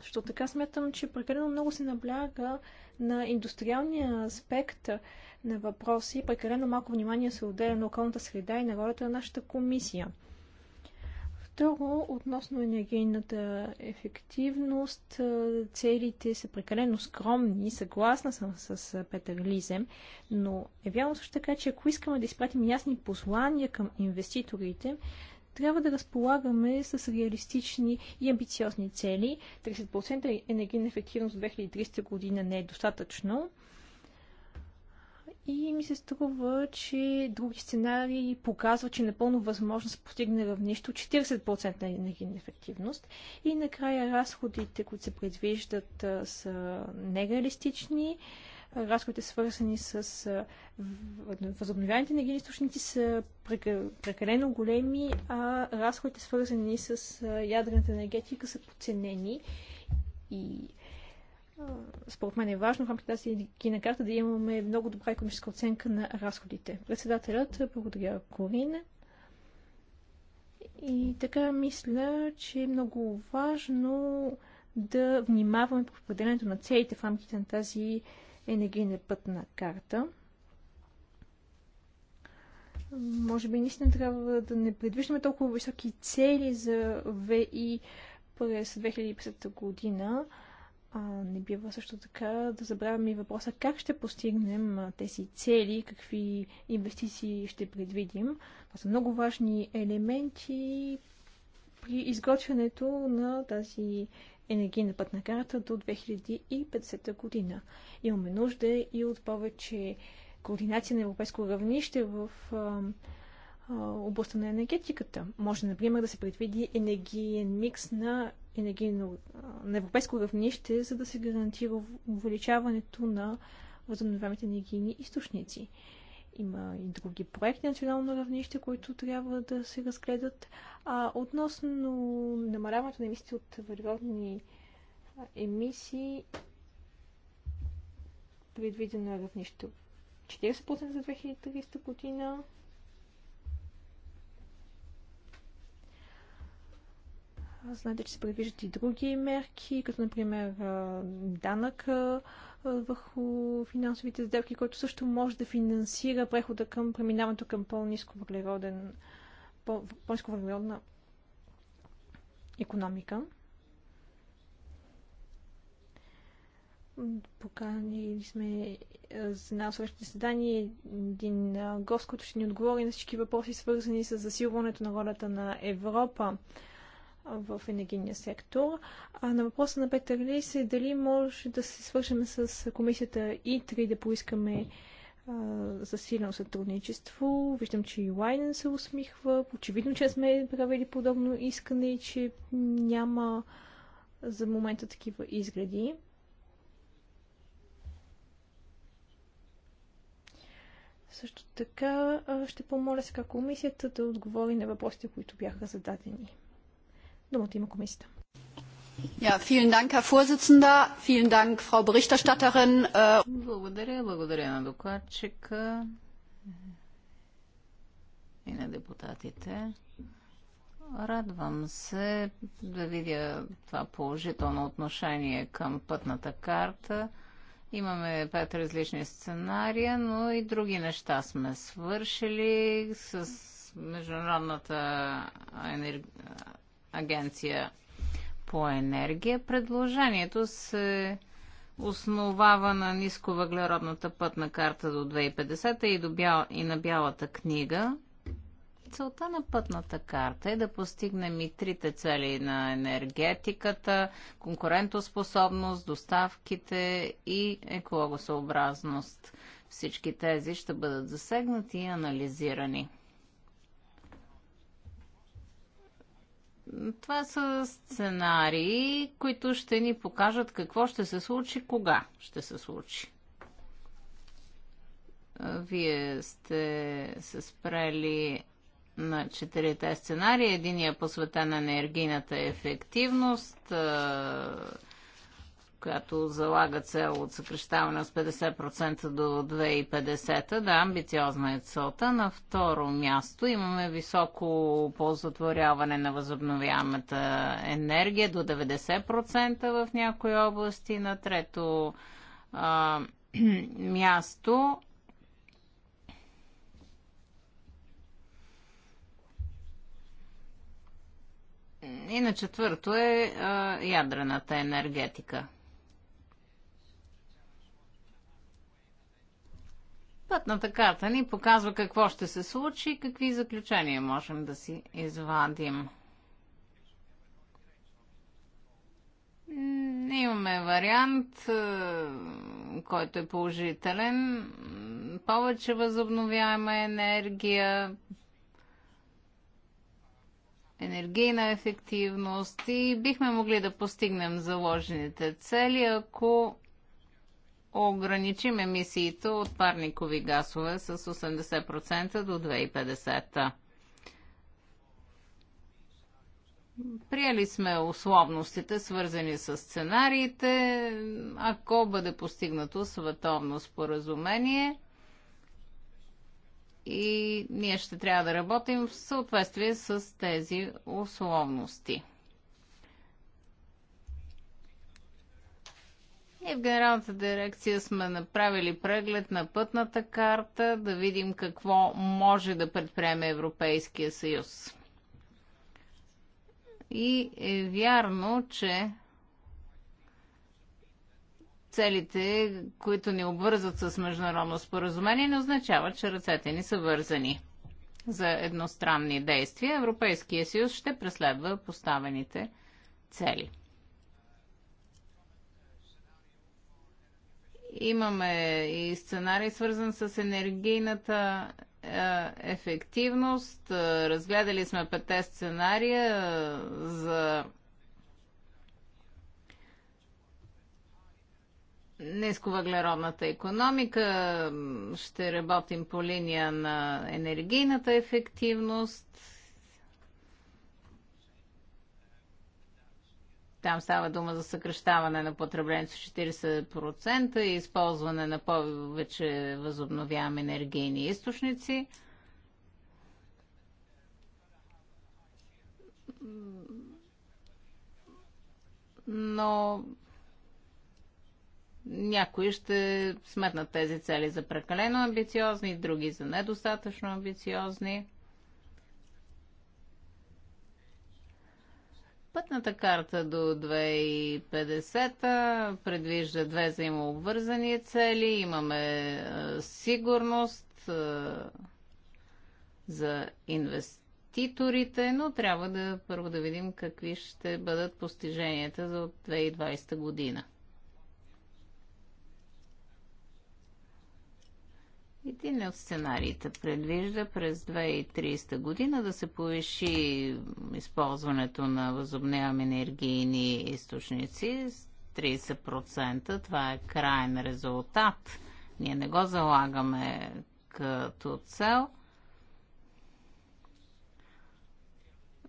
Защото така смятам, че прекалено много се набляга на индустриалния аспект на въпроси, прекалено малко внимание се отделя на околната среда и на ролята на нашата комисия. Второ, относно енергийната ефективност, целите са прекалено скромни, съгласна съм с Петър Лизем, но е вярно също така, че ако искаме да изпратим ясни послания към инвеститорите, трябва да разполагаме с реалистични и амбициозни цели. 30% енергийна ефективност в 2300 година не е достатъчно. И ми се струва, че други сценарии показват, че е напълно възможно се постигне равнище 40% на енергийна ефективност. И накрая разходите, които се предвиждат, са нереалистични. Разходите, свързани с възобновяемите енергийни източници, са прекалено големи, а разходите, свързани с ядрената енергетика, са подценени. И според мен е важно в рамките на тази гина карта да имаме много добра економическа оценка на разходите. Председателят, благодаря Корина. И така мисля, че е много важно да внимаваме по определенето на целите в рамките на тази енергийна пътна карта. Може би наистина трябва да не предвиждаме толкова високи цели за ВИ през 2050 година, а не бива също така да забравяме и въпроса как ще постигнем тези цели, какви инвестиции ще предвидим. Това са много важни елементи при изготвянето на тази енергийна пътна карта до 2050 година. Имаме нужда и от повече координация на европейско равнище в областта на енергетиката. Може, например, да се предвиди енергиен микс на, енергийно, на европейско равнище, за да се гарантира увеличаването на възобновяемите енергийни източници. Има и други проекти на национално равнище, които трябва да се разгледат. А относно намаляването на емисиите от въглеродни емисии, предвидено е равнище 40% за 2300 година, Знаете, че се предвиждат и други мерки, като например данък върху финансовите сделки, който също може да финансира прехода към преминаването към по-низко по-низко въглеродна економика. Поканили сме за нас следващото заседание един гост, който ще ни отговори на всички въпроси, свързани с засилването на ролята на Европа в енергийния сектор. А на въпроса на Петър Лис е дали може да се свържем с комисията И3 да поискаме засилено сътрудничество. Виждам, че и Лайнен се усмихва. Очевидно, че сме правили подобно искане и че няма за момента такива изгледи. Също така ще помоля сега комисията да отговори на въпросите, които бяха зададени. Думата има комисията. Ja, vielen Dank, Herr Vorsitzender. Vielen Dank, Frau Berichterstatterin. Äh, благодаря, благодаря на докладчика и на депутатите. Радвам се да видя това положително отношение към пътната карта. Имаме пет различни сценария, но и други неща сме свършили с Международната енергия агенция по енергия. Предложението се основава на нисковъглеродната пътна карта до 2050 и, до бял, и на бялата книга. Целта на пътната карта е да постигнем и трите цели на енергетиката, конкурентоспособност, доставките и екологосъобразност. Всички тези ще бъдат засегнати и анализирани. Това са сценарии, които ще ни покажат какво ще се случи, кога ще се случи. Вие сте се спрели на четирите сценарии. Единия е посветен на енергийната ефективност, която залага цел от съкрещаване с 50% до 2050. Да, амбициозна е целта. На второ място имаме високо ползотворяване на възобновяемата енергия до 90% в някои области. На трето а, място И на четвърто е а, ядрената енергетика. Пътната карта ни показва какво ще се случи и какви заключения можем да си извадим. Имаме вариант, е, който е положителен. Повече възобновяема енергия, енергийна ефективност и бихме могли да постигнем заложените цели, ако ограничим емисиите от парникови газове с 80% до 2050. Приели сме условностите, свързани с сценариите. Ако бъде постигнато световно споразумение, и ние ще трябва да работим в съответствие с тези условности. И в Генералната дирекция сме направили преглед на пътната карта, да видим какво може да предприеме Европейския съюз. И е вярно, че целите, които ни обвързват с международно споразумение, не означават, че ръцете ни са вързани за едностранни действия. Европейския съюз ще преследва поставените цели. Имаме и сценарий свързан с енергийната е, ефективност. Е, разгледали сме пете сценария е, за нисковъглеродната економика. Ще работим по линия на енергийната ефективност Там става дума за съкръщаване на потреблението с 40% и използване на повече възобновяеми енергийни източници. Но някои ще сметнат тези цели за прекалено амбициозни, други за недостатъчно амбициозни. Пътната карта до 2050 предвижда две взаимообвързани цели. Имаме е, сигурност е, за инвеститорите, но трябва да първо да видим какви ще бъдат постиженията за 2020 година. Един от сценариите предвижда през 2030 година да се повиши използването на възобновяеми енергийни източници с 30%. Това е крайен резултат. Ние не го залагаме като цел –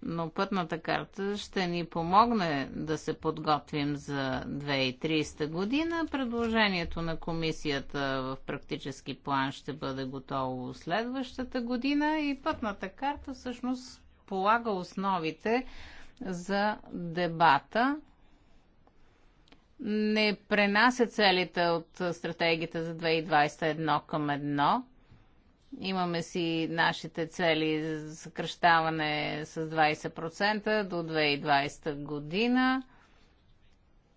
но пътната карта ще ни помогне да се подготвим за 2030 година. Предложението на комисията в практически план ще бъде готово следващата година и пътната карта всъщност полага основите за дебата. Не пренася целите от стратегията за 2021 към едно Имаме си нашите цели за съкръщаване с 20% до 2020 година,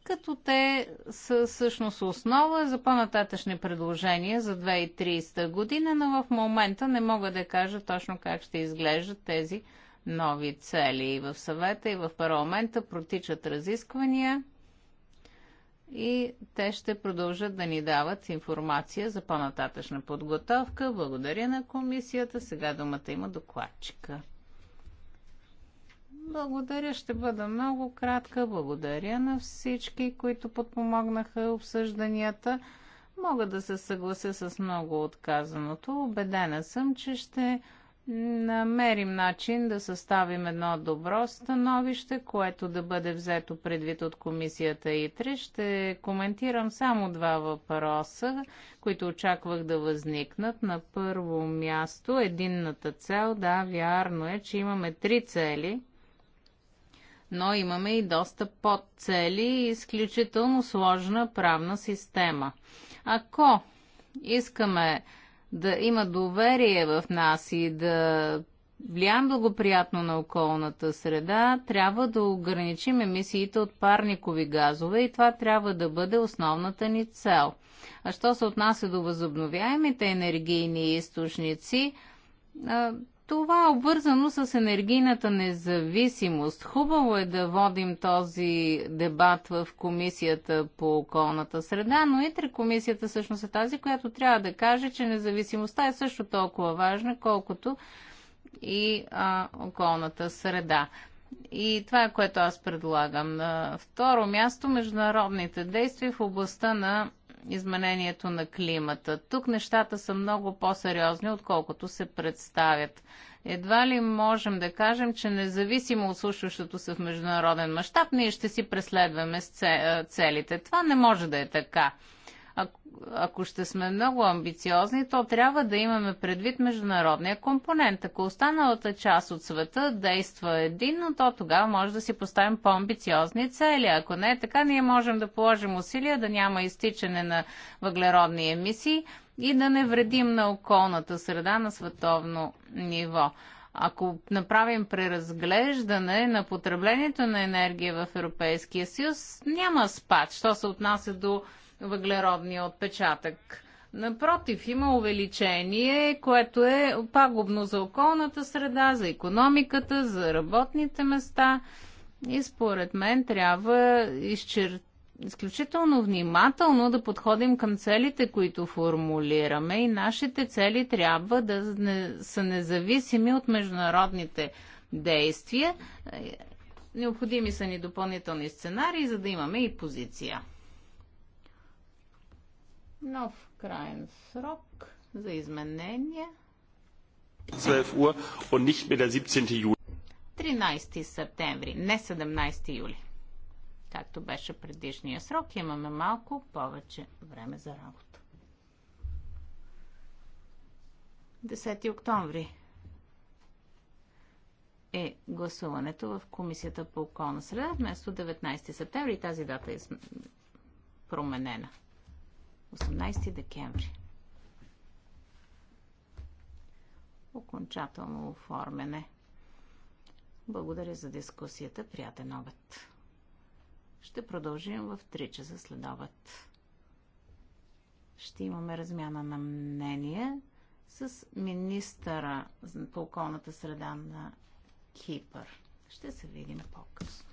като те са всъщност основа за по-нататъчни предложения за 2030 година, но в момента не мога да кажа точно как ще изглеждат тези нови цели. И в съвета, и в парламента протичат разисквания и те ще продължат да ни дават информация за по-нататъчна подготовка. Благодаря на комисията. Сега думата има докладчика. Благодаря, ще бъда много кратка. Благодаря на всички, които подпомогнаха обсъжданията. Мога да се съглася с много отказаното. Обедена съм, че ще намерим начин да съставим едно добро становище, което да бъде взето предвид от комисията ИТРИ. Ще коментирам само два въпроса, които очаквах да възникнат. На първо място, единната цел. Да, вярно е, че имаме три цели, но имаме и доста подцели и изключително сложна правна система. Ако искаме да има доверие в нас и да влияем благоприятно на околната среда, трябва да ограничим емисиите от парникови газове и това трябва да бъде основната ни цел. А що се отнася до възобновяемите енергийни източници, това е обвързано с енергийната независимост. Хубаво е да водим този дебат в Комисията по околната среда, но и комисията всъщност е тази, която трябва да каже, че независимостта е също толкова важна, колкото и а, околната среда. И това е което аз предлагам. На второ място международните действия в областта на изменението на климата. Тук нещата са много по-сериозни, отколкото се представят. Едва ли можем да кажем, че независимо от случващото се в международен мащаб, ние ще си преследваме целите. Това не може да е така ако ще сме много амбициозни, то трябва да имаме предвид международния компонент. Ако останалата част от света действа единно, то тогава може да си поставим по-амбициозни цели. Ако не е така, ние можем да положим усилия да няма изтичане на въглеродни емисии и да не вредим на околната среда на световно ниво. Ако направим преразглеждане на потреблението на енергия в Европейския съюз, няма спад, що се отнася до въглеродния отпечатък. Напротив, има увеличение, което е пагубно за околната среда, за економиката, за работните места. И според мен трябва изчер... изключително внимателно да подходим към целите, които формулираме и нашите цели трябва да не... са независими от международните действия. Необходими са ни допълнителни сценарии, за да имаме и позиция. Нов крайен срок за изменения. 12 Uhr und nicht mehr der 17. Juli. 13 септември, не 17 юли. Както беше предишния срок, имаме малко повече време за работа. 10 октомври е гласуването в Комисията по околна среда вместо 19 септември. Тази дата е променена. 18 декември. Окончателно оформяне. Благодаря за дискусията. Приятен обед. Ще продължим в 3 часа след обед. Ще имаме размяна на мнение с министъра по околната среда на Кипър. Ще се видим по-късно.